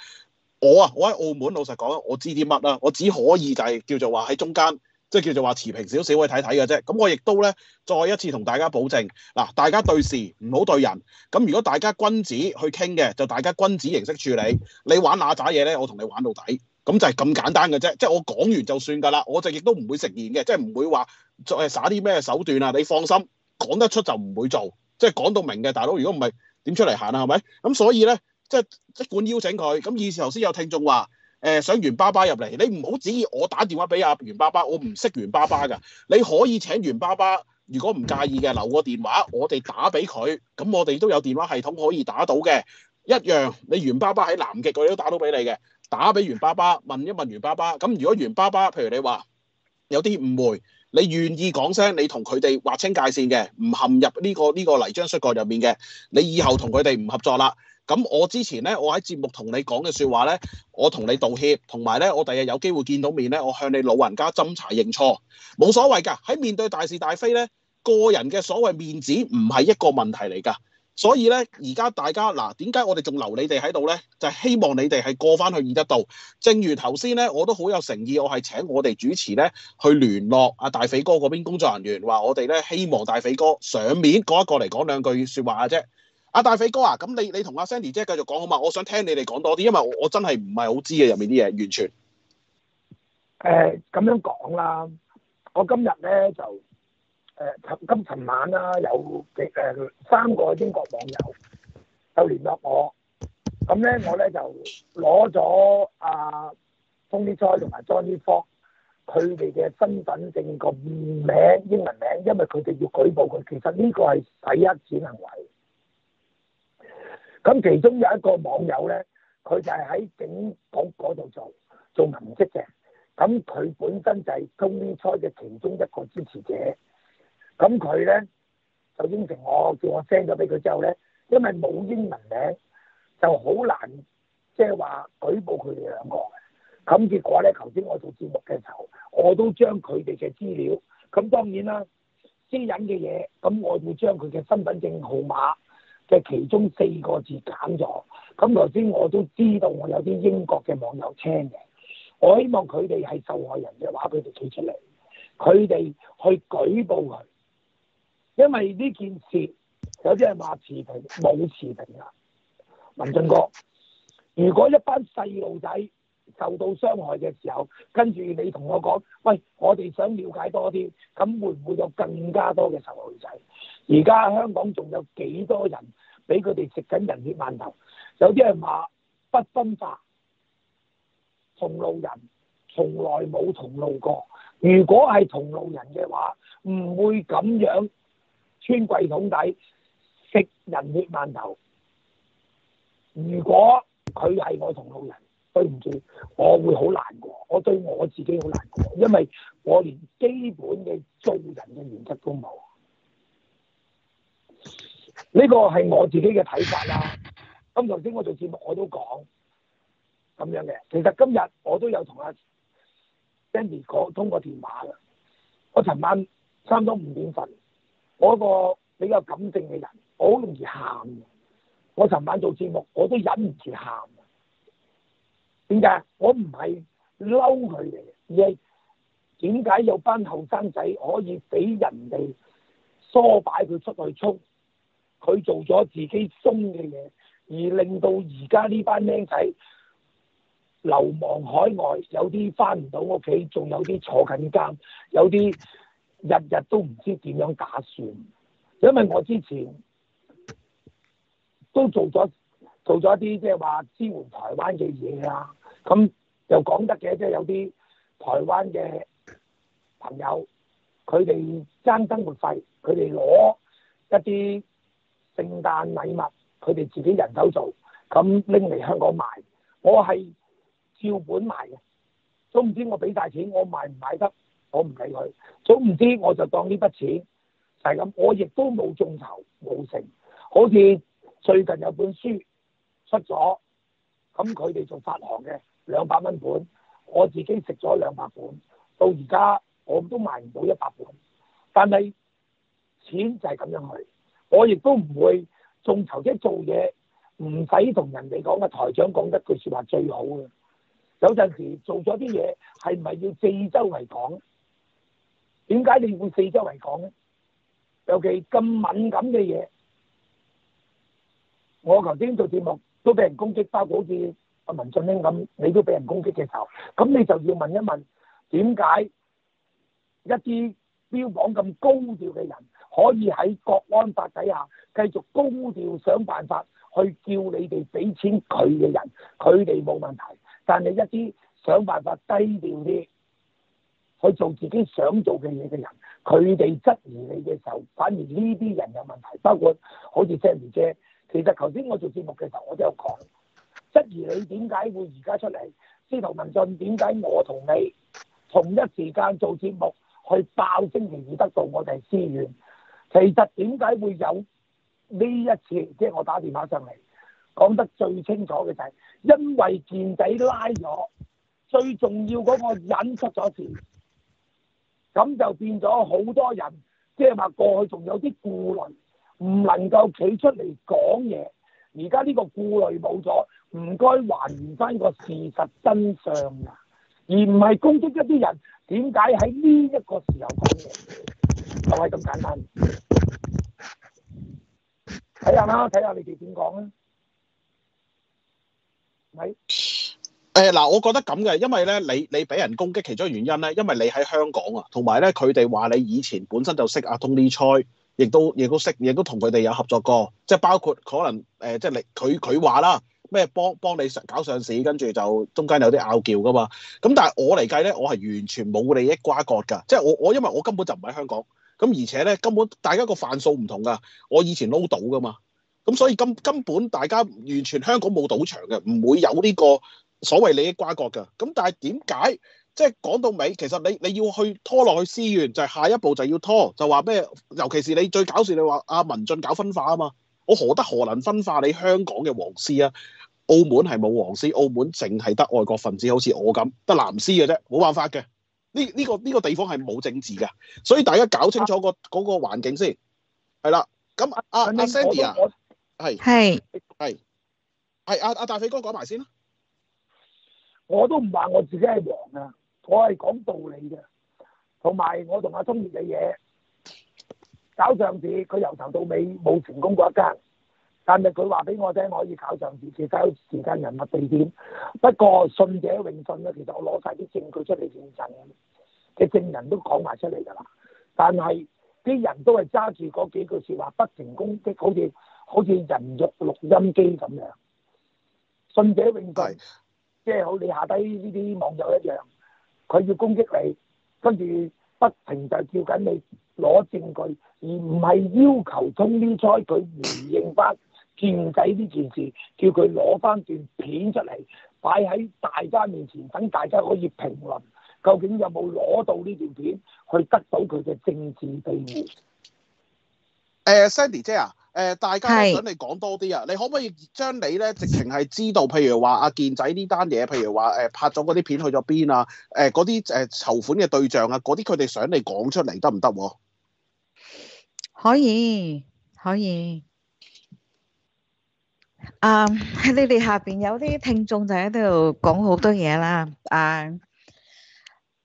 我啊，我喺澳門，老實講，我知啲乜啊？我只可以就係叫做話喺中間。即係叫做話持平少少去睇睇嘅啫，咁我亦都咧再一次同大家保證，嗱，大家對事唔好對人，咁如果大家君子去傾嘅，就大家君子形式處理。你玩哪扎嘢咧，我同你玩到底，咁就係咁簡單嘅啫。即係我講完就算㗎啦，我就亦都唔會食言嘅，即係唔會話再耍啲咩手段啊！你放心，講得出就唔會做，即係講到明嘅，大佬，如果唔係點出嚟行啊？係咪？咁所以咧，即係即管邀請佢，咁以前頭先有聽眾話。誒想袁爸爸入嚟，你唔好指意我打電話俾阿袁爸爸，我唔識袁爸爸㗎。你可以請袁爸爸，如果唔介意嘅留個電話，我哋打俾佢。咁我哋都有電話系統可以打到嘅，一樣。你袁爸爸喺南極，佢哋都打到俾你嘅。打俾袁爸爸問一問袁爸爸，咁如果袁爸爸譬如你話有啲誤會，你願意講聲你同佢哋劃清界線嘅，唔陷入呢個呢個泥漿摔角入面嘅，你以後同佢哋唔合作啦。咁我之前呢，我喺節目同你講嘅說話呢，我同你道歉，同埋呢，我第日有機會見到面呢，我向你老人家斟茶認錯，冇所謂噶。喺面對大是大非呢，個人嘅所謂面子唔係一個問題嚟噶。所以呢，而家大家嗱，點解我哋仲留你哋喺度呢？就係希望你哋係過返去二德道。正如頭先呢，我都好有誠意，我係請我哋主持呢去聯絡阿大肥哥嗰邊工作人員，話我哋呢希望大肥哥上面過一過嚟講兩句説話啫。阿、啊、大肥哥啊，咁你你同阿 Sandy 姐，繼續講好嘛？我想聽你哋講多啲，因為我，我真係唔係好知嘅入面啲嘢，完全誒咁、呃、樣講啦。我今日咧就誒、呃，今尋晚啦、啊、有幾誒、呃、三個英國網友就聯絡我，咁咧我咧就攞咗阿 Tony Choi 同埋 Johnny Fox 佢哋嘅身份證個名英文名，因為佢哋要舉報佢，其實呢個係洗黑錢行為。咁其中有一個網友咧，佢就係喺警局嗰度做做文職嘅。咁佢本身就係公冤賽嘅其中一個支持者。咁佢咧就應承我，叫我 send 咗俾佢之後咧，因為冇英文名，就好難即係話舉報佢哋兩個。咁結果咧，頭先我做節目嘅時候，我都將佢哋嘅資料，咁當然啦，私隱嘅嘢，咁我會將佢嘅身份證號碼。嘅其中四個字減咗，咁頭先我都知道我有啲英國嘅網友聽嘅，我希望佢哋係受害人嘅話，佢哋企出嚟，佢哋去舉報佢，因為呢件事有啲人話持平冇持平啊，文俊哥，如果一班細路仔，受到傷害嘅時候，跟住你同我講，喂，我哋想了解多啲，咁會唔會有更加多嘅受害仔？而家香港仲有幾多人俾佢哋食緊人血饅頭？有啲人話不分化，同路人，從來冇同路過。如果係同路人嘅話，唔會咁樣穿櫃桶底食人血饅頭。如果佢係我同路人。對唔住，我會好難過，我對我自己好難過，因為我連基本嘅做人嘅原則都冇。呢、這個係我自己嘅睇法啦，啊。咁頭先我做節目我都講咁樣嘅。其實今日我都有同阿 Danny 講，Danny，通過電話啦。我尋晚差唔多五點瞓。我一個比較感性嘅人，我好容易喊。我尋晚做節目，我都忍唔住喊。點解？我唔係嬲佢嚟嘅，你，係點解有班後生仔可以俾人哋梳擺佢出去沖，佢做咗自己鬆嘅嘢，而令到而家呢班僆仔流亡海外，有啲翻唔到屋企，仲有啲坐緊監，有啲日日都唔知點樣打算。因為我之前都做咗。做咗一啲即係話支援台灣嘅嘢啊！咁又講得嘅，即係有啲台灣嘅朋友，佢哋爭生活費，佢哋攞一啲聖誕禮物，佢哋自己人手做，咁拎嚟香港賣。我係照本賣嘅，總唔知我俾晒錢，我賣唔賣得？我唔理佢，總唔知我就當呢筆錢就係咁。我亦都冇眾籌冇成，好似最近有本書。出咗，咁佢哋仲發行嘅兩百蚊本，我自己食咗兩百本，到而家我都賣唔到一百本，但係錢就係咁樣去，我亦都唔會眾籌做嘢，唔使同人哋講嘅台長講一句說話最好嘅，有陣時做咗啲嘢係咪要四周嚟講？點解你會四周嚟講咧？尤其咁敏感嘅嘢，我頭先做節目。都俾人攻擊，包括好似阿文俊英咁，你都俾人攻擊嘅時候，咁你就要問一問點解一啲標榜咁高調嘅人可以喺國安法底下繼續高調想辦法去叫你哋俾錢佢嘅人，佢哋冇問題，但係一啲想辦法低調啲去做自己想做嘅嘢嘅人，佢哋質疑你嘅時候，反而呢啲人有問題，包括好似 Sam 苗姐。其實頭先我做節目嘅時候，我都有講，質疑你點解會而家出嚟，司徒文俊，點解我同你同一時間做節目去爆星期二得到我哋支援？其實點解會有呢一次？即係我打電話上嚟講得最清楚嘅就係因為賤仔拉咗，最重要嗰個人出咗事，咁就變咗好多人即係話過去仲有啲顧慮。唔能夠企出嚟講嘢，而家呢個顧慮冇咗，唔該還原翻個事實真相啊，而唔係攻擊一啲人。點解喺呢一個時候講嘢，就係咁簡單。睇下啦，睇下你哋點講啊。係。誒嗱，我覺得咁嘅，因為咧，你你俾人攻擊，其中原因咧，因為你喺香港啊，同埋咧，佢哋話你以前本身就識阿 Tony Choi。亦都亦都識，亦都同佢哋有合作過，即係包括可能誒、呃，即係你佢佢話啦，咩幫幫你搞上市，跟住就中間有啲拗撬㗎嘛。咁但係我嚟計咧，我係完全冇利益瓜葛㗎，即係我我因為我根本就唔喺香港，咁而且咧，根本大家個範數唔同㗎，我以前撈賭㗎嘛，咁、嗯、所以根根本大家完全香港冇賭場嘅，唔會有呢個所謂利益瓜葛㗎。咁但係點解？即係講到尾，其實你你要去拖落去思源，就係、是、下一步就要拖，就話咩？尤其是你最搞笑你、啊，你話阿文俊搞分化啊嘛？我何得何能分化你香港嘅黃絲啊？澳門係冇黃絲，澳門淨係得外國分子，好似我咁，得藍絲嘅啫，冇辦法嘅。呢呢、呢個呢、呢個地方係冇政治嘅，所以大家搞清楚、嗰個嗰、啊、個環境先係啦。咁啊啊 Sandy 啊，係係係係阿阿大飛哥講埋先啦。我都唔話我自己係黃啊。我係講道理嘅，同埋我同阿鐘業嘅嘢搞上市，佢由頭到尾冇成功過一間，但係佢話俾我聽可以搞上市，其實時間、人物、地點，不過信者永信啦。其實我攞晒啲證據出嚟認證嘅證人都講埋出嚟㗎啦，但係啲人都係揸住嗰幾句説話，不成功，即好似好似人肉錄音機咁樣，信者永信，即係的好你下低呢啲網友一樣。佢要攻擊你，跟住不停就叫緊你攞證據，而唔係要求通天賽佢回應翻建制呢件事，叫佢攞翻段片出嚟擺喺大家面前，等大家可以評論究竟有冇攞到呢段片，去得到佢嘅政治庇護。誒，uh，Sandy 姐啊！誒，大家想你講多啲啊！是。你可唔可以將你咧直情係知道，譬如話阿健仔呢單嘢，譬如話誒拍咗嗰啲片去咗邊啊？誒嗰啲誒籌款嘅對象啊，嗰啲佢哋想你講出嚟得唔得？行行啊、可以，可以。誒、um，你哋下邊有啲聽眾就喺度講好多嘢啦。啊、um！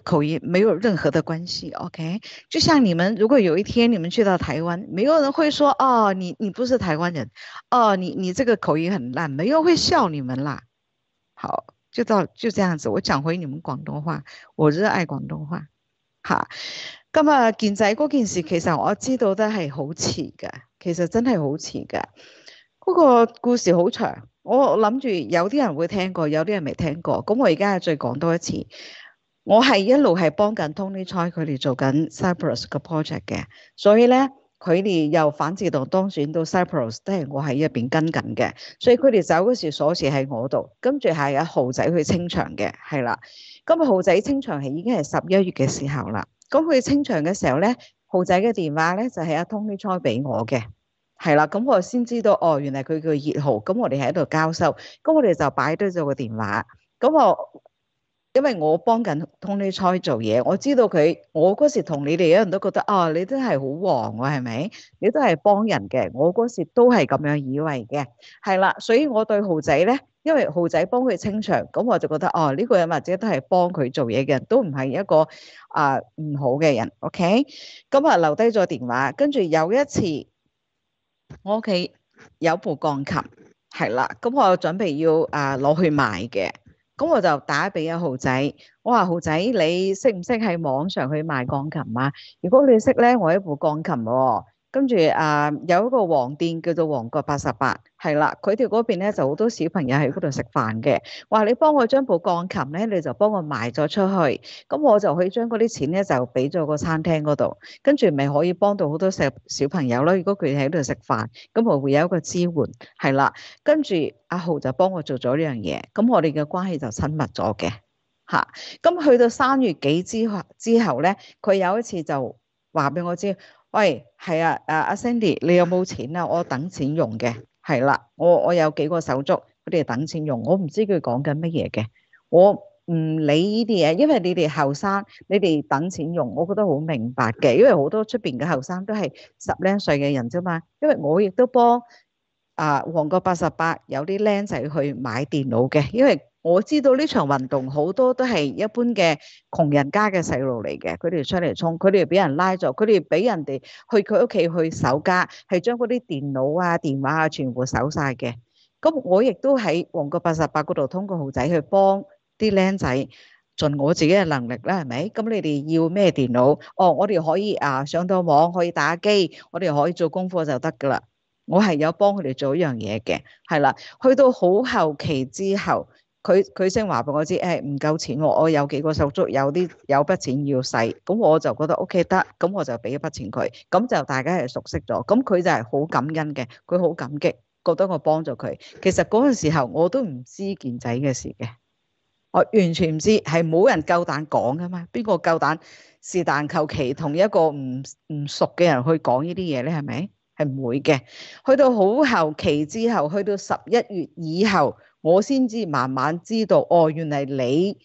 口音沒有任何的關係。OK。就像你們如果有一天你們去到台灣，沒有人會說：“哦，你你不是台灣人，哦，你你這個口音很爛，沒有人會笑你們啦。好，就到就這樣子。我講回你們廣東話，我熱愛廣東話。嚇，咁啊健仔嗰件事其實我知道都係好遲嘅，其實真係好遲嘅。嗰個故事好長，我諗住有啲人會聽過，有啲人未聽過。咁我而家再講多一次。我係一路係幫緊 Tony Choi 佢哋做緊 Cyprus 個 project 嘅，所以咧佢哋又反自動當選到 Cyprus，都係我喺入邊跟緊嘅。所以佢哋走嗰時鎖匙喺我度，跟住係阿豪仔去清場嘅，係啦。咁阿豪仔清場係已經係十一月嘅時候啦。咁佢清場嘅時候咧，豪仔嘅電話咧就係、是、阿、啊、Tony Choi 俾我嘅，係啦。咁我先知道哦，原嚟佢叫熱豪，咁我哋喺度交收，咁我哋就擺低咗個電話，咁我。因為我幫緊 Tony Choi 做嘢，我知道佢。我嗰時同你哋有人都覺得啊、哦，你都係好黃喎，係咪？你都係幫人嘅。我嗰時都係咁樣以為嘅，係啦。所以我對豪仔咧，因為豪仔幫佢清場，咁我就覺得哦，呢、這個人或者都係幫佢做嘢嘅，都唔係一個啊唔、呃、好嘅人。OK，咁我留低咗電話。跟住有一次，我屋企有部鋼琴，係啦，咁我準備要啊攞、呃、去賣嘅。咁我就打俾阿豪仔，我話豪仔，你識唔識喺網上去賣鋼琴啊？如果你識咧，我有一部鋼琴喎、啊。跟住誒、啊、有一個黃店叫做黃閣八十八，係啦，佢哋嗰邊咧就好多小朋友喺嗰度食飯嘅。話你幫我將部鋼琴咧，你就幫我賣咗出去，咁我就可以將嗰啲錢咧就俾咗個餐廳嗰度，跟住咪可以幫到好多小小朋友咯。如果佢哋喺度食飯，咁我會有一個支援，係啦。跟住阿豪就幫我做咗呢樣嘢，咁我哋嘅關係就親密咗嘅吓，咁、嗯、去到三月幾之後之後咧，佢有一次就話俾我知。喂，係啊，阿阿 Sandy，你有冇錢啊？我等錢用嘅，係啦，我我有幾個手足，佢哋等錢用，我唔知佢講緊乜嘢嘅，我唔理呢啲嘢，因為你哋後生，你哋等錢用，我覺得好明白嘅，因為好多出邊嘅後生都係十零歲嘅人啫嘛，因為我亦都幫啊旺角八十八有啲靚仔去買電腦嘅，因為。我知道呢場運動好多都係一般嘅窮人家嘅細路嚟嘅，佢哋出嚟衝，佢哋俾人拉咗，佢哋俾人哋去佢屋企去搜家，係將嗰啲電腦啊、電話啊全部搜曬嘅。咁我亦都喺旺角八十八嗰度，通過豪仔去幫啲僆仔盡我自己嘅能力啦，係咪？咁你哋要咩電腦？哦，我哋可以啊，上到網可以打機，我哋可以做功課就得噶啦。我係有幫佢哋做一樣嘢嘅，係啦。去到好後期之後。佢佢先話俾我知，誒唔夠錢喎，我有幾個手足，有啲有筆錢要使，咁我就覺得 OK 得，咁我就俾一筆錢佢，咁就大家係熟悉咗，咁佢就係好感恩嘅，佢好感激，覺得我幫咗佢。其實嗰陣時候我都唔知健仔嘅事嘅，我完全唔知，係冇人夠膽講噶嘛，邊個夠膽是但求其同一個唔唔熟嘅人去講呢啲嘢咧？係咪？係唔會嘅。去到好後期之後，去到十一月以後。我先至慢慢知道哦，原嚟你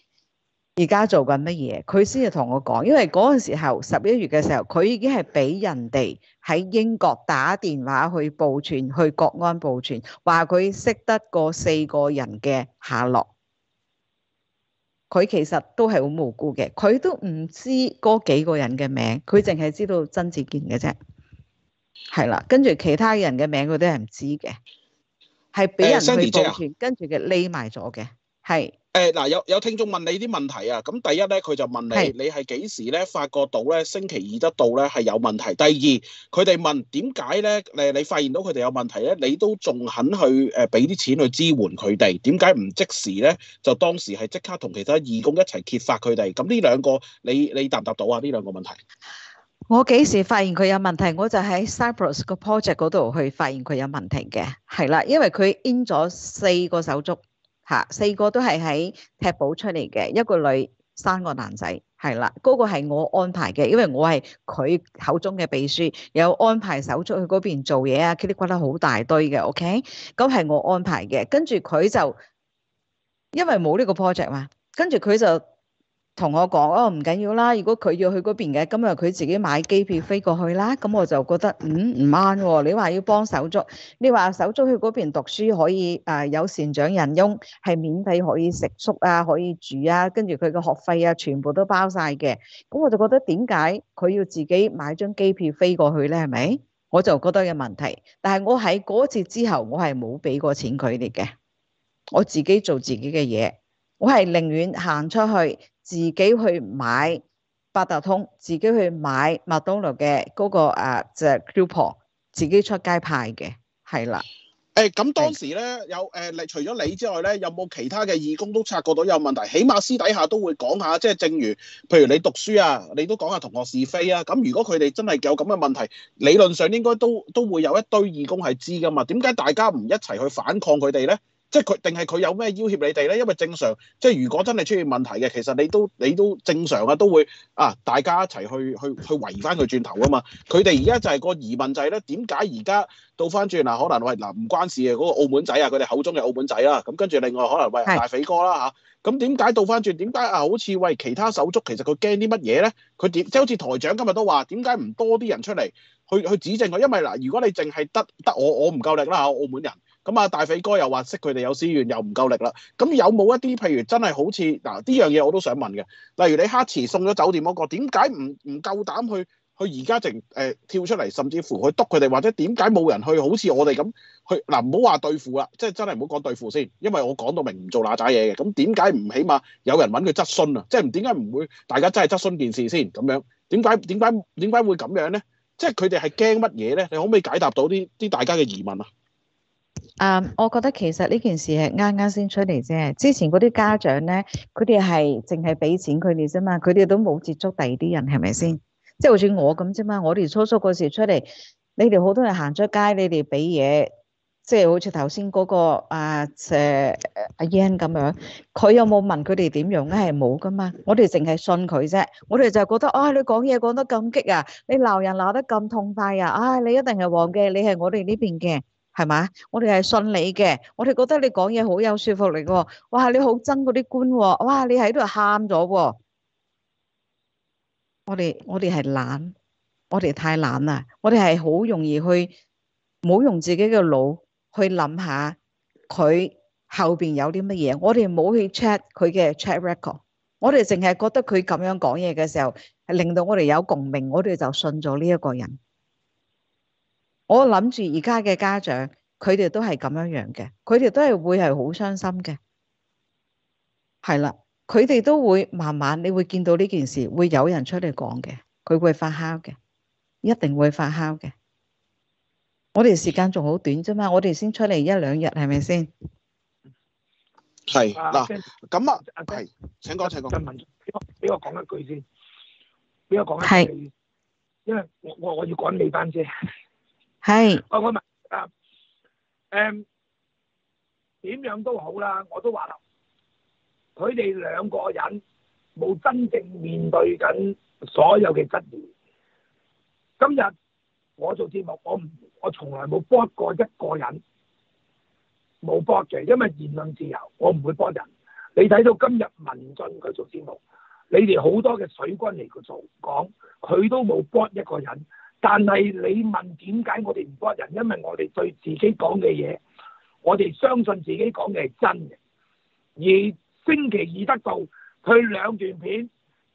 而家做緊乜嘢？佢先至同我講，因為嗰陣時候十一月嘅時候，佢已經係俾人哋喺英國打電話去報傳，去國安報傳，話佢識得個四個人嘅下落。佢其實都係好無辜嘅，佢都唔知嗰幾個人嘅名，佢淨係知道曾志健嘅啫，係啦，跟住其他人嘅名佢都係唔知嘅。係俾人去保存，跟住嘅匿埋咗嘅係。誒，嗱有有聽眾問你啲問題啊。咁第一咧，佢就問你，你係幾時咧發覺到咧星期二得到咧係有問題？第二，佢哋問點解咧？誒，你發現到佢哋有問題咧，你都仲肯去誒俾啲錢去支援佢哋？點解唔即時咧就當時係即刻同其他義工一齊揭發佢哋？咁呢兩個你你答唔答到啊？呢兩個問題？我幾時發現佢有問題？我就喺 Cyprus 個 project 嗰度去發現佢有問題嘅，係啦，因為佢 in 咗四個手足吓，四個都係喺踢保出嚟嘅，一個女，三個男仔，係啦，嗰個係我安排嘅，因為我係佢口中嘅秘書，有安排手足去嗰邊做嘢啊，kili 骨啦好大堆嘅，OK，咁係我安排嘅，跟住佢就因為冇呢個 project 嘛，跟住佢就。同我講哦，唔緊要啦。如果佢要去嗰邊嘅，今日佢自己買機票飛過去啦。咁我就覺得嗯唔啱喎。你話要幫手足，你話手足去嗰邊讀書可以誒、呃、有善長仁翁係免費可以食宿啊，可以住啊，跟住佢嘅學費啊全部都包晒嘅。咁我就覺得點解佢要自己買張機票飛過去咧？係咪？我就覺得有問題。但係我喺嗰次之後，我係冇俾過錢佢哋嘅。我自己做自己嘅嘢，我係寧願行出去。自己去買八達通，自己去買麥當勞嘅嗰、那個誒就 coupon，自己出街派嘅，係啦。誒咁、欸、當時咧有誒你、呃、除咗你之外咧，有冇其他嘅義工都察覺到有問題？起碼私底下都會講下，即、就、係、是、正如，譬如你讀書啊，你都講下同學是非啊。咁如果佢哋真係有咁嘅問題，理論上應該都都會有一堆義工係知㗎嘛。點解大家唔一齊去反抗佢哋咧？即係佢，定係佢有咩要挾你哋咧？因為正常，即係如果真係出現問題嘅，其實你都你都正常啊，都會啊，大家一齊去去去圍翻佢轉頭啊嘛。佢哋而家就係個疑問就係咧，點解而家倒翻轉嗱？可能喂嗱唔關事嘅嗰個澳門仔啊，佢哋口中嘅澳門仔啊，咁跟住另外可能喂大肥哥啦吓，咁點解倒翻轉？點解啊？是 啊、好似喂其他手足，其實佢驚啲乜嘢咧？佢點即係好似台長今日都話，點解唔多啲人出嚟去去指證佢，因為嗱、啊，如果你淨係得得我，我唔夠力啦嚇，我澳門人。咁啊，大肥哥又話識佢哋有私怨又唔夠力啦。咁有冇一啲譬如真係好似嗱呢樣嘢我都想問嘅，例如你黑池送咗酒店嗰個，點解唔唔夠膽去去而家淨誒跳出嚟，甚至乎去督佢哋，或者點解冇人去好似我哋咁去嗱唔好話對付啦，即係真係唔好講對付先，因為我講到明唔做那渣嘢嘅。咁點解唔起碼有人揾佢質詢啊？即係點解唔會大家真係質詢件事先咁樣？點解點解點解會咁樣咧？即係佢哋係驚乜嘢咧？你可唔可以解答到啲啲大家嘅疑問啊？啊，我覺得其實呢件事係啱啱先出嚟啫。之前嗰啲家長咧，佢哋係淨係俾錢佢哋啫嘛，佢哋都冇接觸第二啲人，係咪先？即係好似我咁啫嘛。我哋初初嗰時出嚟，你哋好多人行出街，你哋俾嘢，即係好似頭先嗰個啊，誒阿 Yan 咁樣，佢有冇問佢哋點樣咧？係冇噶嘛。我哋淨係信佢啫。我哋就覺得啊，你講嘢講得咁激啊，你鬧人鬧得咁痛快啊，唉，你一定係黃嘅，你係我哋呢邊嘅。係嘛？我哋係信你嘅，我哋覺得你講嘢好有說服力喎、哦。哇，你好憎嗰啲官喎、哦。哇，你喺度喊咗喎。我哋我哋係懶，我哋太懶啦。我哋係好容易去冇用自己嘅腦去諗下佢後邊有啲乜嘢。我哋冇去 check 佢嘅 check record。我哋淨係覺得佢咁樣講嘢嘅時候，係令到我哋有共鳴，我哋就信咗呢一個人。我諗住而家嘅家長，佢哋都係咁樣樣嘅，佢哋都係會係好傷心嘅，係啦，佢哋都會慢慢，你會見到呢件事會有人出嚟講嘅，佢會發酵嘅，一定會發酵嘅。我哋時間仲好短啫嘛，我哋先出嚟一兩日係咪先？係嗱，咁啊，係姐，請講，請講。俾我俾我講一句先，俾我講一句，因為我我，我要趕你班車。係，我我問，誒，點樣都好啦，我都話啦，佢哋兩個人冇真正面對緊所有嘅質疑。今日我做節目，我唔，我從來冇幫過一個人，冇幫嘅，因為言論自由，我唔會幫人。你睇到今日民進佢做節目，你哋好多嘅水軍嚟佢做講，佢都冇幫一個人。但係你問點解我哋唔幫人？因為我哋對自己講嘅嘢，我哋相信自己講嘅係真嘅。而星期二得到佢兩段片，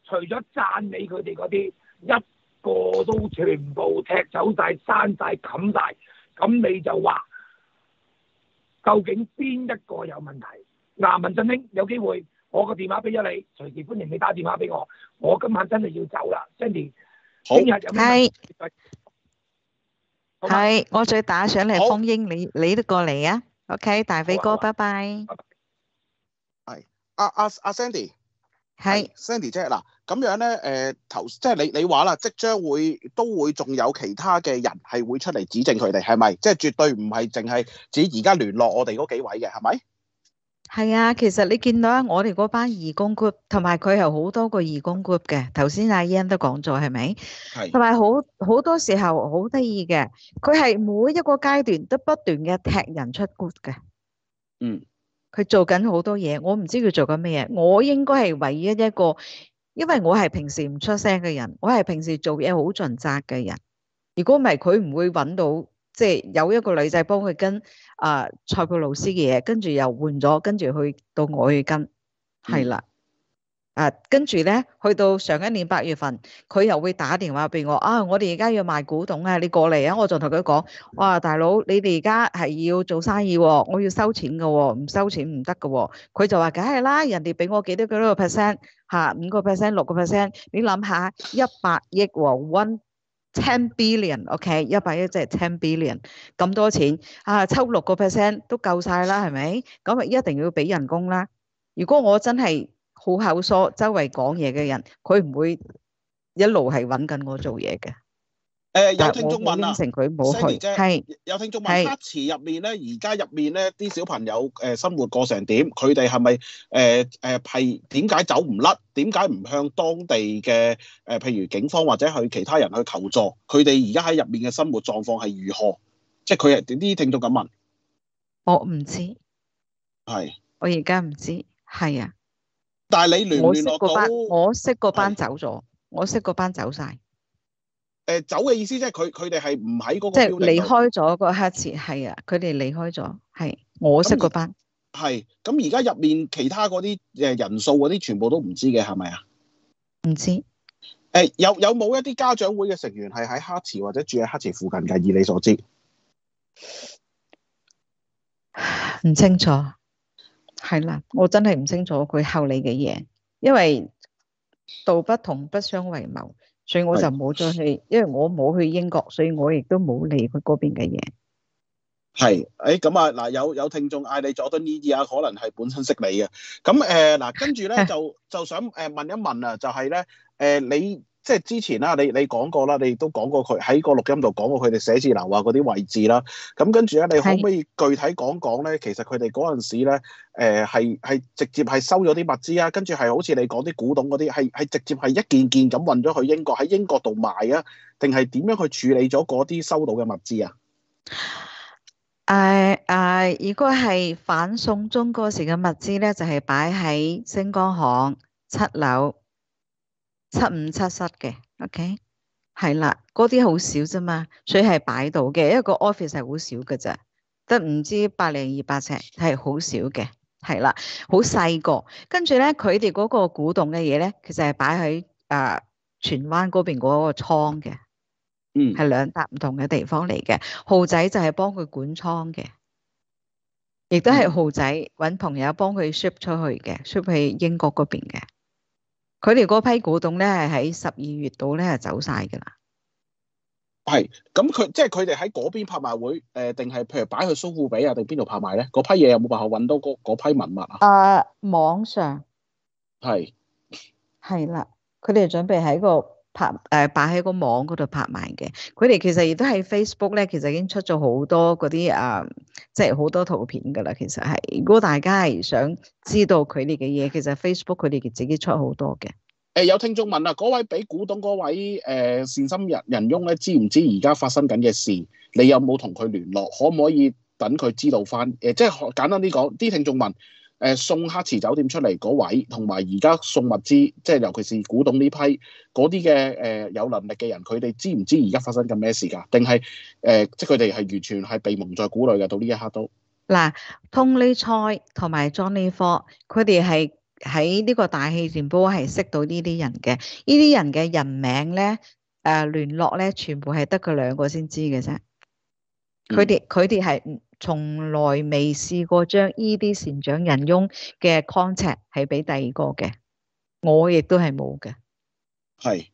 除咗讚美佢哋嗰啲，一個都全部踢走晒、刪晒、冚晒。咁你就話究竟邊一個有問題？嗱、啊，文振興有機會，我個電話俾咗你，隨時歡迎你打電話俾我。我今晚真係要走啦，Sandy。係係，我再打上嚟，封英，你你都過嚟啊？OK，大飛哥，拜拜。係阿阿阿 Sandy，係 Sandy 即係嗱，咁樣咧，誒，頭即係你你話啦，即將會都會仲有其他嘅人係會出嚟指證佢哋，係咪？即係絕對唔係淨係指而家聯絡我哋嗰幾位嘅，係咪？係啊，其實你見到啊，我哋嗰班義工 group，同埋佢係好多個義工 group 嘅。頭先阿 Ian 都講咗，係咪？係是。同埋好好多時候好得意嘅，佢係每一個階段都不斷嘅踢人出 group 嘅。嗯。佢做緊好多嘢，我唔知佢做緊咩，我應該係唯一一個，因為我係平時唔出聲嘅人，我係平時做嘢好盡責嘅人。如果唔係，佢唔會搵到。即係有一個女仔幫佢跟啊財報老師嘅嘢，跟住又換咗，跟住去到我去跟，係啦，啊跟住咧，去到上一年八月份，佢又會打電話俾我啊，我哋而家要賣古董啊，你過嚟啊！我仲同佢講，哇大佬，你哋而家係要做生意喎，哦，我要收錢嘅喎，哦，唔收錢唔得嘅喎。佢就話梗係啦，人哋俾我幾多幾多個 percent 吓，五個 percent、六個 percent，你諗下一百億喎 o Ten billion，OK，一百億即係 ten billion 咁多錢啊！抽六個 percent 都夠晒啦，係咪？咁啊，一定要俾人工啦。如果我真係好口疏，周圍講嘢嘅人，佢唔會一路係揾緊我做嘢嘅。誒有聽眾問啦，冇年啫。有聽中文，黑池入面咧，而家入面咧啲小朋友誒生活過成點？佢哋係咪誒誒係點解走唔甩？點解唔向當地嘅誒、呃、譬如警方或者去其他人去求助？佢哋而家喺入面嘅生活狀況係如何？即係佢係啲聽眾咁問。我唔知。係是。我而家唔知。係啊。但係你連連落班，我識個班走咗，是我識個班走晒。誒，走嘅意思即係佢佢哋係唔喺嗰個，即係離開咗嗰個黑池，係啊，佢哋離開咗，係我識嗰班，係咁，而家入面其他嗰啲誒人數嗰啲全部都唔知嘅，係咪啊？唔知誒、欸，有有冇一啲家長會嘅成員係喺黑池或者住喺黑池附近嘅？以你所知。唔清楚，係啦，我真係唔清楚佢後嚟嘅嘢，因為道不同，不相為謀。所以我就冇再去，因為我冇去英國，所以我亦都冇理佢嗰邊嘅嘢。係，誒咁啊嗱，有有聽眾嗌你佐敦呢啲啊，可能係本身識你嘅。咁誒嗱，跟住咧就就想誒問一問啊，就係咧誒你。即係之前啦，你你講過啦，你亦都講過佢喺個錄音度講過佢哋寫字樓啊嗰啲位置啦。咁跟住咧，你可唔可以具體講講咧？其實佢哋嗰陣時咧，誒係係直接係收咗啲物資啊。跟住係好似你講啲古董嗰啲，係係直接係一件件咁運咗去英國喺英國度賣啊，定係點樣去處理咗嗰啲收到嘅物資啊？誒誒，如果係反送中嗰時嘅物資咧，就係擺喺星光行七樓。七五七室嘅，OK，係啦，嗰啲好少啫嘛，所以係擺到嘅，因為個 office 係好少嘅咋，得唔知百零二百尺，係好少嘅，係啦，好細個。跟住咧，佢哋嗰個古董嘅嘢咧，其實係擺喺誒荃灣嗰邊嗰個倉嘅，嗯，係兩笪唔同嘅地方嚟嘅。豪仔就係幫佢管倉嘅，亦都係豪仔搵朋友幫佢 ship 出去嘅，ship 去英國嗰邊嘅。佢哋嗰批古董咧，係喺十二月度咧，就走晒噶啦。係，咁佢即係佢哋喺嗰邊拍賣會，誒、呃，定係譬如擺去蘇富比啊，定邊度拍賣咧？嗰批嘢有冇辦法搵到嗰批文物啊？誒，uh, 網上係係啦，佢哋是準備喺個。拍誒擺喺個網嗰度拍賣嘅，佢哋其實亦都喺 Facebook 咧，其實已經出咗好多嗰啲誒，即係好多圖片㗎喇。其實係，如果大家係想知道佢哋嘅嘢，其實 Facebook 佢哋自己出好多嘅。誒、欸、有聽眾問啦，嗰位俾古董嗰位誒、呃、善心人人翁咧，知唔知而家發生緊嘅事？你有冇同佢聯絡？可唔可以等佢知道返？誒、呃、即係簡單啲講，啲聽眾問。誒送黑池酒店出嚟嗰位，同埋而家送物資，即係尤其是古董呢批嗰啲嘅誒有能力嘅人，佢哋知唔知而家發生緊咩事㗎？定係誒，即係佢哋係完全係被蒙在鼓裏嘅，到呢一刻都嗱，Tony 蔡同埋 Johnny 科，佢哋係喺呢個大氣電波係識到呢啲人嘅，呢啲人嘅人名咧，誒、啊、聯絡咧，全部係得佢兩個先知嘅啫。佢哋佢哋係唔？嗯從來未試過將依啲善長人翁嘅 concept 係俾第二個嘅，我亦都係冇嘅。係，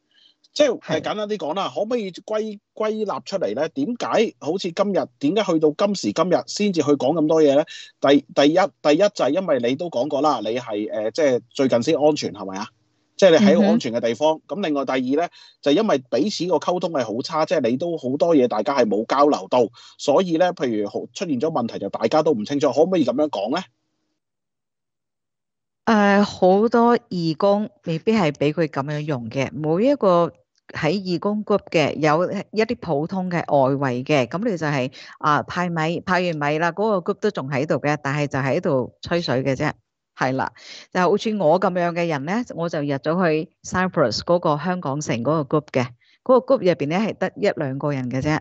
即係簡單啲講啦，是可唔可以歸歸納出嚟咧？點解好似今日，點解去到今時今日先至去講咁多嘢咧？第第一第一就係因為你都講過啦，你係誒即係最近先安全係咪啊？是即係你喺安全嘅地方。咁另外第二咧，就因為彼此個溝通係好差，即係你都好多嘢，大家係冇交流到，所以咧，譬如好出現咗問題，就大家都唔清楚。可唔可以咁樣講咧？誒，好多義工未必係俾佢咁樣用嘅。每一個喺義工 group 嘅，有一啲普通嘅外圍嘅，咁你就係啊，派米派完米啦，嗰個 group 都仲喺度嘅，但係就喺度吹水嘅啫。係啦，就好似我咁樣嘅人咧，我就入咗去 Cypress 嗰個香港城嗰個 group 嘅，嗰個 group 入邊咧，係得一兩個人嘅啫，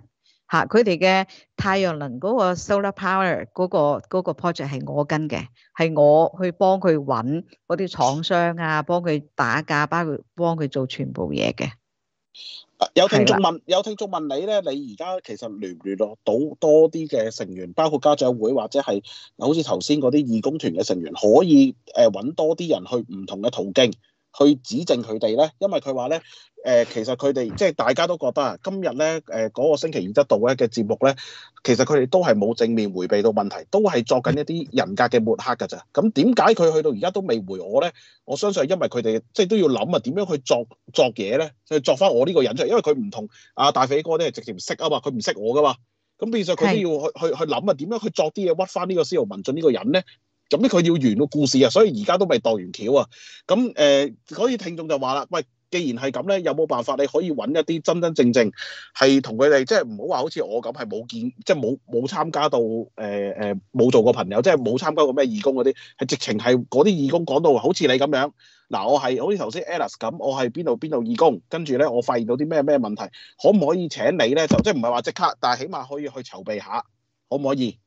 吓，佢哋嘅太陽能嗰個 Solar Power 嗰個個 project 係我跟嘅，係我去幫佢搵嗰啲廠商啊，幫佢打架，包括幫佢做全部嘢嘅。有聽眾問，有聽眾問你咧，你而家其實聯唔聯絡到多啲嘅成員，包括家長會或者係好似頭先嗰啲義工團嘅成員，可以誒搵多啲人去唔同嘅途徑。去指證佢哋咧，因為佢話咧，誒、呃，其實佢哋即係大家都覺得啊，今日咧，誒，嗰個星期二一到咧嘅節目咧，其實佢哋都係冇正面迴避到問題，都係作緊一啲人格嘅抹黑㗎咋。咁點解佢去到而家都未回我咧？我相信係因為佢哋即係都要諗啊，點樣去作作嘢咧？去作翻我呢個人出嚟，因為佢唔同阿大肥哥咧係直接唔識啊嘛，佢唔識我噶嘛。咁變相佢都要去是的 去去諗啊，點樣去作啲嘢屈翻呢個司徒文俊呢個人咧？咁佢要完個故事啊，所以而家都未度完橋啊。咁誒，呃，所以聽眾就話啦：喂，既然係咁咧，有冇辦法你可以揾一啲真真正正係同佢哋，即係唔好話好似我咁，係冇見，即係冇冇參加到誒誒，呃，冇做過朋友，即係冇參加過咩義工嗰啲，係直情係嗰啲義工講到好似你咁樣。嗱、呃，我係好似頭先 Alice 咁，我係邊度邊度義工，跟住咧我發現到啲咩咩問題，可唔可以請你咧？就即係唔係話即刻，但係起碼可以去籌備下，可唔可以？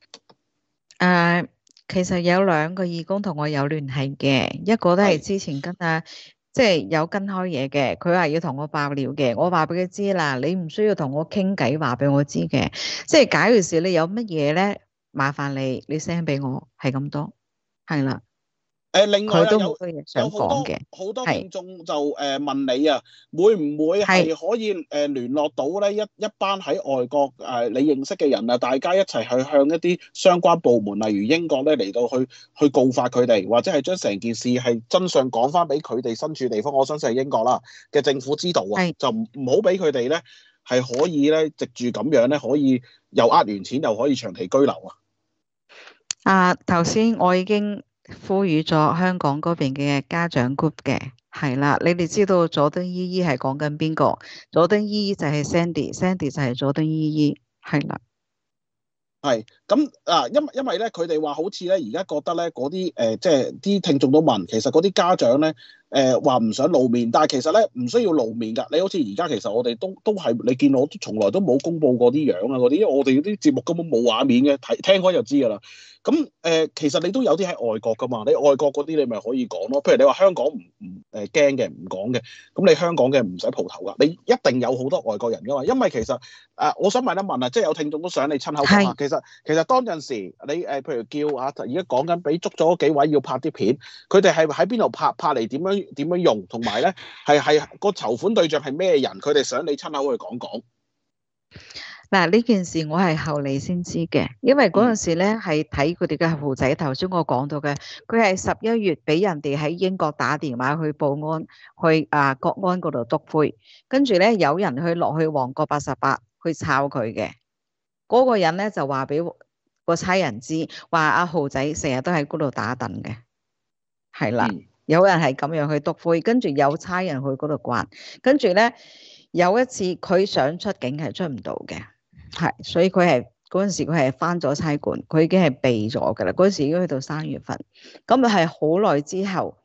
誒、uh。其實有兩個義工同我有聯繫嘅，一個都係之前跟啊，的即係有跟開嘢嘅，佢話要同我爆料嘅，我話畀佢知啦，你唔需要同我傾偈，話畀我知嘅，即係假如是你有乜嘢咧，麻煩你你 send 俾我，係咁多，係啦。誒另外咧，都有有好多嘅好是的 多觀眾就誒問你啊，會唔會係可以誒聯絡到咧？一是的 一班喺外國誒你認識嘅人啊，大家一齊去向一啲相關部門，例如英國咧嚟到去去告發佢哋，或者係將成件事係真相講翻俾佢哋身處地方，是的 我相信係英國啦嘅政府知道啊，是的 就唔好俾佢哋咧係可以咧藉住咁樣咧，可以又呃完錢又可以長期居留啊！啊，頭先我已經。呼籲咗香港嗰邊嘅家長 group 嘅係啦，你哋知道佐敦姨姨係講緊邊個？佐敦姨姨就係 Sandy，Sandy 就係佐敦姨姨係啦，係咁啊，因為因為咧，佢哋話好似咧，而家覺得咧，嗰啲誒，即係啲聽眾都問，其實嗰啲家長咧。誒話唔想露面，但係其實咧唔需要露面㗎。你好似而家其實我哋都都係你見我都從來都冇公布過啲樣啊嗰啲，因為我哋啲節目根本冇畫面嘅，睇聽開就知㗎啦。咁、嗯、誒、呃，其實你都有啲喺外國㗎嘛？你外國嗰啲你咪可以講咯。譬如你話香港唔唔誒驚嘅唔講嘅，咁、啊、你香港嘅唔使蒲頭㗎。你一定有好多外國人㗎嘛？因為其實誒、呃，我想問一問啊，即係有聽眾都想你親口講話是的。其實其實當陣時你誒，譬如叫啊，而家講緊俾捉咗幾位要拍啲片，佢哋係喺邊度拍？拍嚟點樣？點樣用，同埋咧係係個籌款對象係咩人？佢哋想你親口去講講。嗱，呢件事我係後嚟先知嘅，因為嗰陣時咧係睇佢哋嘅豪仔頭先我講到嘅，佢係十一月俾人哋喺英國打電話去報案，去啊國安嗰度督灰，跟住咧有人去落去旺角八十八去抄佢嘅，嗰、那個人咧就話俾個差人知，話阿豪仔成日都喺嗰度打躉嘅，係啦。嗯有人係咁樣去督灰，跟住有差人去嗰度關，跟住咧有一次佢想出境係出唔到嘅，係所以佢係嗰陣時佢係翻咗差館，佢已經係避咗噶啦，嗰陣時已經去到三月份，咁啊係好耐之後，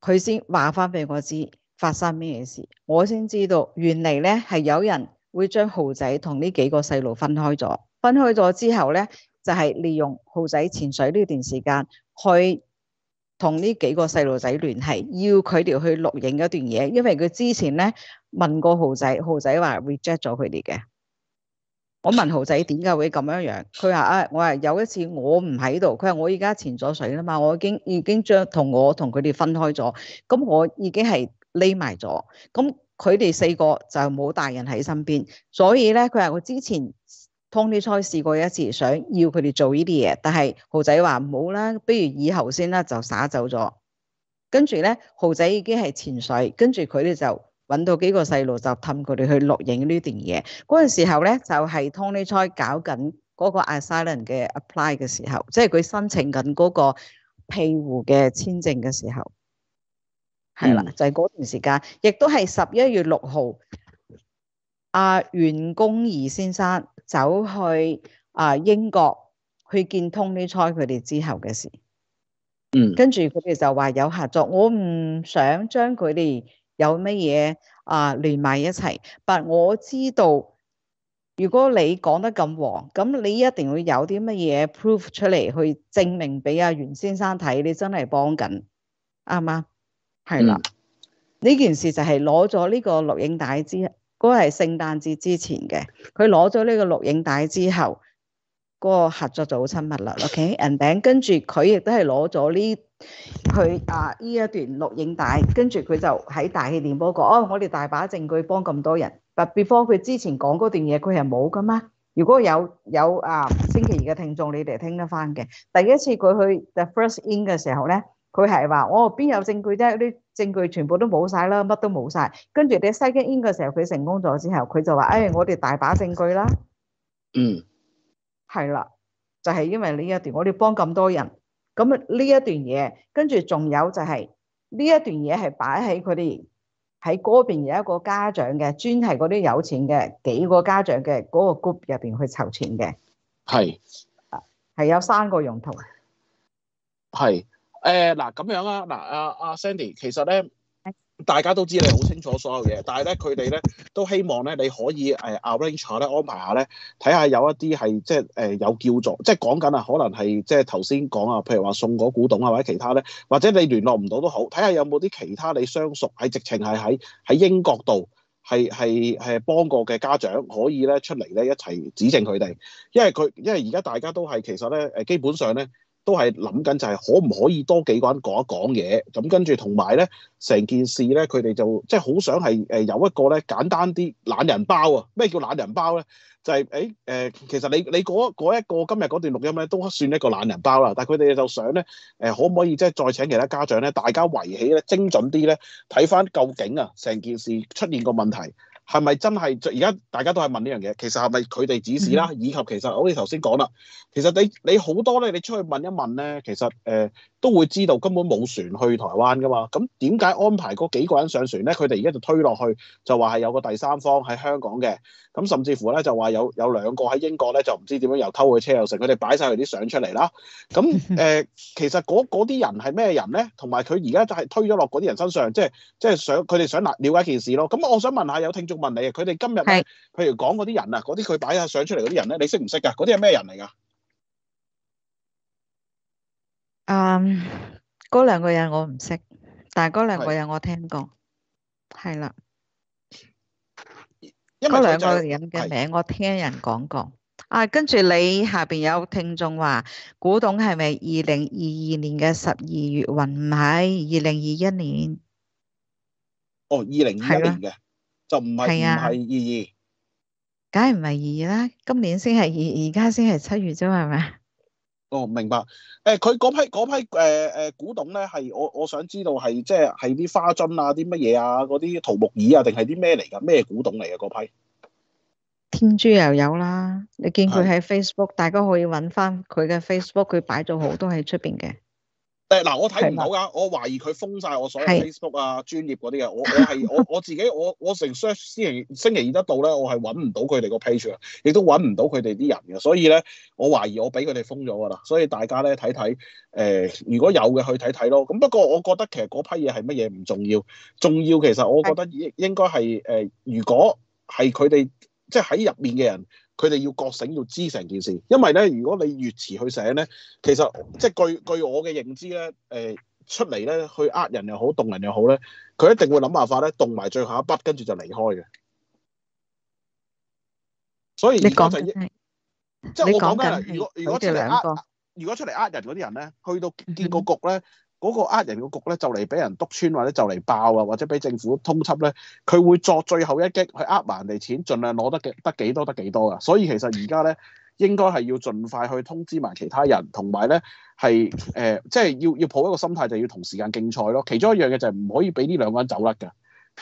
佢先話翻俾我知發生咩事，我先知道原嚟咧係有人會將豪仔同呢幾個細路分開咗，分開咗之後咧就係、是、利用豪仔潛水呢段時間去。同呢幾個細路仔聯繫，要佢哋去錄影一段嘢，因為佢之前咧問過豪仔，豪仔話 reject 咗佢哋嘅。我問豪仔點解會咁樣樣，佢話啊，我話有一次我唔喺度，佢話我而家潛咗水啦嘛，我已經已經將同我同佢哋分開咗，咁我已經係匿埋咗，咁佢哋四個就冇大人喺身邊，所以咧佢話我之前。Tony 湯尼崔試過一次，想要佢哋做呢啲嘢，但係豪仔話唔好啦，不如以後先啦，就撒走咗。跟住咧，豪仔已經係潛水，跟住佢哋就揾到幾個細路就氹佢哋去錄影呢段嘢。嗰陣時候咧，就係湯尼崔搞緊嗰個 asylum 嘅 apply 嘅時候，即係佢申請緊嗰個庇護嘅簽證嘅時候，係啦，嗯、就係嗰段時間，亦都係十一月六號。阿、啊、袁公儀先生走去啊英國去見 Tony Choy，佢哋之後嘅事，嗯，跟住佢哋就話有合作。我唔想將佢哋有乜嘢啊連埋一齊，但我知道如果你講得咁黃，咁你一定會有啲乜嘢 proof 出嚟去證明俾阿、啊、袁先生睇，你真係幫緊啱嘛？係啦，呢、嗯、件事就係攞咗呢個錄影帶之。嗰個係聖誕節之前嘅，佢攞咗呢個錄影帶之後，嗰、那個合作就好親密啦。OK，人餅跟住佢亦都係攞咗呢佢啊呢一段錄影帶，跟住佢就喺大氣電波講：哦，我哋大把證據幫咁多人。特 u t 佢之前講嗰段嘢，佢係冇噶嘛？如果有有啊星期二嘅聽眾，你哋聽得翻嘅。第一次佢去 The First i n 嘅時候咧。佢係話我邊有證據啫？啲證據全部都冇晒啦，乜都冇晒。跟住你西京煙嘅時候，佢成功咗之後，佢就話：，誒、哎，我哋大把證據啦。嗯，係啦，就係、是、因為呢一段，我哋幫咁多人，咁啊呢一段嘢，跟住仲有就係、是、呢一段嘢係擺喺佢哋喺嗰邊有一個家長嘅，專係嗰啲有錢嘅幾個家長嘅嗰個 group 入邊去籌錢嘅。係是，係有三個用途。係。誒嗱咁樣啊，嗱阿阿 Sandy，其實咧大家都知你好清楚所有嘢，但係咧佢哋咧都希望咧你可以誒 arrange 下咧安排下咧，睇下有一啲係即係誒、呃、有叫做即係講緊啊，可能係即係頭先講啊，譬如話送嗰古董啊或者其他咧，或者你聯絡唔到都好，睇下有冇啲其他你相熟係直情係喺喺英國度係係係幫過嘅家長可以咧出嚟咧一齊指正佢哋，因為佢因為而家大家都係其實咧誒基本上咧。都係諗緊就係可唔可以多幾個人講一講嘢，咁跟住同埋咧，成件事咧，佢哋就即係好想係誒有一個咧簡單啲懶人包啊！咩叫懶人包咧？就係誒誒，其實你你嗰一個今日嗰段錄音咧都算一個懶人包啦，但係佢哋就想咧誒可唔可以即係再請其他家長咧，大家圍起咧，精準啲咧睇翻究竟啊成件事出現個問題。係咪真係？而家大家都係問呢樣嘢，其實係咪佢哋指示啦？以及其實我哋頭先講啦，其實你你好多咧，你出去問一問咧，其實誒。呃都會知道根本冇船去台灣噶嘛，咁點解安排嗰幾個人上船咧？佢哋而家就推落去，就話係有個第三方喺香港嘅，咁甚至乎咧就話有有兩個喺英國咧，就唔知點樣又偷佢車又成。佢哋擺晒佢啲相出嚟啦。咁誒、呃，其實嗰啲人係咩人咧？同埋佢而家就係推咗落嗰啲人身上，即係即係想佢哋想那了解件事咯。咁我想問下有聽眾問你啊，佢哋今日譬如講嗰啲人啊，嗰啲佢擺晒相出嚟嗰啲人咧，你識唔識㗎？嗰啲係咩人嚟㗎？啊，嗰兩、um, 個人我唔識，但係嗰兩個人我聽過，係啦，嗰兩個人嘅名我聽人講過。的啊，跟住你下邊有聽眾話，古董係咪二零二二年嘅十二月運？唔係，二零二一年。哦，二零二一年嘅，的就唔係啊，係二二，梗係唔係二二啦，今年先係二，而家先係七月啫，係咪？哦，明白。誒、欸，佢嗰批嗰批誒誒、呃、古董咧，係我我想知道係即係係啲花樽啊，啲乜嘢啊，嗰啲桃木椅啊，定係啲咩嚟㗎？咩古董嚟㗎？嗰批天珠又有，有啦，你見佢喺 Facebook，的大家可以揾翻佢嘅 Facebook，佢擺咗好多喺出邊嘅。誒，嗱、啊，我睇唔到噶，的我懷疑佢封晒我所有 Facebook 啊，是的 專業嗰啲嘅，我 我係我我自己，我我成 search 星期星期二得到咧，我係揾唔到佢哋個 page，亦都揾唔到佢哋啲人嘅，所以咧，我懷疑我俾佢哋封咗噶啦，所以大家咧睇睇，誒、呃、如果有嘅去睇睇咯，咁不過我覺得其實嗰批嘢係乜嘢唔重要，重要其實我覺得應應該係誒是的、呃，如果係佢哋即係喺入面嘅人。佢哋要覺醒，要知成件事，因為咧，如果你越遲去醒咧，其實即係據據我嘅認知咧，誒、呃、出嚟咧去呃人又好，動人又好咧，佢一定會諗辦法咧，動埋最後一筆，跟住就離開嘅。所以就你講即係是 我講緊，如果如果出嚟呃，如果出嚟呃人嗰啲人咧，去到建個局咧。嗯嗰個呃人嘅局咧，就嚟俾人篤穿或者就嚟爆啊，或者俾政府通緝咧，佢會作最後一擊去呃埋人哋錢，盡量攞得幾得幾多得幾多噶。所以其實而家咧，應該係要盡快去通知埋其他人，同埋咧係誒，即係要要抱一個心態，就要同時間競賽咯。其中一樣嘢就係唔可以俾呢兩個人走甩噶，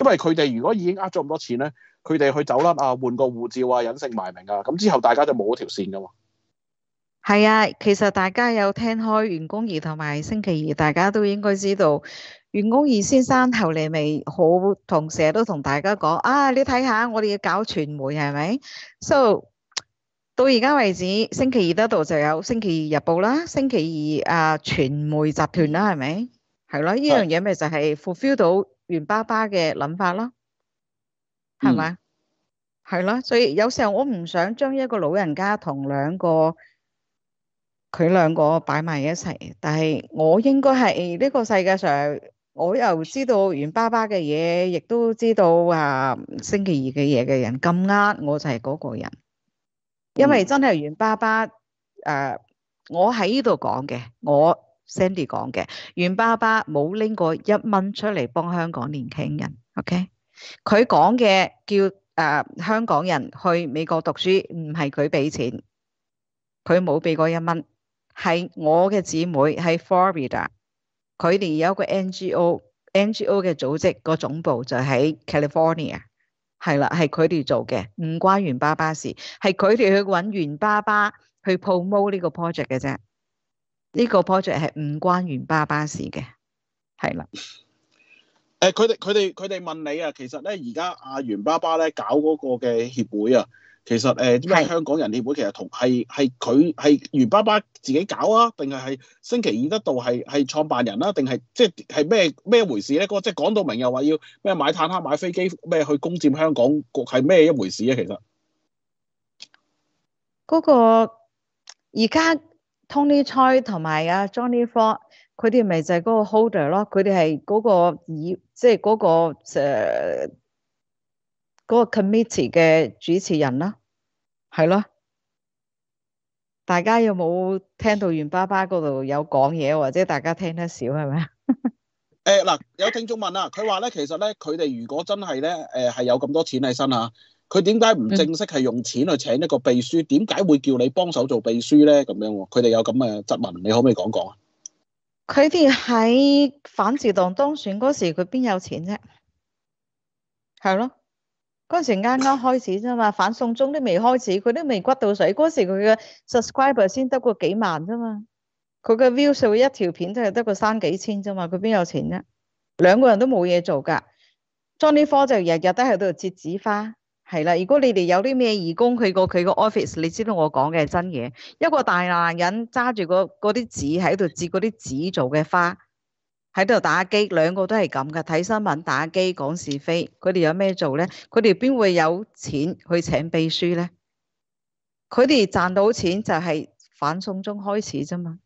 因為佢哋如果已經呃咗咁多錢咧，佢哋去走甩啊，換個護照啊，隱姓埋名啊，咁之後大家就冇條線噶嘛。係啊，其實大家有聽開袁弓夷同埋星期二，大家都應該知道袁弓夷先生後嚟咪好，同成日都同大家講啊，你睇下，我哋要搞傳媒係咪？So 到而家為止，星期二嗰度就有星期二日報啦，星期二啊傳媒集團啦，係咪？係咯，呢樣嘢咪就係 fulfill 到袁爸爸嘅諗法咯，係咪？係咯，嗯，所以有時候我唔想將一個老人家同兩個。佢兩個擺埋一齊，但係我應該係呢個世界上，我又知道袁爸爸嘅嘢，亦都知道啊、呃、星期二嘅嘢嘅人咁啱，我就係嗰個人。因為真係袁爸爸，誒、呃，我喺呢度講嘅，我 Sandy 講嘅，袁爸爸冇拎過一蚊出嚟幫香港年輕人。OK，佢講嘅叫誒、呃、香港人去美國讀書，唔係佢俾錢，佢冇俾過一蚊。係我嘅姊妹喺 Florida，佢哋有個 NGO NGO 嘅組織，個總部就喺 California，係啦，係佢哋做嘅，唔關袁巴巴事，係佢哋去揾袁巴巴去 promote 呢個 project 嘅啫，呢個 project 係唔關袁巴巴事嘅，係啦。誒，佢哋佢哋佢哋問你啊，其實咧而家阿袁巴巴咧搞嗰個嘅協會啊。其實誒，點解香港人協會是其實同係係佢係余爸爸自己搞啊？定係係星期二得到，係係創辦人啦、啊？定係即係係咩咩回事咧？嗰即係講到明又話要咩買坦克買飛機咩去攻佔香港國係咩一回事咧？其實嗰個而家 Tony Choi 同埋阿 Johnny Fo，r 佢哋咪就係嗰個 holder 咯、那個，佢哋係嗰個以即係嗰個誒嗰個 committee 嘅主持人啦。係咯，大家有冇聽到袁爸爸嗰度有講嘢，或者大家聽得少係咪？誒嗱 欸，有聽眾問啦、啊，佢話咧，其實咧，佢哋如果真係咧，誒係有咁多錢喺身啊，佢點解唔正式係用錢去請一個秘書？點解會叫你幫手做秘書咧？咁樣，佢哋有咁嘅質問，你可唔可以講講啊？佢哋喺反自動當選嗰時，佢邊有錢啫？係咯。嗰時啱啱開始啫嘛，反送中都未開始，佢都未掘到水。嗰時佢嘅 subscriber 先得過幾萬啫嘛，佢嘅 view 數一條片都係得過三幾千啫嘛，佢邊有錢啊？兩個人都冇嘢做噶，Johnny 科就日日都喺度折紙花。係啦，如果你哋有啲咩義工去過佢個 office，你知道我講嘅係真嘢。一個大男人揸住嗰啲紙喺度折嗰啲紙做嘅花。喺度打機，兩個都係咁噶，睇新聞、打機、講是非。佢哋有咩做咧？佢哋邊會有錢去請秘書咧？佢哋賺到錢就係反送中開始啫嘛，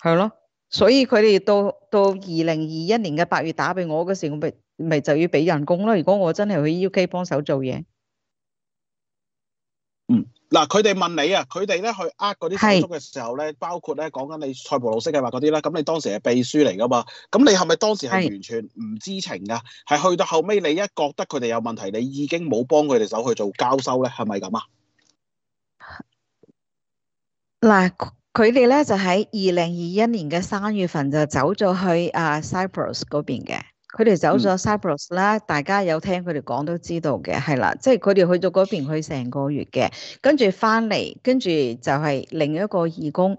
係咯。所以佢哋到到二零二一年嘅八月打俾我嗰時，我咪咪就要俾人工咯。如果我真係去 UK 幫手做嘢。嗱，佢哋問你啊，佢哋咧去呃嗰啲補足嘅時候咧，是包括咧講緊你塞浦路斯嘅話嗰啲啦，咁你當時係秘書嚟噶嘛？咁你係咪當時係完全唔知情噶？係是去到後尾，你一覺得佢哋有問題，你已經冇幫佢哋手去做交收咧，係咪咁啊？嗱，佢哋咧就喺二零二一年嘅三月份就走咗去啊 Cyprus 嗰邊嘅。佢哋走咗 Cyprus 啦，嗯、大家有聽佢哋講都知道嘅，係啦，即係佢哋去到嗰邊去成個月嘅，跟住翻嚟，跟住就係另一個義工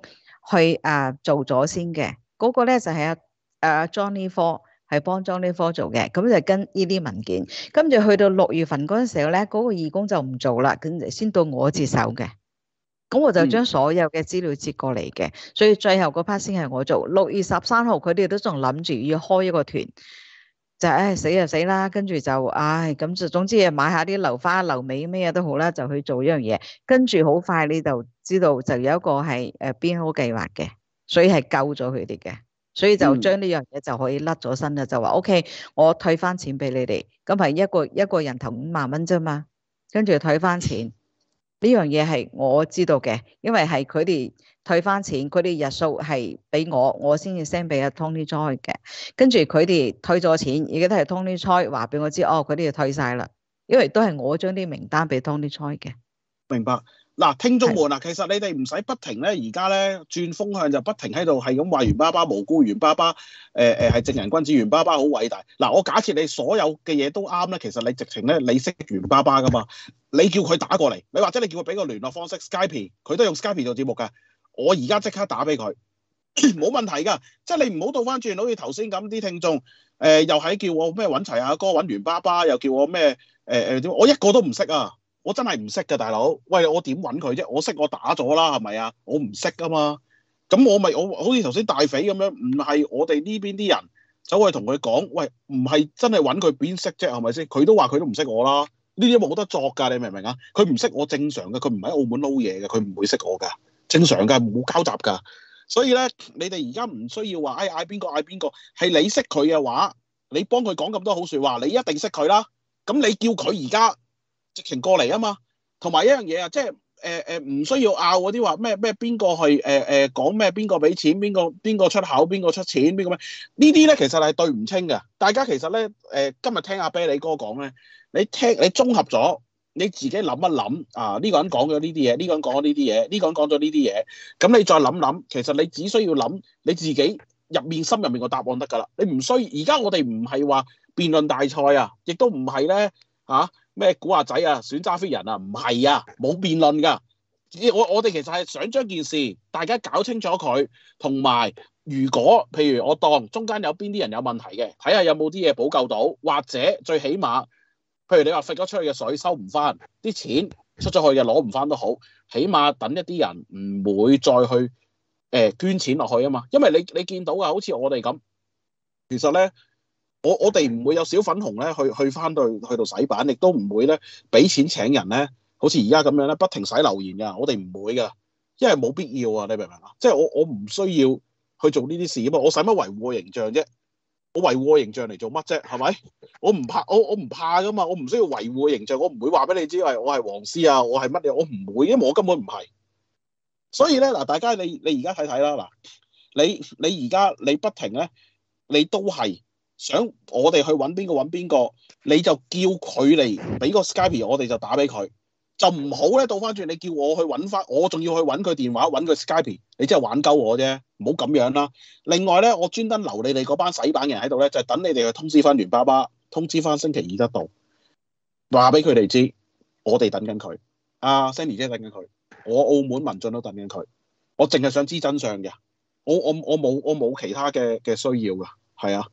去啊做咗先嘅，嗰、那個咧就係、是、阿、啊、阿、啊、Johnny Ford 係幫 Johnny Ford 做嘅，咁就跟呢啲文件，跟住去到六月份嗰陣時候咧，嗰、那個義工就唔做啦，跟住先到我接手嘅，咁我就將所有嘅資料接過嚟嘅，所以最後嗰 part 先係我做，六月十三號佢哋都仲諗住要開一個團。就唉、哎、死就死啦，跟住就唉咁就總之啊買下啲樓花樓尾咩都好啦，就去做呢樣嘢。跟住好快你就知道就有一個係誒編好計劃嘅，所以係救咗佢哋嘅，所以就將呢樣嘢就可以甩咗身啦。嗯、就話 OK，我退翻錢俾你哋，咁係一個一個人頭五萬蚊啫嘛，跟住退翻錢呢樣嘢係我知道嘅，因為係佢哋。退翻錢，佢哋入數係俾我，我先至 send 俾阿 Tony Choy 嘅。跟住佢哋退咗錢，而家都係 Tony Choy 話俾我知，哦，佢啲就退晒啦，因為都係我將啲名單俾 Tony Choy 嘅。明白嗱，聽眾們嗱？是的 其實你哋唔使不停咧，而家咧轉風向就不停喺度係咁話袁爸爸無辜，袁爸爸誒誒係正人君子，袁爸爸好偉大。嗱，我假設你所有嘅嘢都啱咧，其實你直情咧你識袁爸爸噶嘛？你叫佢打過嚟，你或者你叫佢俾個聯絡方式 Skype，佢都用 Skype 做節目㗎。我而家即刻打俾佢，冇 問題㗎。即係你唔好倒翻轉，好似頭先咁啲聽眾，誒、呃、又係叫我咩揾齊下、啊、哥揾完爸爸，又叫我咩誒誒點？我一個都唔識啊！我真係唔識㗎、啊，大佬。喂，我點揾佢啫？我識我打咗啦，係咪啊？我唔識啊嘛。咁我咪我好似頭先大肥咁樣，唔係我哋呢邊啲人走去同佢講，喂，唔係真係揾佢邊識啫、啊，係咪先？佢都話佢都唔識我啦。呢啲冇得作㗎，你明唔明啊？佢唔識我正常嘅，佢唔喺澳門撈嘢嘅，佢唔會識我㗎。正常噶，冇交集噶，所以咧，你哋而家唔需要話嗌嗌邊個嗌邊個，係你識佢嘅話，你幫佢講咁多好說話，你一定識佢啦。咁你叫佢而家直情過嚟啊嘛。同埋一樣嘢啊，即係誒誒，呃呃、唔需要拗嗰啲話咩咩邊個去誒誒講咩邊個俾錢邊個邊個出口邊個出錢邊個咩呢啲咧，其實係對唔清噶。大家其實咧，誒、呃、今日聽阿啤梨哥講咧，你聽你綜合咗。你自己諗一諗啊！呢個人講咗呢啲嘢，呢個人講咗呢啲嘢，呢個人講咗呢啲嘢。咁你再諗諗，其實你只需要諗你自己入面心入面個答案得㗎啦。你唔需而家我哋唔係話辯論大賽啊，亦都唔係咧嚇咩古惑仔啊，選揸飛人啊，唔係啊，冇辯論㗎。我我哋其實係想將件事大家搞清楚佢，同埋如果譬如我當中間有邊啲人有問題嘅，睇下有冇啲嘢補救到，或者最起碼。譬如你話甩咗出去嘅水收唔翻，啲錢出咗去又攞唔翻都好，起碼等一啲人唔會再去誒、呃、捐錢落去啊嘛，因為你你見到啊，好似我哋咁，其實咧，我我哋唔會有小粉紅咧去去翻去去到洗版，亦都唔會咧俾錢請人咧，好似而家咁樣咧不停洗留言噶，我哋唔會噶，因為冇必要啊，你明唔明啊？即係我我唔需要去做呢啲事啊嘛，我使乜維護形象啫？我維護我形象嚟做乜啫？係咪？我唔怕，我我唔怕㗎嘛。我唔需要維護我形象，我唔會話俾你知，我係黃絲啊，我係乜嘢？我唔會，因為我根本唔係。所以咧，嗱，大家你你而家睇睇啦，嗱，你你而家你，你，你不停咧，你都係想我哋去搵邊個搵邊個，你就叫佢嚟俾個 Skype，我哋就打俾佢。就唔好咧，倒翻轉你叫我去揾翻，我仲要去揾佢電話，揾佢 Skype，你真係玩鳩我啫，唔好咁樣啦。另外咧，我專登留你哋嗰班洗版嘅人喺度咧，就係等你哋去通知翻聯巴巴，通知翻星期二得到，話俾佢哋知，我哋等緊佢，阿 Sandy 姐等緊佢，我澳門民進都等緊佢，我淨係想知真相嘅，我我我冇我冇其他嘅嘅需要噶，係啊，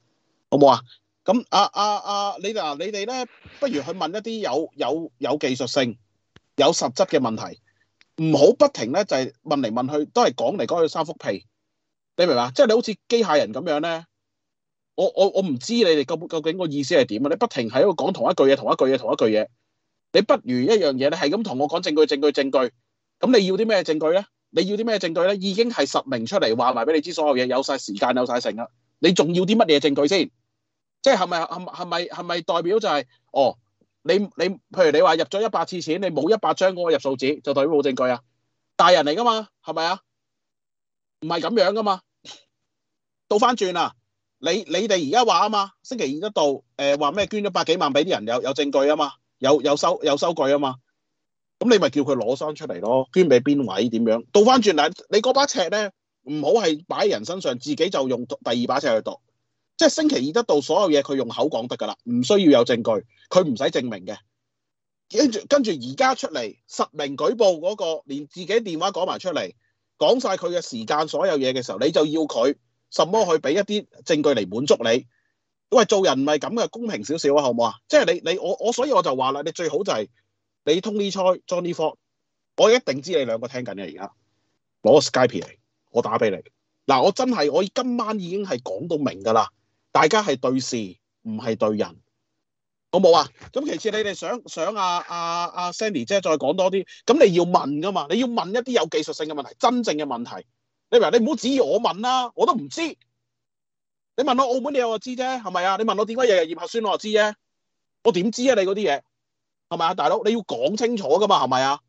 好唔好啊？咁阿阿阿你嗱，你哋咧，不如去問一啲有有有，有技術性，有實質嘅問題,唔好不停呢就係問嚟問去,都係講嚟講去三幅屁。你你譬如你話入咗一百次錢，你冇一百張嘅入數紙，就代表冇證據啊！大人嚟噶嘛，係咪啊？唔係咁樣噶嘛，倒翻轉啊！你你哋而家話啊嘛，星期二嗰度誒話咩捐咗百幾萬俾啲人，有有證據啊嘛，有有收有收據啊嘛，咁你咪叫佢攞翻出嚟咯，捐俾邊位點樣？倒翻轉啦，你嗰把尺咧唔好係擺喺人身上，自己就用第二把尺去度。即係星期二得到所有嘢，佢用口講得噶啦，唔需要有證據，佢唔使證明嘅。跟住跟住，而家出嚟實名舉報嗰個，連自己電話講埋出嚟，講晒佢嘅時間所有嘢嘅時候，你就要佢什麼去俾一啲證據嚟滿足你。喂，做人唔係咁嘅，公平少少啊，好唔好啊？即係你你我我，所以我就話啦，你最好就係你 Tony Choi、Johnny Fox，我一定知你兩個聽緊嘅而家，攞個 Skype 嚟，我打俾你。嗱，我真係我今晚已經係講到明噶啦。大家係對事，唔係對人，好冇啊？咁其次，你哋想想啊阿阿 Sandy 姐再講多啲。咁你要問噶嘛？你要問一啲有技術性嘅問題，真正嘅問題。例如，你唔好指意我問啦，啊，我都唔知。你問我澳門，你又話知啫，係咪啊？你問我點解日日驗核酸，我就知啫。我點知啊？你嗰啲嘢，係咪啊？大佬，你要講清楚噶嘛？係咪啊？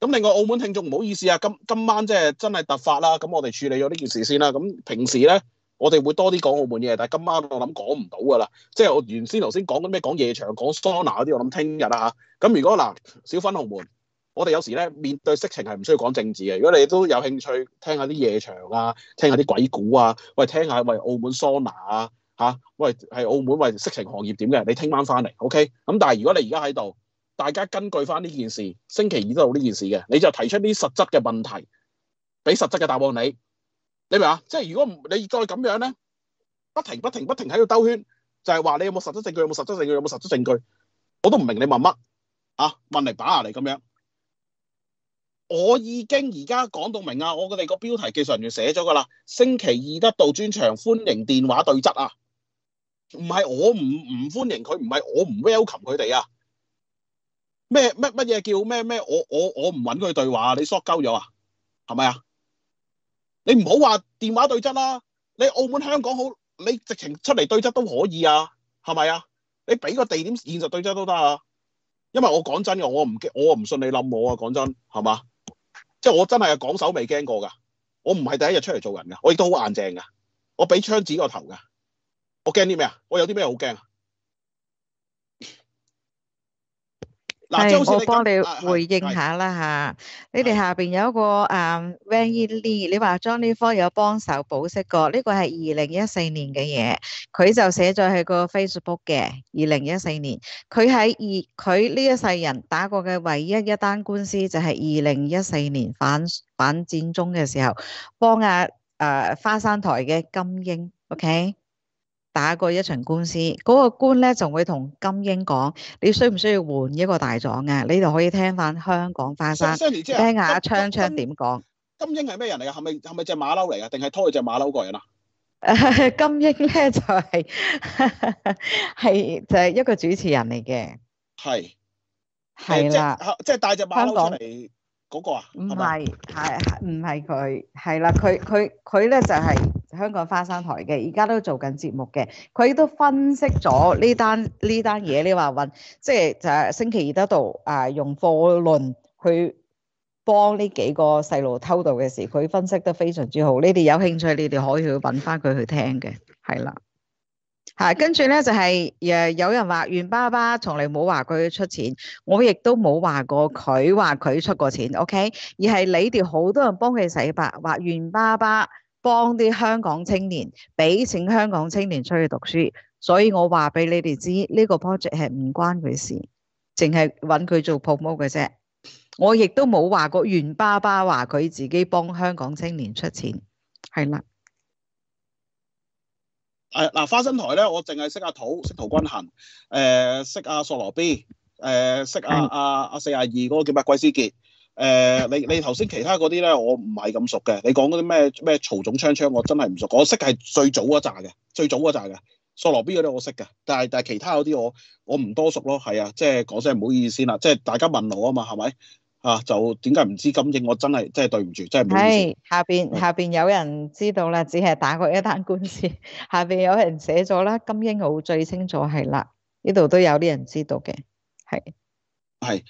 咁另外，澳門聽眾唔好意思啊，今今晚即係真係突發啦。咁我哋處理咗呢件事先啦。咁平時咧。我哋會多啲講澳門嘢，但係今晚我諗講唔到㗎啦。即係我原先頭先講緊咩講夜場、講桑拿嗰啲，我諗聽日啦嚇。咁如果嗱小粉紅們，我哋有時咧，面對色情係唔需要講政治嘅。如果你都有興趣聽下啲夜場啊，聽下啲鬼故啊，喂聽下喂澳門桑拿啊嚇、啊，喂係澳門喂色情行業點嘅？你聽晚翻嚟 OK。咁但係如果你而家喺度，大家根據翻呢件事，星期二都有呢件事嘅，你就提出啲實質嘅問題，俾實質嘅答案你。你明嘛，啊？即係如果唔你再咁樣咧，不停不停不停喺度兜圈，就係話你有冇實質證據？有冇實質證據？有冇實質證據？我都唔明你問乜啊？問嚟把下你咁樣。我已經而家講到明啊！我哋個標題技術人員寫咗噶啦，升旗易得道專場歡迎電話對質啊！唔係我唔唔歡迎佢，唔係我唔 welcome 佢哋啊！咩咩乜嘢叫咩咩？我我我唔搵佢對話你 short 鳩咗啊？係咪啊？你唔好話電話對質啦，啊，你澳門香港好，你直情出嚟對質都可以啊，係咪啊？你俾個地點現實對質都得啊，因為我講真嘅，我唔驚，我唔信你冧我啊，講真，係嘛？即係我真係講手未驚過噶，我唔係第一日出嚟做人噶，我亦都好硬正噶，我俾槍指個頭噶，我驚啲咩啊？我有啲咩好驚啊？係，我幫你回應下啦嚇。啊啊、你哋下邊有一個誒 w a e n y o l e e 你話 Johnny Ford 有幫手保釋過，呢、這個係二零一四年嘅嘢。佢就寫咗喺個 Facebook 嘅二零一四年。佢喺二，佢呢一世人打過嘅唯一一單官司就係二零一四年反反戰中嘅時候，幫啊誒、啊、花生台嘅金英。OK。打過一場官司，嗰、嗰個官咧仲會同金英講：你需唔需要換一個大狀啊？你度可以聽翻香港花生。是是聽下昌昌點講。金英係咩人嚟噶？係咪係咪隻馬騮嚟噶？定係拖住隻馬騮個人啊？金英咧就係係就係一個主持人嚟嘅。係係啦，即係帶隻馬騮嚟嗰個啊？唔係係唔係佢係啦，佢佢佢咧就係、是。香港花生台嘅，而家都在做緊節目嘅。佢都分析咗呢單呢單嘢。你話運，即係就係星期二嗰度，啊用貨輪去幫呢幾個細路偷渡嘅事。佢分析得非常之好。你哋有興趣，你哋可以揾翻佢去聽嘅。係啦，吓、啊、跟住咧就係誒，有人話袁爸爸從來冇話佢出錢，我亦都冇話過佢話佢出過錢。OK，而係你哋好多人幫佢洗白，話袁爸爸。幫啲香港青年，俾請香港青年出去讀書，所以我話俾你哋知呢個 project 係唔關佢事，淨係搵佢做 promote 嘅啫。我亦都冇話過袁爸爸話佢自己幫香港青年出錢，係啦。誒，嗱，花生台咧，我淨係識阿、啊、土，識陶君行，誒、呃，識阿、啊、索羅 B，誒、呃，識阿阿阿四廿二嗰個叫乜鬼思杰。誒、呃，你你頭先其他嗰啲咧，我唔係咁熟嘅。你講嗰啲咩咩曹總槍槍，我真係唔熟。我識係最早嗰紮嘅，最早嗰紮嘅。索羅 B 嗰啲我識㗎，但係但係其他有啲我我唔多熟咯。係啊，即係講聲唔好意思啦。即係大家問我啊嘛，係咪啊？就點解唔知金英？我真係真係對唔住，真係唔好意思。係，下邊下邊有人知道啦，只係打過一單官司。下邊有人寫咗啦，金英好最清楚係啦。呢度都有啲人知道嘅，係係。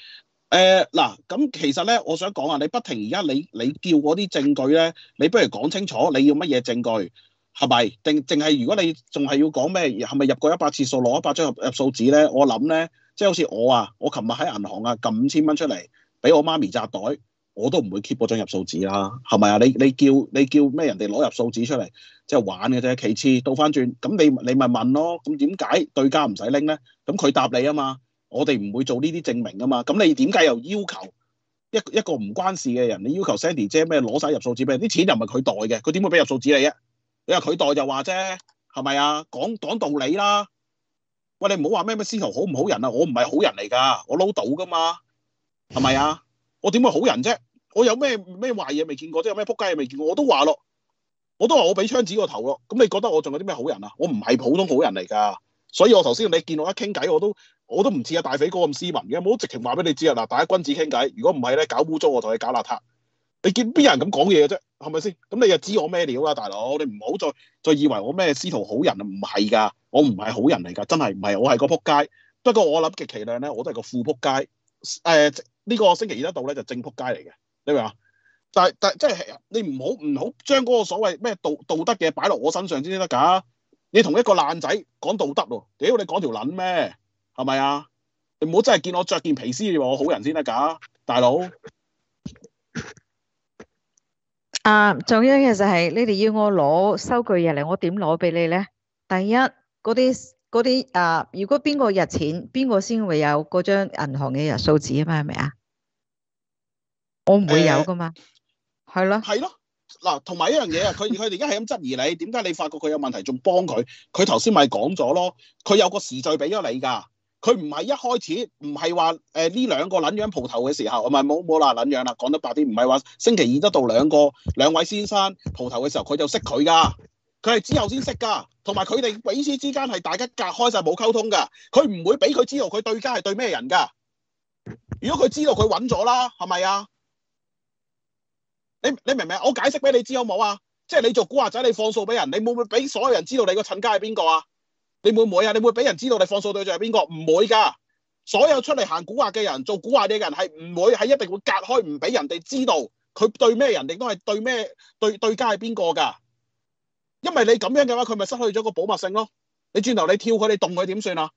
誒嗱，咁、呃、其實咧，我想講啊，你不停而家你你叫嗰啲證據咧，你不如講清楚你要乜嘢證據，係咪？定淨係如果你仲係要講咩係咪入過一百次數攞一百張入入數紙咧？我諗咧，即係好似我啊，我琴日喺銀行啊撳五千蚊出嚟俾我媽咪紮袋，我都唔會 keep 嗰張入數紙啦，係咪啊？你你叫你叫咩人哋攞入數紙出嚟即係玩嘅啫。其次倒翻轉咁你你咪問咯，咁點解對家唔使拎咧？咁佢答你啊嘛。我哋唔會做呢啲證明㗎嘛，咁你點解又要求一個一個唔關事嘅人？你要求 Sandy 姐咩攞晒入數紙俾人？啲錢又唔係佢袋嘅，佢點會俾入數紙你啫？你話佢袋就話啫，係咪啊？講講道理啦。喂，你唔好話咩咩司徒好唔好人啊！我唔係好人嚟㗎，我撈到㗎嘛，係咪啊？我點會好人啫？我有咩咩壞嘢未見過？即係有咩撲街未見過？我都話咯，我都話我俾槍子個頭咯。咁你覺得我仲有啲咩好人啊？我唔係普通好人嚟㗎，所以我頭先你見我一傾偈我都。我都唔似阿大肥哥咁斯文嘅，冇直情話俾你知啊嗱。大家君子傾偈，如果唔係咧，搞污糟我同你搞邋遢。你見邊有人咁講嘢嘅啫？係咪先？咁你又知我咩料啦，大佬？你唔好再再以為我咩師徒好人啊？唔係噶，我唔係好人嚟噶，真係唔係。我係個撲街。不過我諗極其量咧，我都係個富撲街。誒、呃，呢、這個星期二一到咧就是、正撲街嚟嘅，你明嘛？但但即係你唔好唔好將嗰個所謂咩道道德嘅擺落我身上先得噶。你同一個爛仔講道德咯？屌你講條捻咩？係咪啊？你唔好真係見我着件皮絲，你話我好人先得噶，大佬。啊，仲有一樣嘢就係、是、你哋要我攞收據入嚟，我點攞俾你咧？第一嗰啲啲啊，如果邊個入錢，邊個先會有嗰張銀行嘅入數紙啊嘛，係咪啊？我唔會有噶嘛，係咯、欸，係咯的。嗱，同埋一樣嘢啊，佢佢哋而家係咁質疑你，點解你發覺佢有問題幫，仲幫佢？佢頭先咪講咗咯，佢有個時序俾咗你噶。佢唔係一開始唔係話誒呢兩個撚樣蒲頭嘅時候，係咪冇冇嗱撚樣啦，講得白啲，唔係話星期二得到兩個兩位先生蒲頭嘅時候，佢就識佢噶，佢係之後先識噶，同埋佢哋彼此之間係大家隔開晒冇溝通噶，佢唔會俾佢知道佢對家係對咩人噶。如果佢知道佢揾咗啦，係咪啊？你你明唔明？我解釋俾你知好冇啊？即係你做古惑仔，你放數俾人，你會唔會俾所有人知道你個親家係邊個啊？你會唔會啊？你會俾人知道你放數對象係邊個？唔會噶，所有出嚟行蠱惑嘅人，做蠱惑嘅人係唔會，係一定會隔開，唔俾人哋知道佢對咩人，哋都係對咩對對家係邊個噶？因為你咁樣嘅話，佢咪失去咗個保密性咯？你轉頭你跳佢，你動佢點算啊？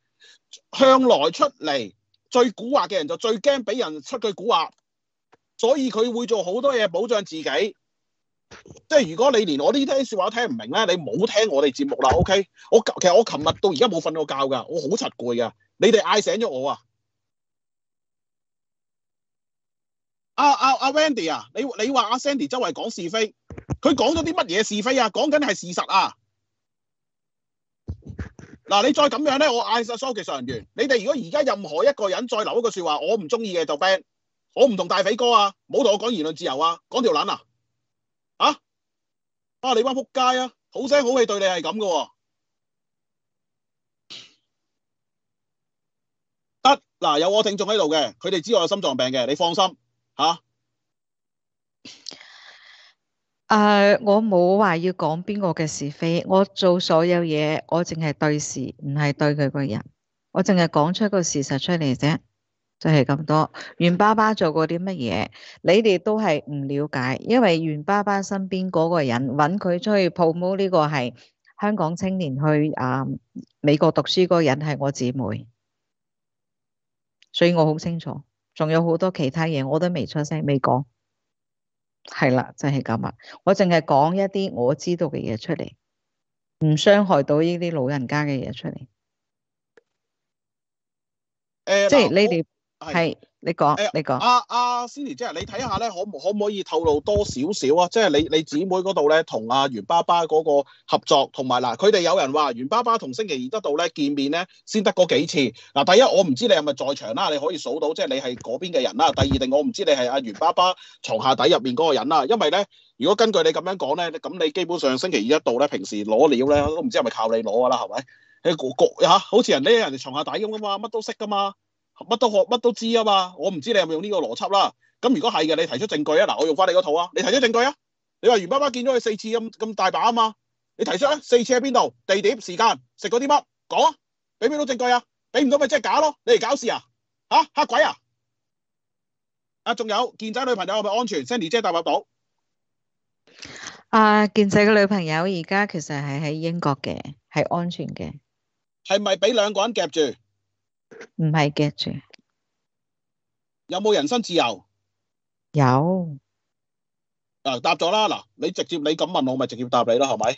向來出嚟最蠱惑嘅人就最驚俾人出佢蠱惑，所以佢會做好多嘢保障自己。即係如果你連我呢啲說話都聽唔明咧，你唔好聽我哋節目啦。OK，我其實我琴日到而家冇瞓過覺噶，我好柒攰噶。你哋嗌醒咗我啊！阿阿阿 Wendy 啊，你你話阿、啊、Sandy 周圍講是非，佢講咗啲乜嘢是非啊？講緊係事實啊！嗱，你再咁樣咧，我嗌晒所有技術人員，你哋如果而家任何一個人再留一個說話，我唔中意嘅就 ban，我唔同大肥哥啊，冇同我講言論自由啊，講條捻啊！啊！啊，你班扑街啊，好聲好氣對你係咁㗎，得嗱，啊、有我聽眾喺度嘅，佢哋知我有心臟病嘅，你放心吓。誒、啊，uh, 我冇話要講邊個嘅是非，我做所有嘢，我淨係對事，唔係對佢個人，我淨係講出一個事實出嚟啫。就係咁多，袁爸爸做過啲乜嘢？你哋都係唔了解，因為袁爸爸身邊嗰個人揾佢出去泡妹，呢個係香港青年去啊、嗯、美國讀書嗰個人係我姊妹，所以我好清楚。仲有好多其他嘢，我都未出聲，未講。係啦，就係咁啊！我淨係講一啲我知道嘅嘢出嚟，唔傷害到呢啲老人家嘅嘢出嚟。即係、欸就是、你哋。係，你講，誒，你講，阿阿 Cindy 姐，你睇下咧，可可唔可以透露多少少啊？即係你你姊妹嗰度咧，同阿袁爸爸嗰個合作，同埋嗱，佢哋有人話袁爸爸同星期二一度咧見面咧，先得嗰幾次。嗱，第一我唔知你係咪在場啦，你可以數到，即係你係嗰邊嘅人啦。第二定我唔知你係阿袁爸爸床下底入面嗰個人啦，因為咧，如果根據你咁樣講咧，咁你基本上星期二一度咧，平時攞料咧都唔知係咪靠你攞噶啦，係咪？你個吓，好似人匿人哋床下底咁噶嘛，乜都識噶嘛。乜都學，乜都知啊嘛！我唔知你係咪用呢個邏輯啦。咁如果係嘅，你提出證據啊！嗱，我用翻你個套啊，你提出證據啊！你話袁爸爸見咗佢四次咁咁大把啊嘛！你提出啦，啊，四次喺邊度？地點、時間、食過啲乜？講啊！俾邊度證據啊？俾唔到咪即係假咯！你嚟搞事啊？吓，啊，吓鬼啊！啊，仲有健仔女朋友係咪安全？Sandy 姐大把寶。啊，健仔嘅女朋友而家其實係喺英國嘅，係安全嘅。係咪俾兩個人夾住？唔係夾住，有冇人身自由？有，啊，答咗啦。嗱，你直接你咁問我，咪直接答你咯，係咪？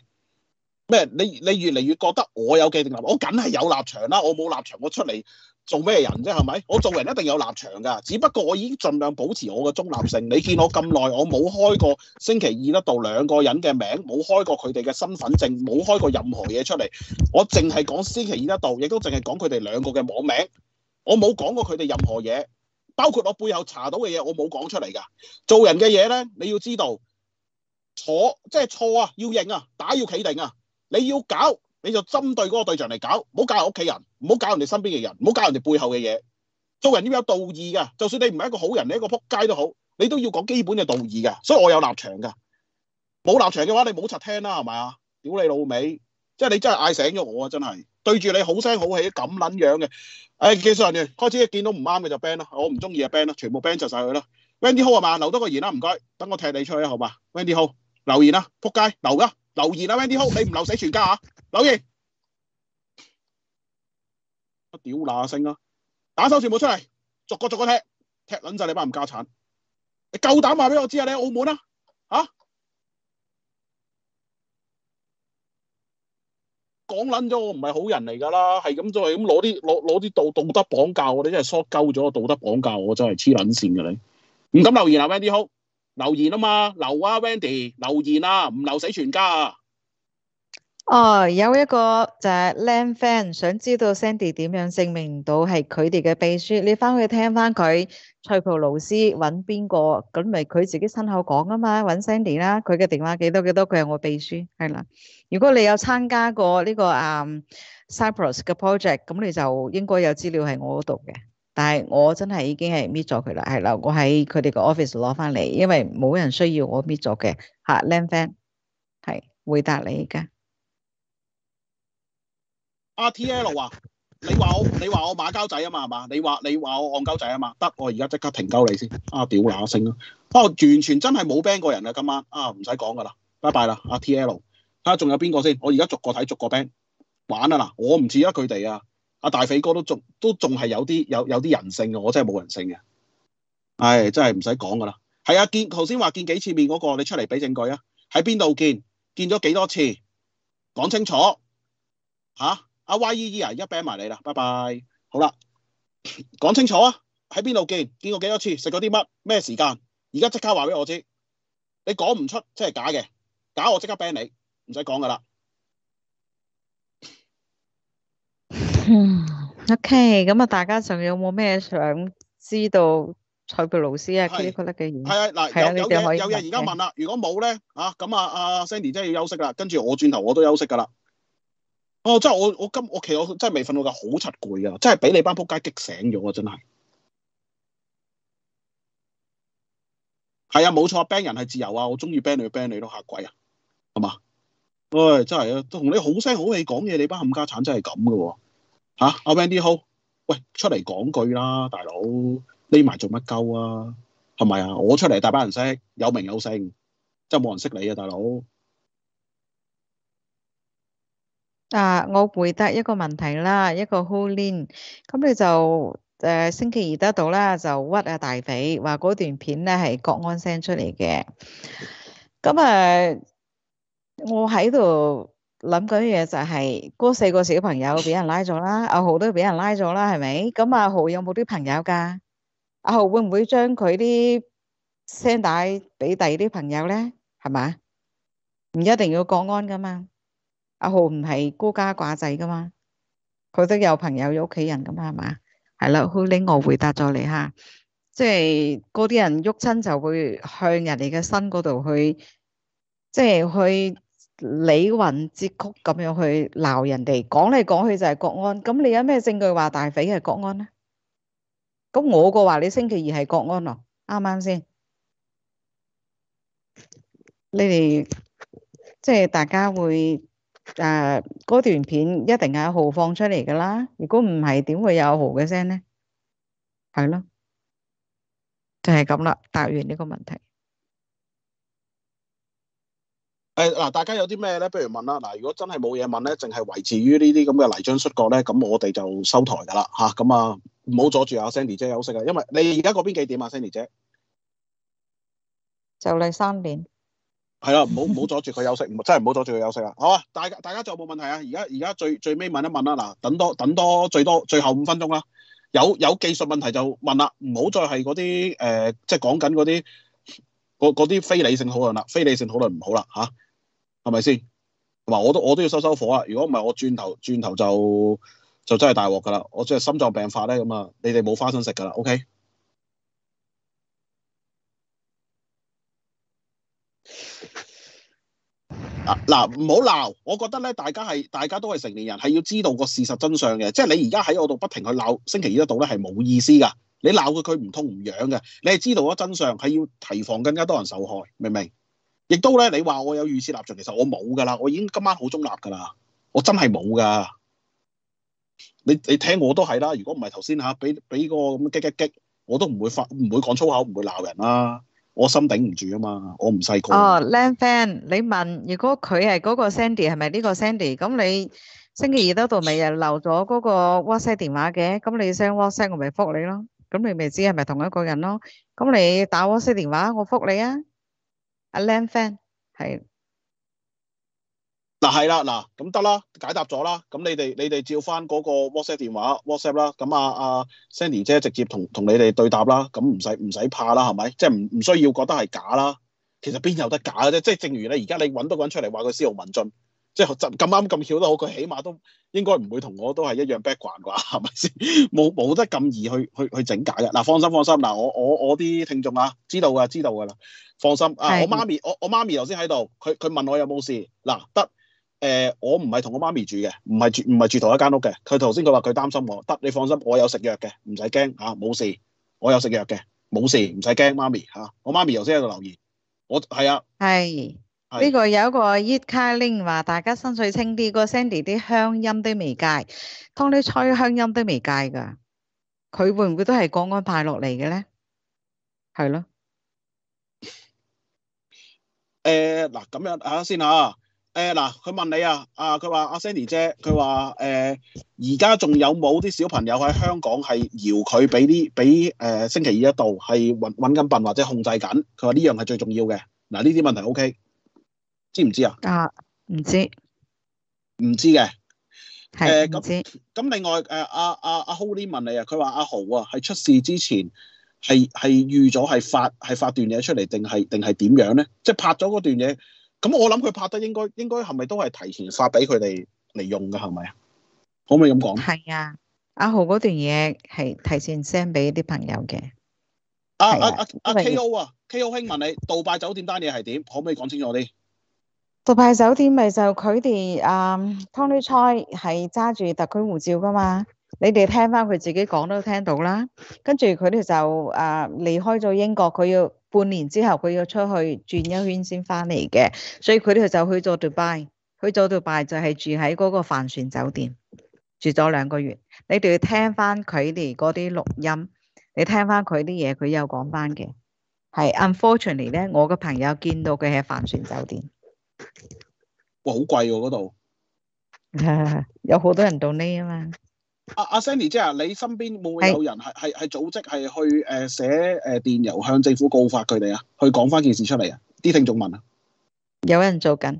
咩？你你越嚟越覺得我有既定立場，我梗係有立場啦，我冇立場，我出嚟。做咩人啫、啊？係咪？我做人一定有立場㗎。只不過我已經盡量保持我嘅中立性。你見我咁耐，我冇開過星期二一度兩個人嘅名，冇開過佢哋嘅身份證，冇開過任何嘢出嚟。我淨係講星期二一度，亦都淨係講佢哋兩個嘅網名。我冇講過佢哋任何嘢，包括我背後查到嘅嘢，我冇講出嚟㗎。做人嘅嘢呢，你要知道，錯，即係錯啊，要認啊，打要企定啊，你要搞。你就針對嗰個對象嚟搞，唔好教人屋企人，唔好搞人哋身邊嘅人，唔好教人哋背後嘅嘢。做人要有道義㗎，就算你唔係一個好人，你一個撲街都好，你都要講基本嘅道義㗎。所以我有立場㗎，冇立場嘅話你，你冇插聽啦，係咪啊？屌你老味，即係你真係嗌醒咗我啊！真係對住你好聲好氣咁撚樣嘅。誒技術人員開始，一見到唔啱嘅就 ban 啦，我唔中意就 ban 啦，全部 ban 就曬佢啦。Wendy Ho 好啊嘛，留多個言啦、啊，唔該，等我踢你出去好嘛？Wendy Ho 好留言啦、啊，撲街留啦，留言啦，Wendy Ho 好，啊、 你唔留死全家啊！留言，我屌那聲啊！打手全部出嚟，逐個逐個踢，踢卵晒你班冚家鏟，你夠膽話俾我知啊！你喺澳門啊？吓講卵咗，我唔係好人嚟噶啦，係咁就係咁攞啲攞攞啲道道德綁架我，你真係疏鳩咗道德綁架我，真係黐卵線噶你，唔敢留言啊，Wendy 好？留言啊嘛，留啊，Wendy 留言啊，唔留死全家啊！哦，oh, 有一個就係 Lam Fan 想知道 Sandy 點樣證明到係佢哋嘅秘書？你翻去聽翻佢塞浦路斯揾邊個，咁咪佢自己親口講啊嘛？揾 Sandy 啦，佢嘅電話幾多幾多？佢係我秘書，係啦。如果你有參加過呢、這個啊、um, Cyprus 嘅 project，咁你就應該有資料喺我嗰度嘅。但係我真係已經係搣咗佢啦，係啦，我喺佢哋個 office 攞翻嚟，因為冇人需要我搣咗嘅吓，Lam Fan 係回答你噶。阿、啊、T L 話：你話我你話我馬交仔啊嘛，係嘛？你話你話我戇鳩仔啊嘛？得我而家即刻停鳩你先。啊屌乸聲不、啊、我、啊、完全真係冇 band 過人啊！今晚啊唔使講噶啦，拜拜啦，阿 T L。啊，仲有邊個先？我而家逐個睇逐個 band 玩啊嗱，我唔似得佢哋啊。阿、啊、大肥哥都仲都仲係有啲有有啲人性嘅，我真係冇人性嘅。唉、哎，真係唔使講噶啦。係啊，見頭先話見幾次面嗰、那個，你出嚟俾證據啊？喺邊度見？見咗幾多次？講清楚吓。啊阿 YEEE 啊，而家 ban 埋你啦，拜拜。好啦，講清楚啊，喺邊度見，見過幾多次，食過啲乜，咩時間？而家即刻話俾我知。你講唔出，即係假嘅，假我即刻 ban 你，唔使講噶啦。o k 咁啊， okay，大家仲有冇咩想知道彩票老師啊？是覺得嘅意見係啊，嗱，是有嘢有嘢，而家問啦。如果冇咧，吓咁啊，阿、啊啊啊、Sandy 真係要休息啦，跟住我轉頭我都休息噶啦。哦，即係我我今我其實我真係未瞓到覺，好柒攰啊！真係俾你班仆街激醒咗啊！真係，係啊，冇錯，band 人係自由啊！我中意 band 你 band 你都嚇鬼啊，係嘛？喂、哎，真係啊，同你好聲好氣講嘢，你班冚家產真係咁嘅喎嚇！阿、啊、Vandy，好，喂，出嚟講句啦，大佬匿埋做乜鳩啊？係咪啊？我出嚟大班人識，有名有姓，真係冇人識你啊，大佬！啊！我回答一個問題啦，一個 call in 咁你就誒、呃，星期二得到啦，就屈啊大肥話嗰段片咧，係國安 send 出嚟嘅。咁啊，我喺度諗緊嘢就係、是、嗰四個小朋友俾人拉咗啦，阿豪都俾人拉咗啦，係咪？咁阿豪有冇啲朋友噶？阿豪會唔會將佢啲聲帶俾第二啲朋友咧？係嘛？唔一定要國安噶嘛？阿豪唔係孤家寡仔噶嘛，佢都有朋友，有屋企人噶嘛，係嘛？係啦，佢另外回答咗你吓，即係嗰啲人喐親就會向人哋嘅身嗰度去，即係去理雲接曲咁樣去鬧人哋，講嚟講去就係國安。咁你有咩證據話大匪係國安咧？咁我個話你星期二係國安咯，啱啱先？你哋即係大家會。誒、嗰、啊、段片一定係阿豪放出嚟噶啦。如果唔係，點會有豪嘅聲咧？係咯，就係咁啦。答完呢個問題。誒嗱、哎，大家有啲咩咧？不如問啦。嗱，如果真係冇嘢問咧，淨係維持於呢啲咁嘅泥漿摔角咧，咁我哋就收台噶啦吓。咁啊，唔好阻住阿 Sandy 姐休息啊。因為你而家嗰邊幾點啊，Sandy 姐？就嚟三點。係啦，唔好唔好阻住佢休息，真係唔好阻住佢休息啦，好啊？大家大家仲有冇問題啊？而家而家最最尾問一問啦，嗱，等多等多最多最後五分鐘啦，有有技術問題就問啦，唔好再係嗰啲誒，即係講緊嗰啲嗰啲非理性討論啦，非理性討論唔好啦，吓係咪先？同埋我都我都要收收火啦，如果唔係我轉頭轉頭就就真係大鑊噶啦，我真係心臟病發咧。咁啊，你哋冇花生食噶啦，OK？嗱，唔好鬧！我覺得咧，大家係大家都係成年人，係要知道個事實真相嘅。即係你而家喺我度不停去鬧，星期二一嗰度咧係冇意思噶。你鬧佢，佢唔痛唔癢嘅。你係知道咗真相，係要提防更加多人受害，明唔明？亦都咧，你話我有預設立場，其實我冇噶啦，我已經今晚好中立噶啦，我真係冇噶。你你聽我都係啦。如果唔係頭先嚇俾俾個咁激激激，我都唔會發，唔會講粗口，唔會鬧人啦。我心頂唔住啊嘛，我唔細個。哦、oh,，Lam Fan 你問，如果佢係嗰個 Sandy 係咪呢個 Sandy？咁你星期二嗰度咪留咗嗰個 WhatsApp 電話嘅？咁你 send WhatsApp 我咪覆你咯。咁你咪知係咪同一個人咯？咁你打 WhatsApp 電話我覆你啊，阿 Lam Fan 係。嗱係啦，嗱咁得啦，解答咗啦。咁你哋你哋照翻嗰個 WhatsApp 電話 WhatsApp 啦，啊，咁啊阿 Sandy 姐直接同同你哋對答啦，咁唔使唔使怕啦，係咪？即係唔唔需要覺得係假啦，其實邊有得假嘅啫？即係正如你而家你搵到個人出嚟話佢思豪文俊，即係咁啱咁巧都好，佢起碼都應該唔會同我都係一樣 background 啩，係咪先？冇 冇得咁易去去去整假嘅。嗱，啊，放心放心，嗱，啊，我我我啲聽眾啊，知道噶知道噶啦，放心啊，我媽咪我我媽咪頭先喺度，佢佢問我有冇事，嗱得。誒、呃，我唔係同我媽咪住嘅，唔係住唔係住同一間屋嘅。佢頭先佢話佢擔心我，得你放心，我有食藥嘅，唔使驚吓，冇、啊、事，我有食藥嘅，冇事，唔使驚媽咪吓、啊。我媽咪頭先喺度留意。我係啊，係呢是是個有一個 Eka Ling 話，大家心水清啲，個 Sandy 啲鄉音都未戒，當你吹鄉音都未戒噶，佢會唔會都係國安派落嚟嘅咧？係咯？誒，嗱咁樣啊，呃、樣先吓、啊。誒，嗱、呃，佢問你啊，啊，佢話阿、啊、Sandy 姐，佢話誒，而家仲有冇啲小朋友喺香港係搖佢俾啲俾誒星期二一度係揾揾緊笨或者控制緊？佢話呢樣係最重要嘅。嗱、啊，呢啲問題 O、OK, K，知唔知啊？啊，唔、啊、知，唔、啊、知嘅。係唔知。咁另外誒，阿阿阿 Holly 問你啊，佢話阿豪啊，係出事之前係係預咗係發係發段嘢出嚟定係定係點樣咧？即、就、係、是、拍咗嗰段嘢。咁我諗佢拍得應該應該係咪都係提前發俾佢哋嚟用噶，係咪啊？可唔可以咁講？係啊，阿豪嗰段嘢係提前 send 俾啲朋友嘅。阿阿阿阿 K O 啊，K O 兄問你，杜拜酒店單嘢係點？可唔可以講清楚啲？杜拜酒店咪就佢哋啊，Tony Choi 係揸住特區護照噶嘛。你哋聽翻佢自己講都聽到啦。跟住佢哋就啊離開咗英國，佢要。半年之後，佢要出去轉一圈先翻嚟嘅，所以佢哋就去咗迪拜，去咗迪拜就係住喺嗰個帆船酒店，住咗兩個月。你哋要聽翻佢哋嗰啲錄音，你聽翻佢啲嘢，佢又講翻嘅。係 unfortunately 咧，我個朋友見到佢喺帆船酒店，哇，好貴喎嗰度， 有好多人到呢啊嘛。阿阿 Sandy、啊、姐啊，你身邊冇有，有，有人係係係組織係去誒寫誒電郵向政府告發佢哋啊，去講翻件事出嚟啊？啲聽眾問啊，有人做緊誒、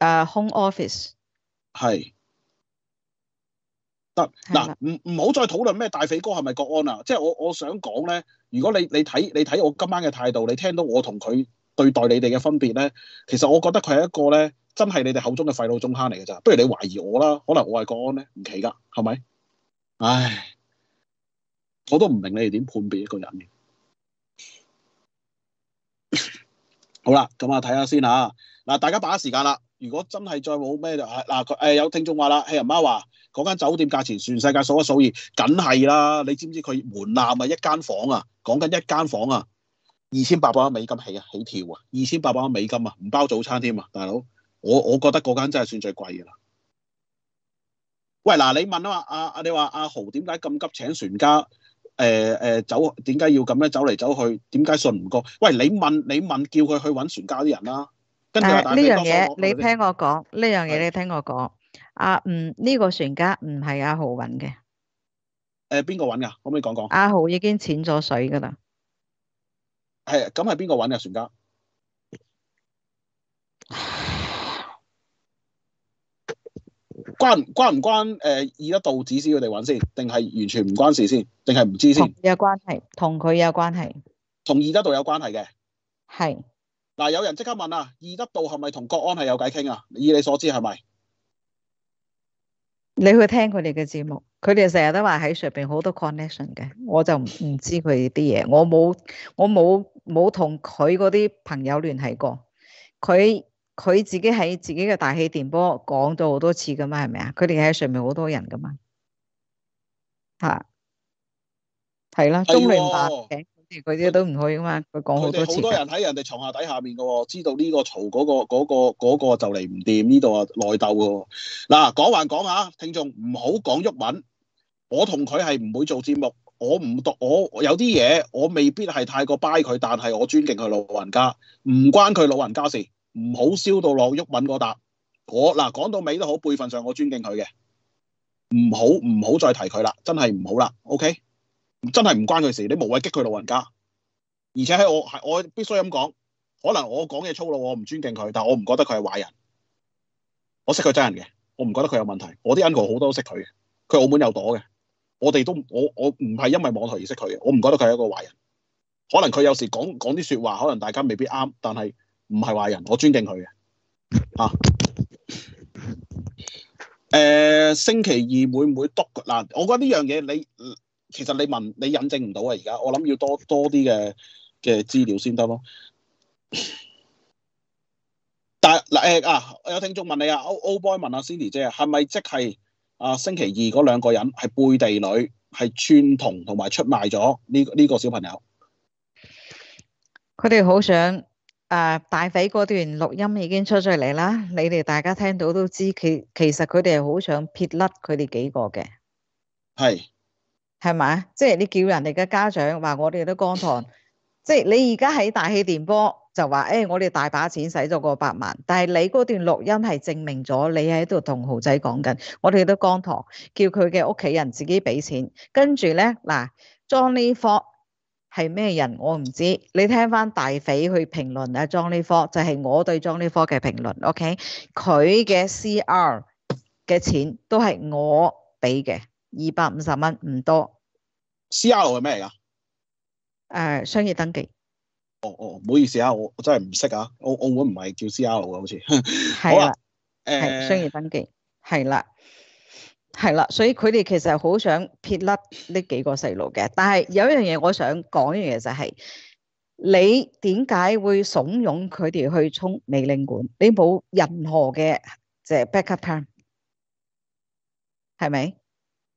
uh, Home Office 係得嗱唔唔好再討論咩大肥哥係咪國安啊？即、就、係、是、我我想講咧，如果你你睇你睇我今晚嘅態度，你聽到我同佢對待你哋嘅分別咧，其實我覺得佢係一個咧，真係你哋口中嘅廢老中坑嚟嘅咋？不如你懷疑我啦，可能我係國安咧，唔奇噶，係咪？唉，我都唔明你哋點判別一個人嘅。 好啦，咁啊，睇下先吓。嗱，大家把握時間啦。如果真係再冇咩就，嗱、啊，誒、啊哎，有聽眾話啦，棄人媽話嗰間酒店價錢全世界數一數二，梗係啦。你知唔知佢門檻啊？一間房啊，講緊一間房啊。二千八百蚊美金起啊，起跳啊！二千八百蚊美金啊，唔包早餐添啊，大佬！我我覺得嗰間真係算最貴噶啦。喂，嗱，你問啊嘛，阿阿你話阿、啊啊、豪點解咁急請船家？誒、呃、誒，走點解要咁樣走嚟走去？點解信唔過？喂，你問你問，你問，叫佢去揾船家啲人啦、啊。跟住呢樣嘢，你聽我講，呢、啊、樣嘢你聽我講，呢樣嘢你聽我講。阿、啊、嗯，呢、這個船家唔係阿豪揾嘅。誒、啊，邊個揾噶？可唔可以講講？阿、啊、豪已經潛咗水噶啦。係啊，咁係邊個揾嘅船家？關唔關唔關？誒、呃，易德道指示佢哋揾先，定係完全唔關事先，定係唔知先？有關係，同佢有關係，同易德道有關係嘅。係嗱是，有人即刻問啊，易德道係咪同國安係有偈傾啊？以你所知係咪？你去聽佢哋嘅節目，佢哋成日都話喺上邊好多 connection 嘅，我就唔知佢啲嘢，我冇，我冇。冇同佢嗰啲朋友聯繫過，佢佢自己喺自己嘅大氣電波講咗好多次噶嘛，是是，係咪啊？佢哋喺上面好多人噶嘛，嚇係啦，中零八嘅佢啲都唔去噶嘛，佢講好多好多人喺人哋床下底下面噶喎，知道呢個嘈嗰、嗰個嗰、嗰個嗰個、就嚟唔掂，呢度啊內鬥噶喎、哦。嗱，講還講下，聽眾唔好講鬱文，我同佢係唔會做節目。我唔讀我有啲嘢我未必係太過掰佢，但係我尊敬佢老人家，唔關佢老人家事，唔好燒到落毓民嗰搭。我嗱講到尾都好輩份上我尊敬佢嘅，唔好唔好再提佢啦，真係唔好啦。OK，真係唔關佢事，你無謂激佢老人家。而且喺我係我必須咁講，可能我講嘢粗魯，我唔尊敬佢，但我唔覺得佢係壞人。我識佢真人嘅，我唔覺得佢有問題。我啲 uncle 好多都識佢嘅，佢澳門有朵嘅。我哋都我我唔係因為網台而識佢嘅。我唔覺得佢係一個壞人。可能佢有時講講啲說，說話，可能大家未必啱，但係唔係壞人，我尊敬佢嘅。啊，誒、呃，星期二會唔會督嗱、啊？我覺得呢樣嘢，你其實你問你引證唔到啊。而家我諗要多多啲嘅嘅資料先得咯。但嗱誒啊，有聽眾問你啊，O O boy 問阿、啊、Cindy 姐係咪即係？啊！星期二嗰兩個人係背地裡，係串同同埋出賣咗呢呢個小朋友。佢哋好想啊大髀，嗰段錄音已經出咗嚟啦，你哋大家聽到都知，其其實佢哋係好想撇甩佢哋幾個嘅。係係咪啊？即係你叫人哋嘅家長話我哋都光談， 即係你而家喺大氣電波。就話誒、欸，我哋大把錢使咗過百萬，但係你嗰段錄音係證明咗你喺度同豪仔講緊，我哋都光堂叫佢嘅屋企人自己俾錢，跟住咧嗱，Johnny Ford 係咩人我唔知，你聽翻大匪去評論啊，Johnny Ford 就係我對 Johnny Ford 嘅評論，OK，佢嘅 CR 嘅錢都係我俾嘅，二百五十蚊唔多，CR 係咩嚟㗎？誒、呃，商業登記。哦哦，唔、oh, oh, 好意思啊，我真係唔識啊，澳澳門唔係叫 CR 啊，好似係啊，誒，商業登記係啦，係啦，所以佢哋其實好想撇甩呢幾個細路嘅，但係有一樣嘢我想講一樣嘢就係、是，你點解會慫恿佢哋去衝美領館？你冇任何嘅即係 backup plan，係咪？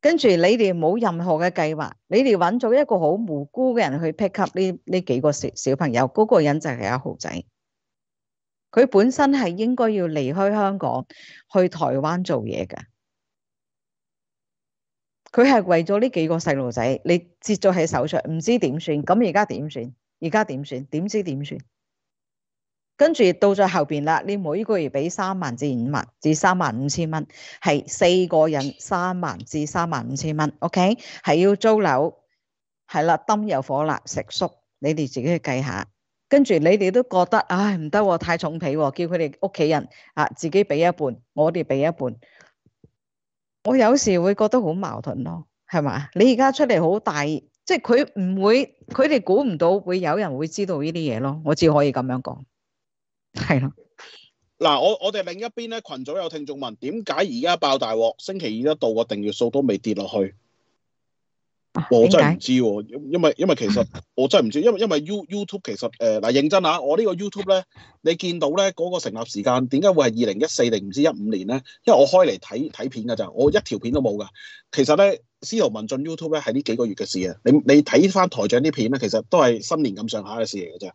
跟住你哋冇任何嘅計劃，你哋揾咗一個好無辜嘅人去 pick up 呢呢幾個小小朋友，嗰個人就係阿豪仔，佢本身係應該要離開香港去台灣做嘢嘅。佢係為咗呢幾個細路仔，你接咗喺手上，唔知點算，咁而家點算？而家點算？點知點算？跟住到咗後邊啦，你每個月俾三萬至五萬，至萬，至三萬五千蚊，係四個人三萬至三萬五千蚊，OK，係要租樓，係啦，燈油火蠟，食宿，你哋自己去計下。跟住你哋都覺得，唉、哎，唔得、哦，太重皮、哦，叫佢哋屋企人啊，自己俾一半，我哋俾一半。我有時會覺得好矛盾咯，係嘛？你而家出嚟好大，即係佢唔會，佢哋估唔到會有人會知道呢啲嘢咯。我只可以咁樣講。係啦，嗱、啊，我我哋另一邊咧群組有聽眾問，點解而家爆大鑊？星期二一度個訂閱數都未跌落去，啊、我真係唔知，因因為因為其實的我真係唔知，因為因為 You YouTube 其實誒嗱、呃、認真吓，我個呢個 YouTube 咧，你見到咧嗰、那個成立時間點解會係二零一四定唔知一五年咧？因為我開嚟睇睇片噶咋，我一條片都冇噶。其實咧，司徒文進 YouTube 咧係呢幾個月嘅事啊。你你睇翻台長啲片咧，其實都係新年咁上下嘅事嚟嘅啫。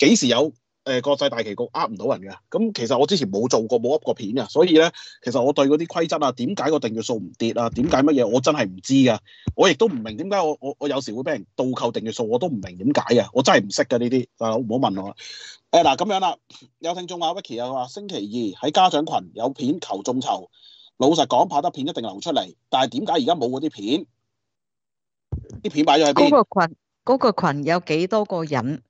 幾時有？誒，國際大旗局呃唔到人嘅，咁其實我之前冇做過，冇 up 過片嘅，所以咧，其實我對嗰啲規則啊，點解個訂閱數唔跌啊，點解乜嘢，我真係唔知噶，我亦都唔明點解我我我有時會俾人倒扣訂閱數，我都唔明點解啊。我真係唔識噶呢啲，大佬唔好問我。誒、哎，嗱咁樣啦，有聽眾話，Vicky 又話星期二喺家長群有片求眾籌，老實講拍得片一定流出嚟，但係點解而家冇嗰啲片？啲片擺咗喺邊？個群嗰、嗰個群有幾多個人？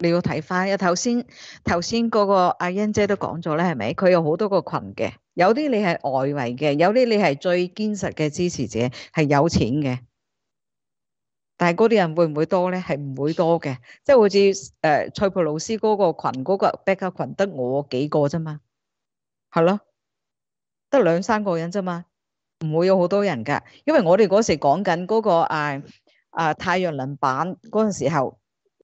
你要睇翻，因為頭先頭先嗰個阿欣姐都講咗咧，係咪？佢有好多個群嘅，有啲你係外圍嘅，有啲你係最堅實嘅支持者，係有錢嘅。但係嗰啲人會唔會多咧？係唔會多嘅，即係好似誒蔡佩老師嗰個群嗰、嗰個 backup 群得我幾個啫嘛，係咯，得兩三個人啫嘛，唔會有好多人噶。因為我哋嗰時講緊嗰個誒、啊、誒、啊、太陽能板嗰陣時候。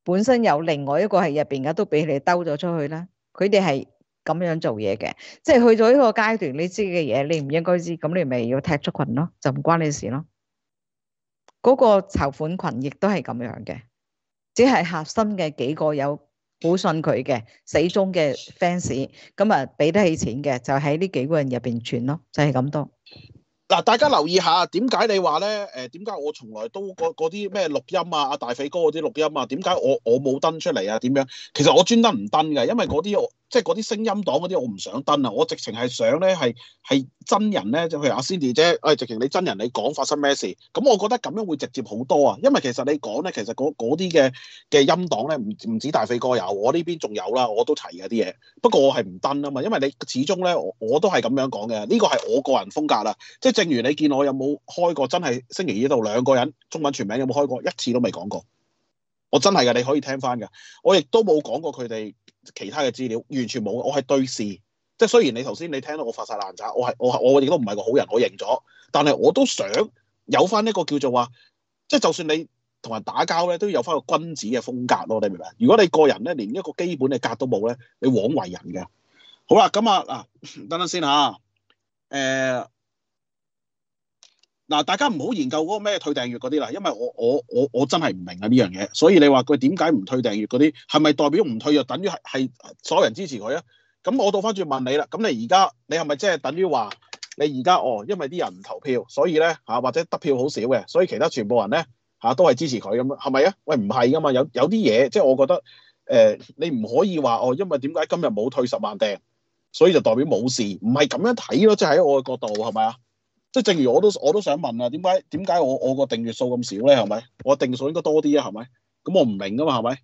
本身有另外一個係入邊嘅都俾你兜咗出去啦，佢哋係咁樣做嘢嘅，即係去咗呢個階段，你知嘅嘢你唔應該知，咁你咪要踢出群咯，就唔關你事咯。嗰、嗰個籌款群亦都係咁樣嘅，只係核心嘅幾個有好信佢嘅死忠嘅 fans，咁啊俾得起錢嘅就喺呢幾個人入邊存咯，就係、係、咁多。嗱，大家留意下，點解你話咧？誒，點解我從來都嗰啲咩錄音啊，阿大肥哥嗰啲錄音啊，點解我我冇登出嚟啊？點樣？其實我專登唔登㗎，因為嗰啲我即係嗰啲聲音檔嗰啲，我唔想登啊！我直情係想咧，係係真人咧，就譬如阿 Cindy 姐，誒、哎，直情你真人你講發生咩事？咁、嗯、我覺得咁樣會直接好多啊！因為其實你講咧，其實嗰啲嘅嘅音檔咧，唔唔止大飛哥有，我呢邊仲有啦，我都提咗啲嘢。不過我係唔登啊嘛，因為你始終咧，我我都係咁樣講嘅。呢個係我個人風格啦。即係正如你見我有冇開過真係星期二度兩個人中文全名，有冇開過一次都未講過。我真係㗎，你可以聽翻㗎。我亦都冇講過佢哋其他嘅資料，完全冇。我係對事，即係雖然你頭先你聽到我發晒爛渣，我係我我亦都唔係個好人，我認咗。但係我都想有翻呢個叫做話，即係就算你同人打交咧，都要有翻個君子嘅風格咯。你明唔明？如果你個人咧，連一個基本嘅格都冇咧，你枉為人嘅。好啦，咁啊，嗱，等等先嚇，誒、呃。嗱，大家唔好研究嗰個咩退訂閱嗰啲啦，因為我我我我真係唔明啊呢樣嘢，所以你話佢點解唔退訂閱嗰啲，係咪代表唔退就等於係係所有人支持佢啊？咁我倒翻轉問你啦，咁你而家你係咪即係等於話你而家哦，因為啲人唔投票，所以咧嚇、啊、或者得票好少嘅，所以其他全部人咧嚇、啊、都係支持佢咁樣，係咪啊？喂，唔係噶嘛，有有啲嘢即係我覺得誒、呃，你唔可以話哦，因為點解今日冇退十萬訂，所以就代表冇事，唔係咁樣睇咯，即係喺我嘅角度係咪啊？是即係正如我都我都想問啊，點解點解我我個訂閱數咁少咧？係咪我訂閱數應該多啲啊？係咪咁我唔明噶嘛？係咪？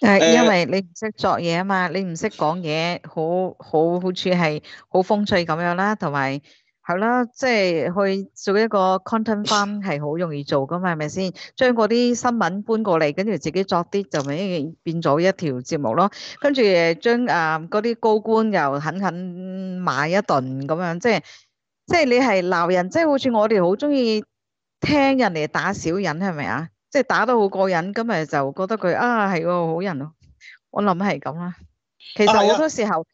誒，因為你唔識作嘢啊嘛，你唔識講嘢，好好好處係好風趣咁樣啦，同埋。係啦，即係去做一個 content farm 係好容易做噶嘛，係咪先？將嗰啲新聞搬過嚟，跟住自己作啲，就咪變咗一條節目咯。跟住將誒嗰啲高官又狠狠罵一頓咁樣，即係即係你係鬧人，即係好似我哋好中意聽人哋打小人，係咪啊？即係打得好過癮，咁咪就覺得佢啊係個好人咯，哦。我諗係咁啦。其實好多時候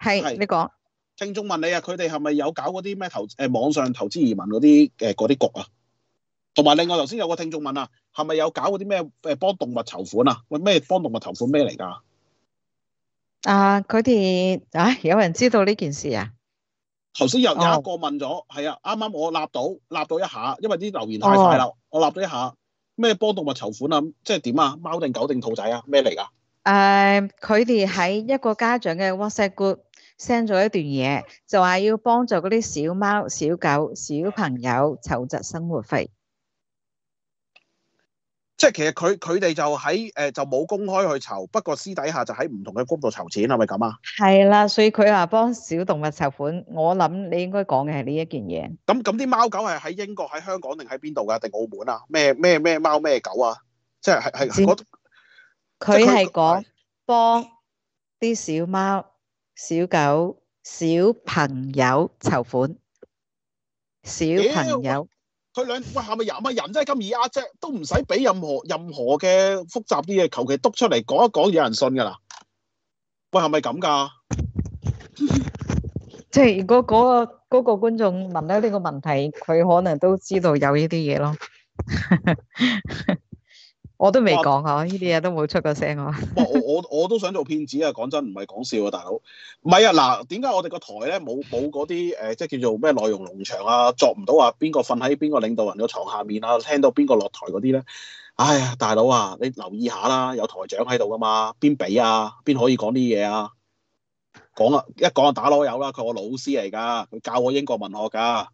係、啊、你講。聽眾問你啊，佢哋係咪有搞嗰啲咩投誒網上投資移民嗰啲誒啲局啊？同埋另外頭先有個聽眾問啊，係咪有搞嗰啲咩誒幫動物籌款啊？喂咩幫動物籌款咩嚟噶？啊，佢哋啊，有人知道呢件事啊？頭先有、哦、有一個問咗，係啊，啱啱我立到立到一下，因為啲留言太快啦，哦、我立咗一下咩幫動物籌款啊？即係點啊？貓定狗定兔仔啊？咩嚟噶？誒、啊，佢哋喺一個家長嘅 WhatsApp group。send 咗一段嘢，就話要幫助嗰啲小貓、小狗、小朋友籌集生活費。即係其實佢佢哋就喺誒就冇公開去籌，不過私底下就喺唔同嘅渠道籌錢，係咪咁啊？係啦，所以佢話幫小動物籌款，我諗你應該講嘅係呢一件嘢。咁咁啲貓狗係喺英國、喺香港定喺邊度噶？定澳門啊？咩咩咩貓咩狗啊？即係係係佢。佢係講幫啲小貓。小狗、小朋友籌款，小朋友佢兩，喂，係咪人啊？人真係咁易呃啫？都唔使俾任何任何嘅複雜啲嘢，求其督出嚟講一講，有人信噶啦？喂，係咪咁噶？即係如果嗰個嗰個觀眾問咧呢個問題，佢可能都知道有呢啲嘢咯。我都未講啊，呢啲嘢都冇出過聲啊。 我我我都想做騙子啊，講真唔係講笑啊，大佬。唔係啊，嗱，點解我哋個台咧冇冇嗰啲誒，即係、呃、叫做咩內容農場啊，作唔到啊，邊個瞓喺邊個領導人個床下面啊，聽到邊個落台嗰啲咧？哎呀，大佬啊，你留意下啦，啊，有台長喺度噶嘛，邊俾啊，邊可以講啲嘢啊？講啊，一講啊打佬友啦。佢我老師嚟噶，佢教我英國文學噶，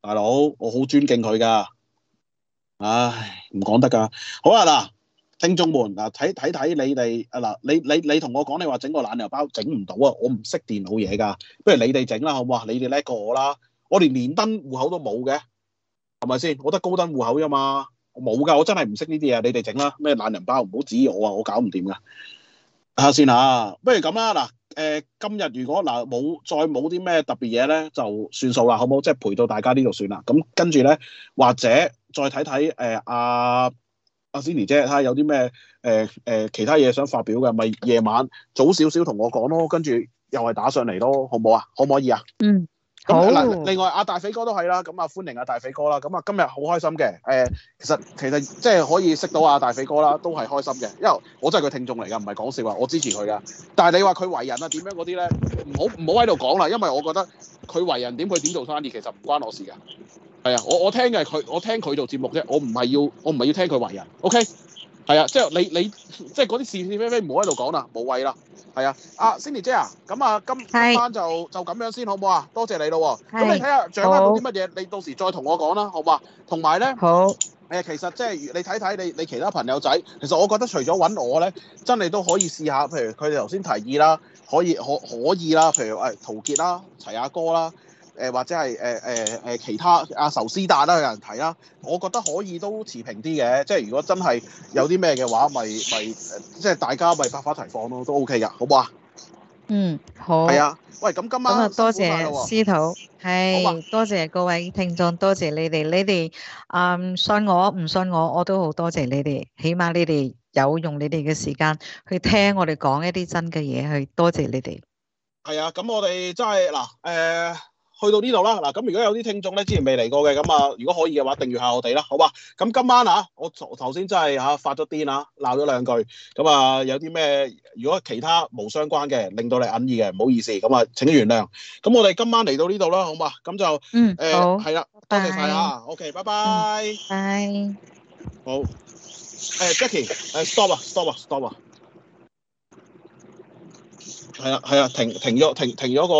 大佬，我好尊敬佢噶。唉，唔講得噶。好啊，嗱，聽眾們嗱，睇睇睇你哋啊嗱，你你你同我講你話整個懶人包整唔到啊，我唔識電腦嘢噶，不如你哋整啦好唔好？你哋叻過我啦，我連連登戶口都冇嘅，係咪先？我得高登戶口啫嘛，我冇噶，我真係唔識呢啲嘢。你哋整啦，咩懶人包唔好指我啊，我搞唔掂噶。睇下先吓，不如咁啦，嗱，誒，今日如果嗱冇，啊、再冇啲咩特別嘢咧，就算數啦，好唔好？即係陪到大家呢度算啦。咁跟住咧，或者。再睇睇誒，阿阿 Cindy 姐，睇下有啲咩誒誒其他嘢想發表嘅，咪夜晚早少少同我講咯，跟住又係打上嚟咯，好唔好啊？可唔可以啊？嗯，好。嗱，另外阿大肥哥都係啦，咁啊歡迎阿大肥哥啦，咁啊今日好開心嘅。誒，其實其實即係可以識到阿大肥哥啦，都係開心嘅，因為我真係佢聽眾嚟㗎，唔係講笑啊，我支持佢㗎。但係你話佢為人啊點樣嗰啲咧，唔好唔好喺度講啦，因為我覺得佢為人點，佢點做生意，其實唔關我事㗎。係啊，我我聽嘅係佢，我聽佢做節目啫，我唔係要我唔係要聽佢為人，OK？係啊，即係你你即係嗰啲是是非非，唔好喺度講啦，冇謂啦。係啊，阿 Cindy 姐啊，咁啊，今今晚就就咁樣先，好唔好啊？多謝你咯哦。咁你睇下掌握到啲乜嘢，你到時再同我講啦，好唔好？同埋咧，好。誒，好其實即係你睇睇你你其他朋友仔，其實我覺得除咗搵我咧，真係都可以試下，譬如佢哋頭先提議啦，可以可可以啦，譬如誒陶傑啦、齊阿哥啦。誒或者係誒誒誒其他啊壽司蛋啦，有人睇啦，我覺得可以都持平啲嘅。即係如果真係有啲咩嘅話，咪咪即係大家咪百花齊放咯，都 OK 噶，好唔好啊？嗯，好。係啊，喂，咁今晚咁啊、嗯，多謝司徒，係、啊、多謝各位聽眾，多謝你哋，你哋啊、嗯、信我唔信我，我都好多謝你哋。起碼你哋有用你哋嘅時間去聽我哋講一啲真嘅嘢，去多謝你哋。係啊，咁我哋真係嗱誒。嗯嗯去到呢度啦，嗱，咁如果有啲聽眾咧之前未嚟過嘅，咁啊如果可以嘅話，訂閱下我哋啦，好嘛？咁今晚啊，我頭先真係嚇發咗癲啊，鬧咗兩句，咁啊有啲咩，如果其他無相關嘅，令到你唔滿意嘅，唔好意思，咁啊請原諒，咁我哋今晚嚟到呢度啦，好嘛？咁就嗯好，係啦，多謝晒啊，OK，拜拜，拜拜。好，Jackie, stop 啊，stop 啊，stop 啊，係啊，係啊，停，停咗，停，停咗個，stop, stop, stop, stop,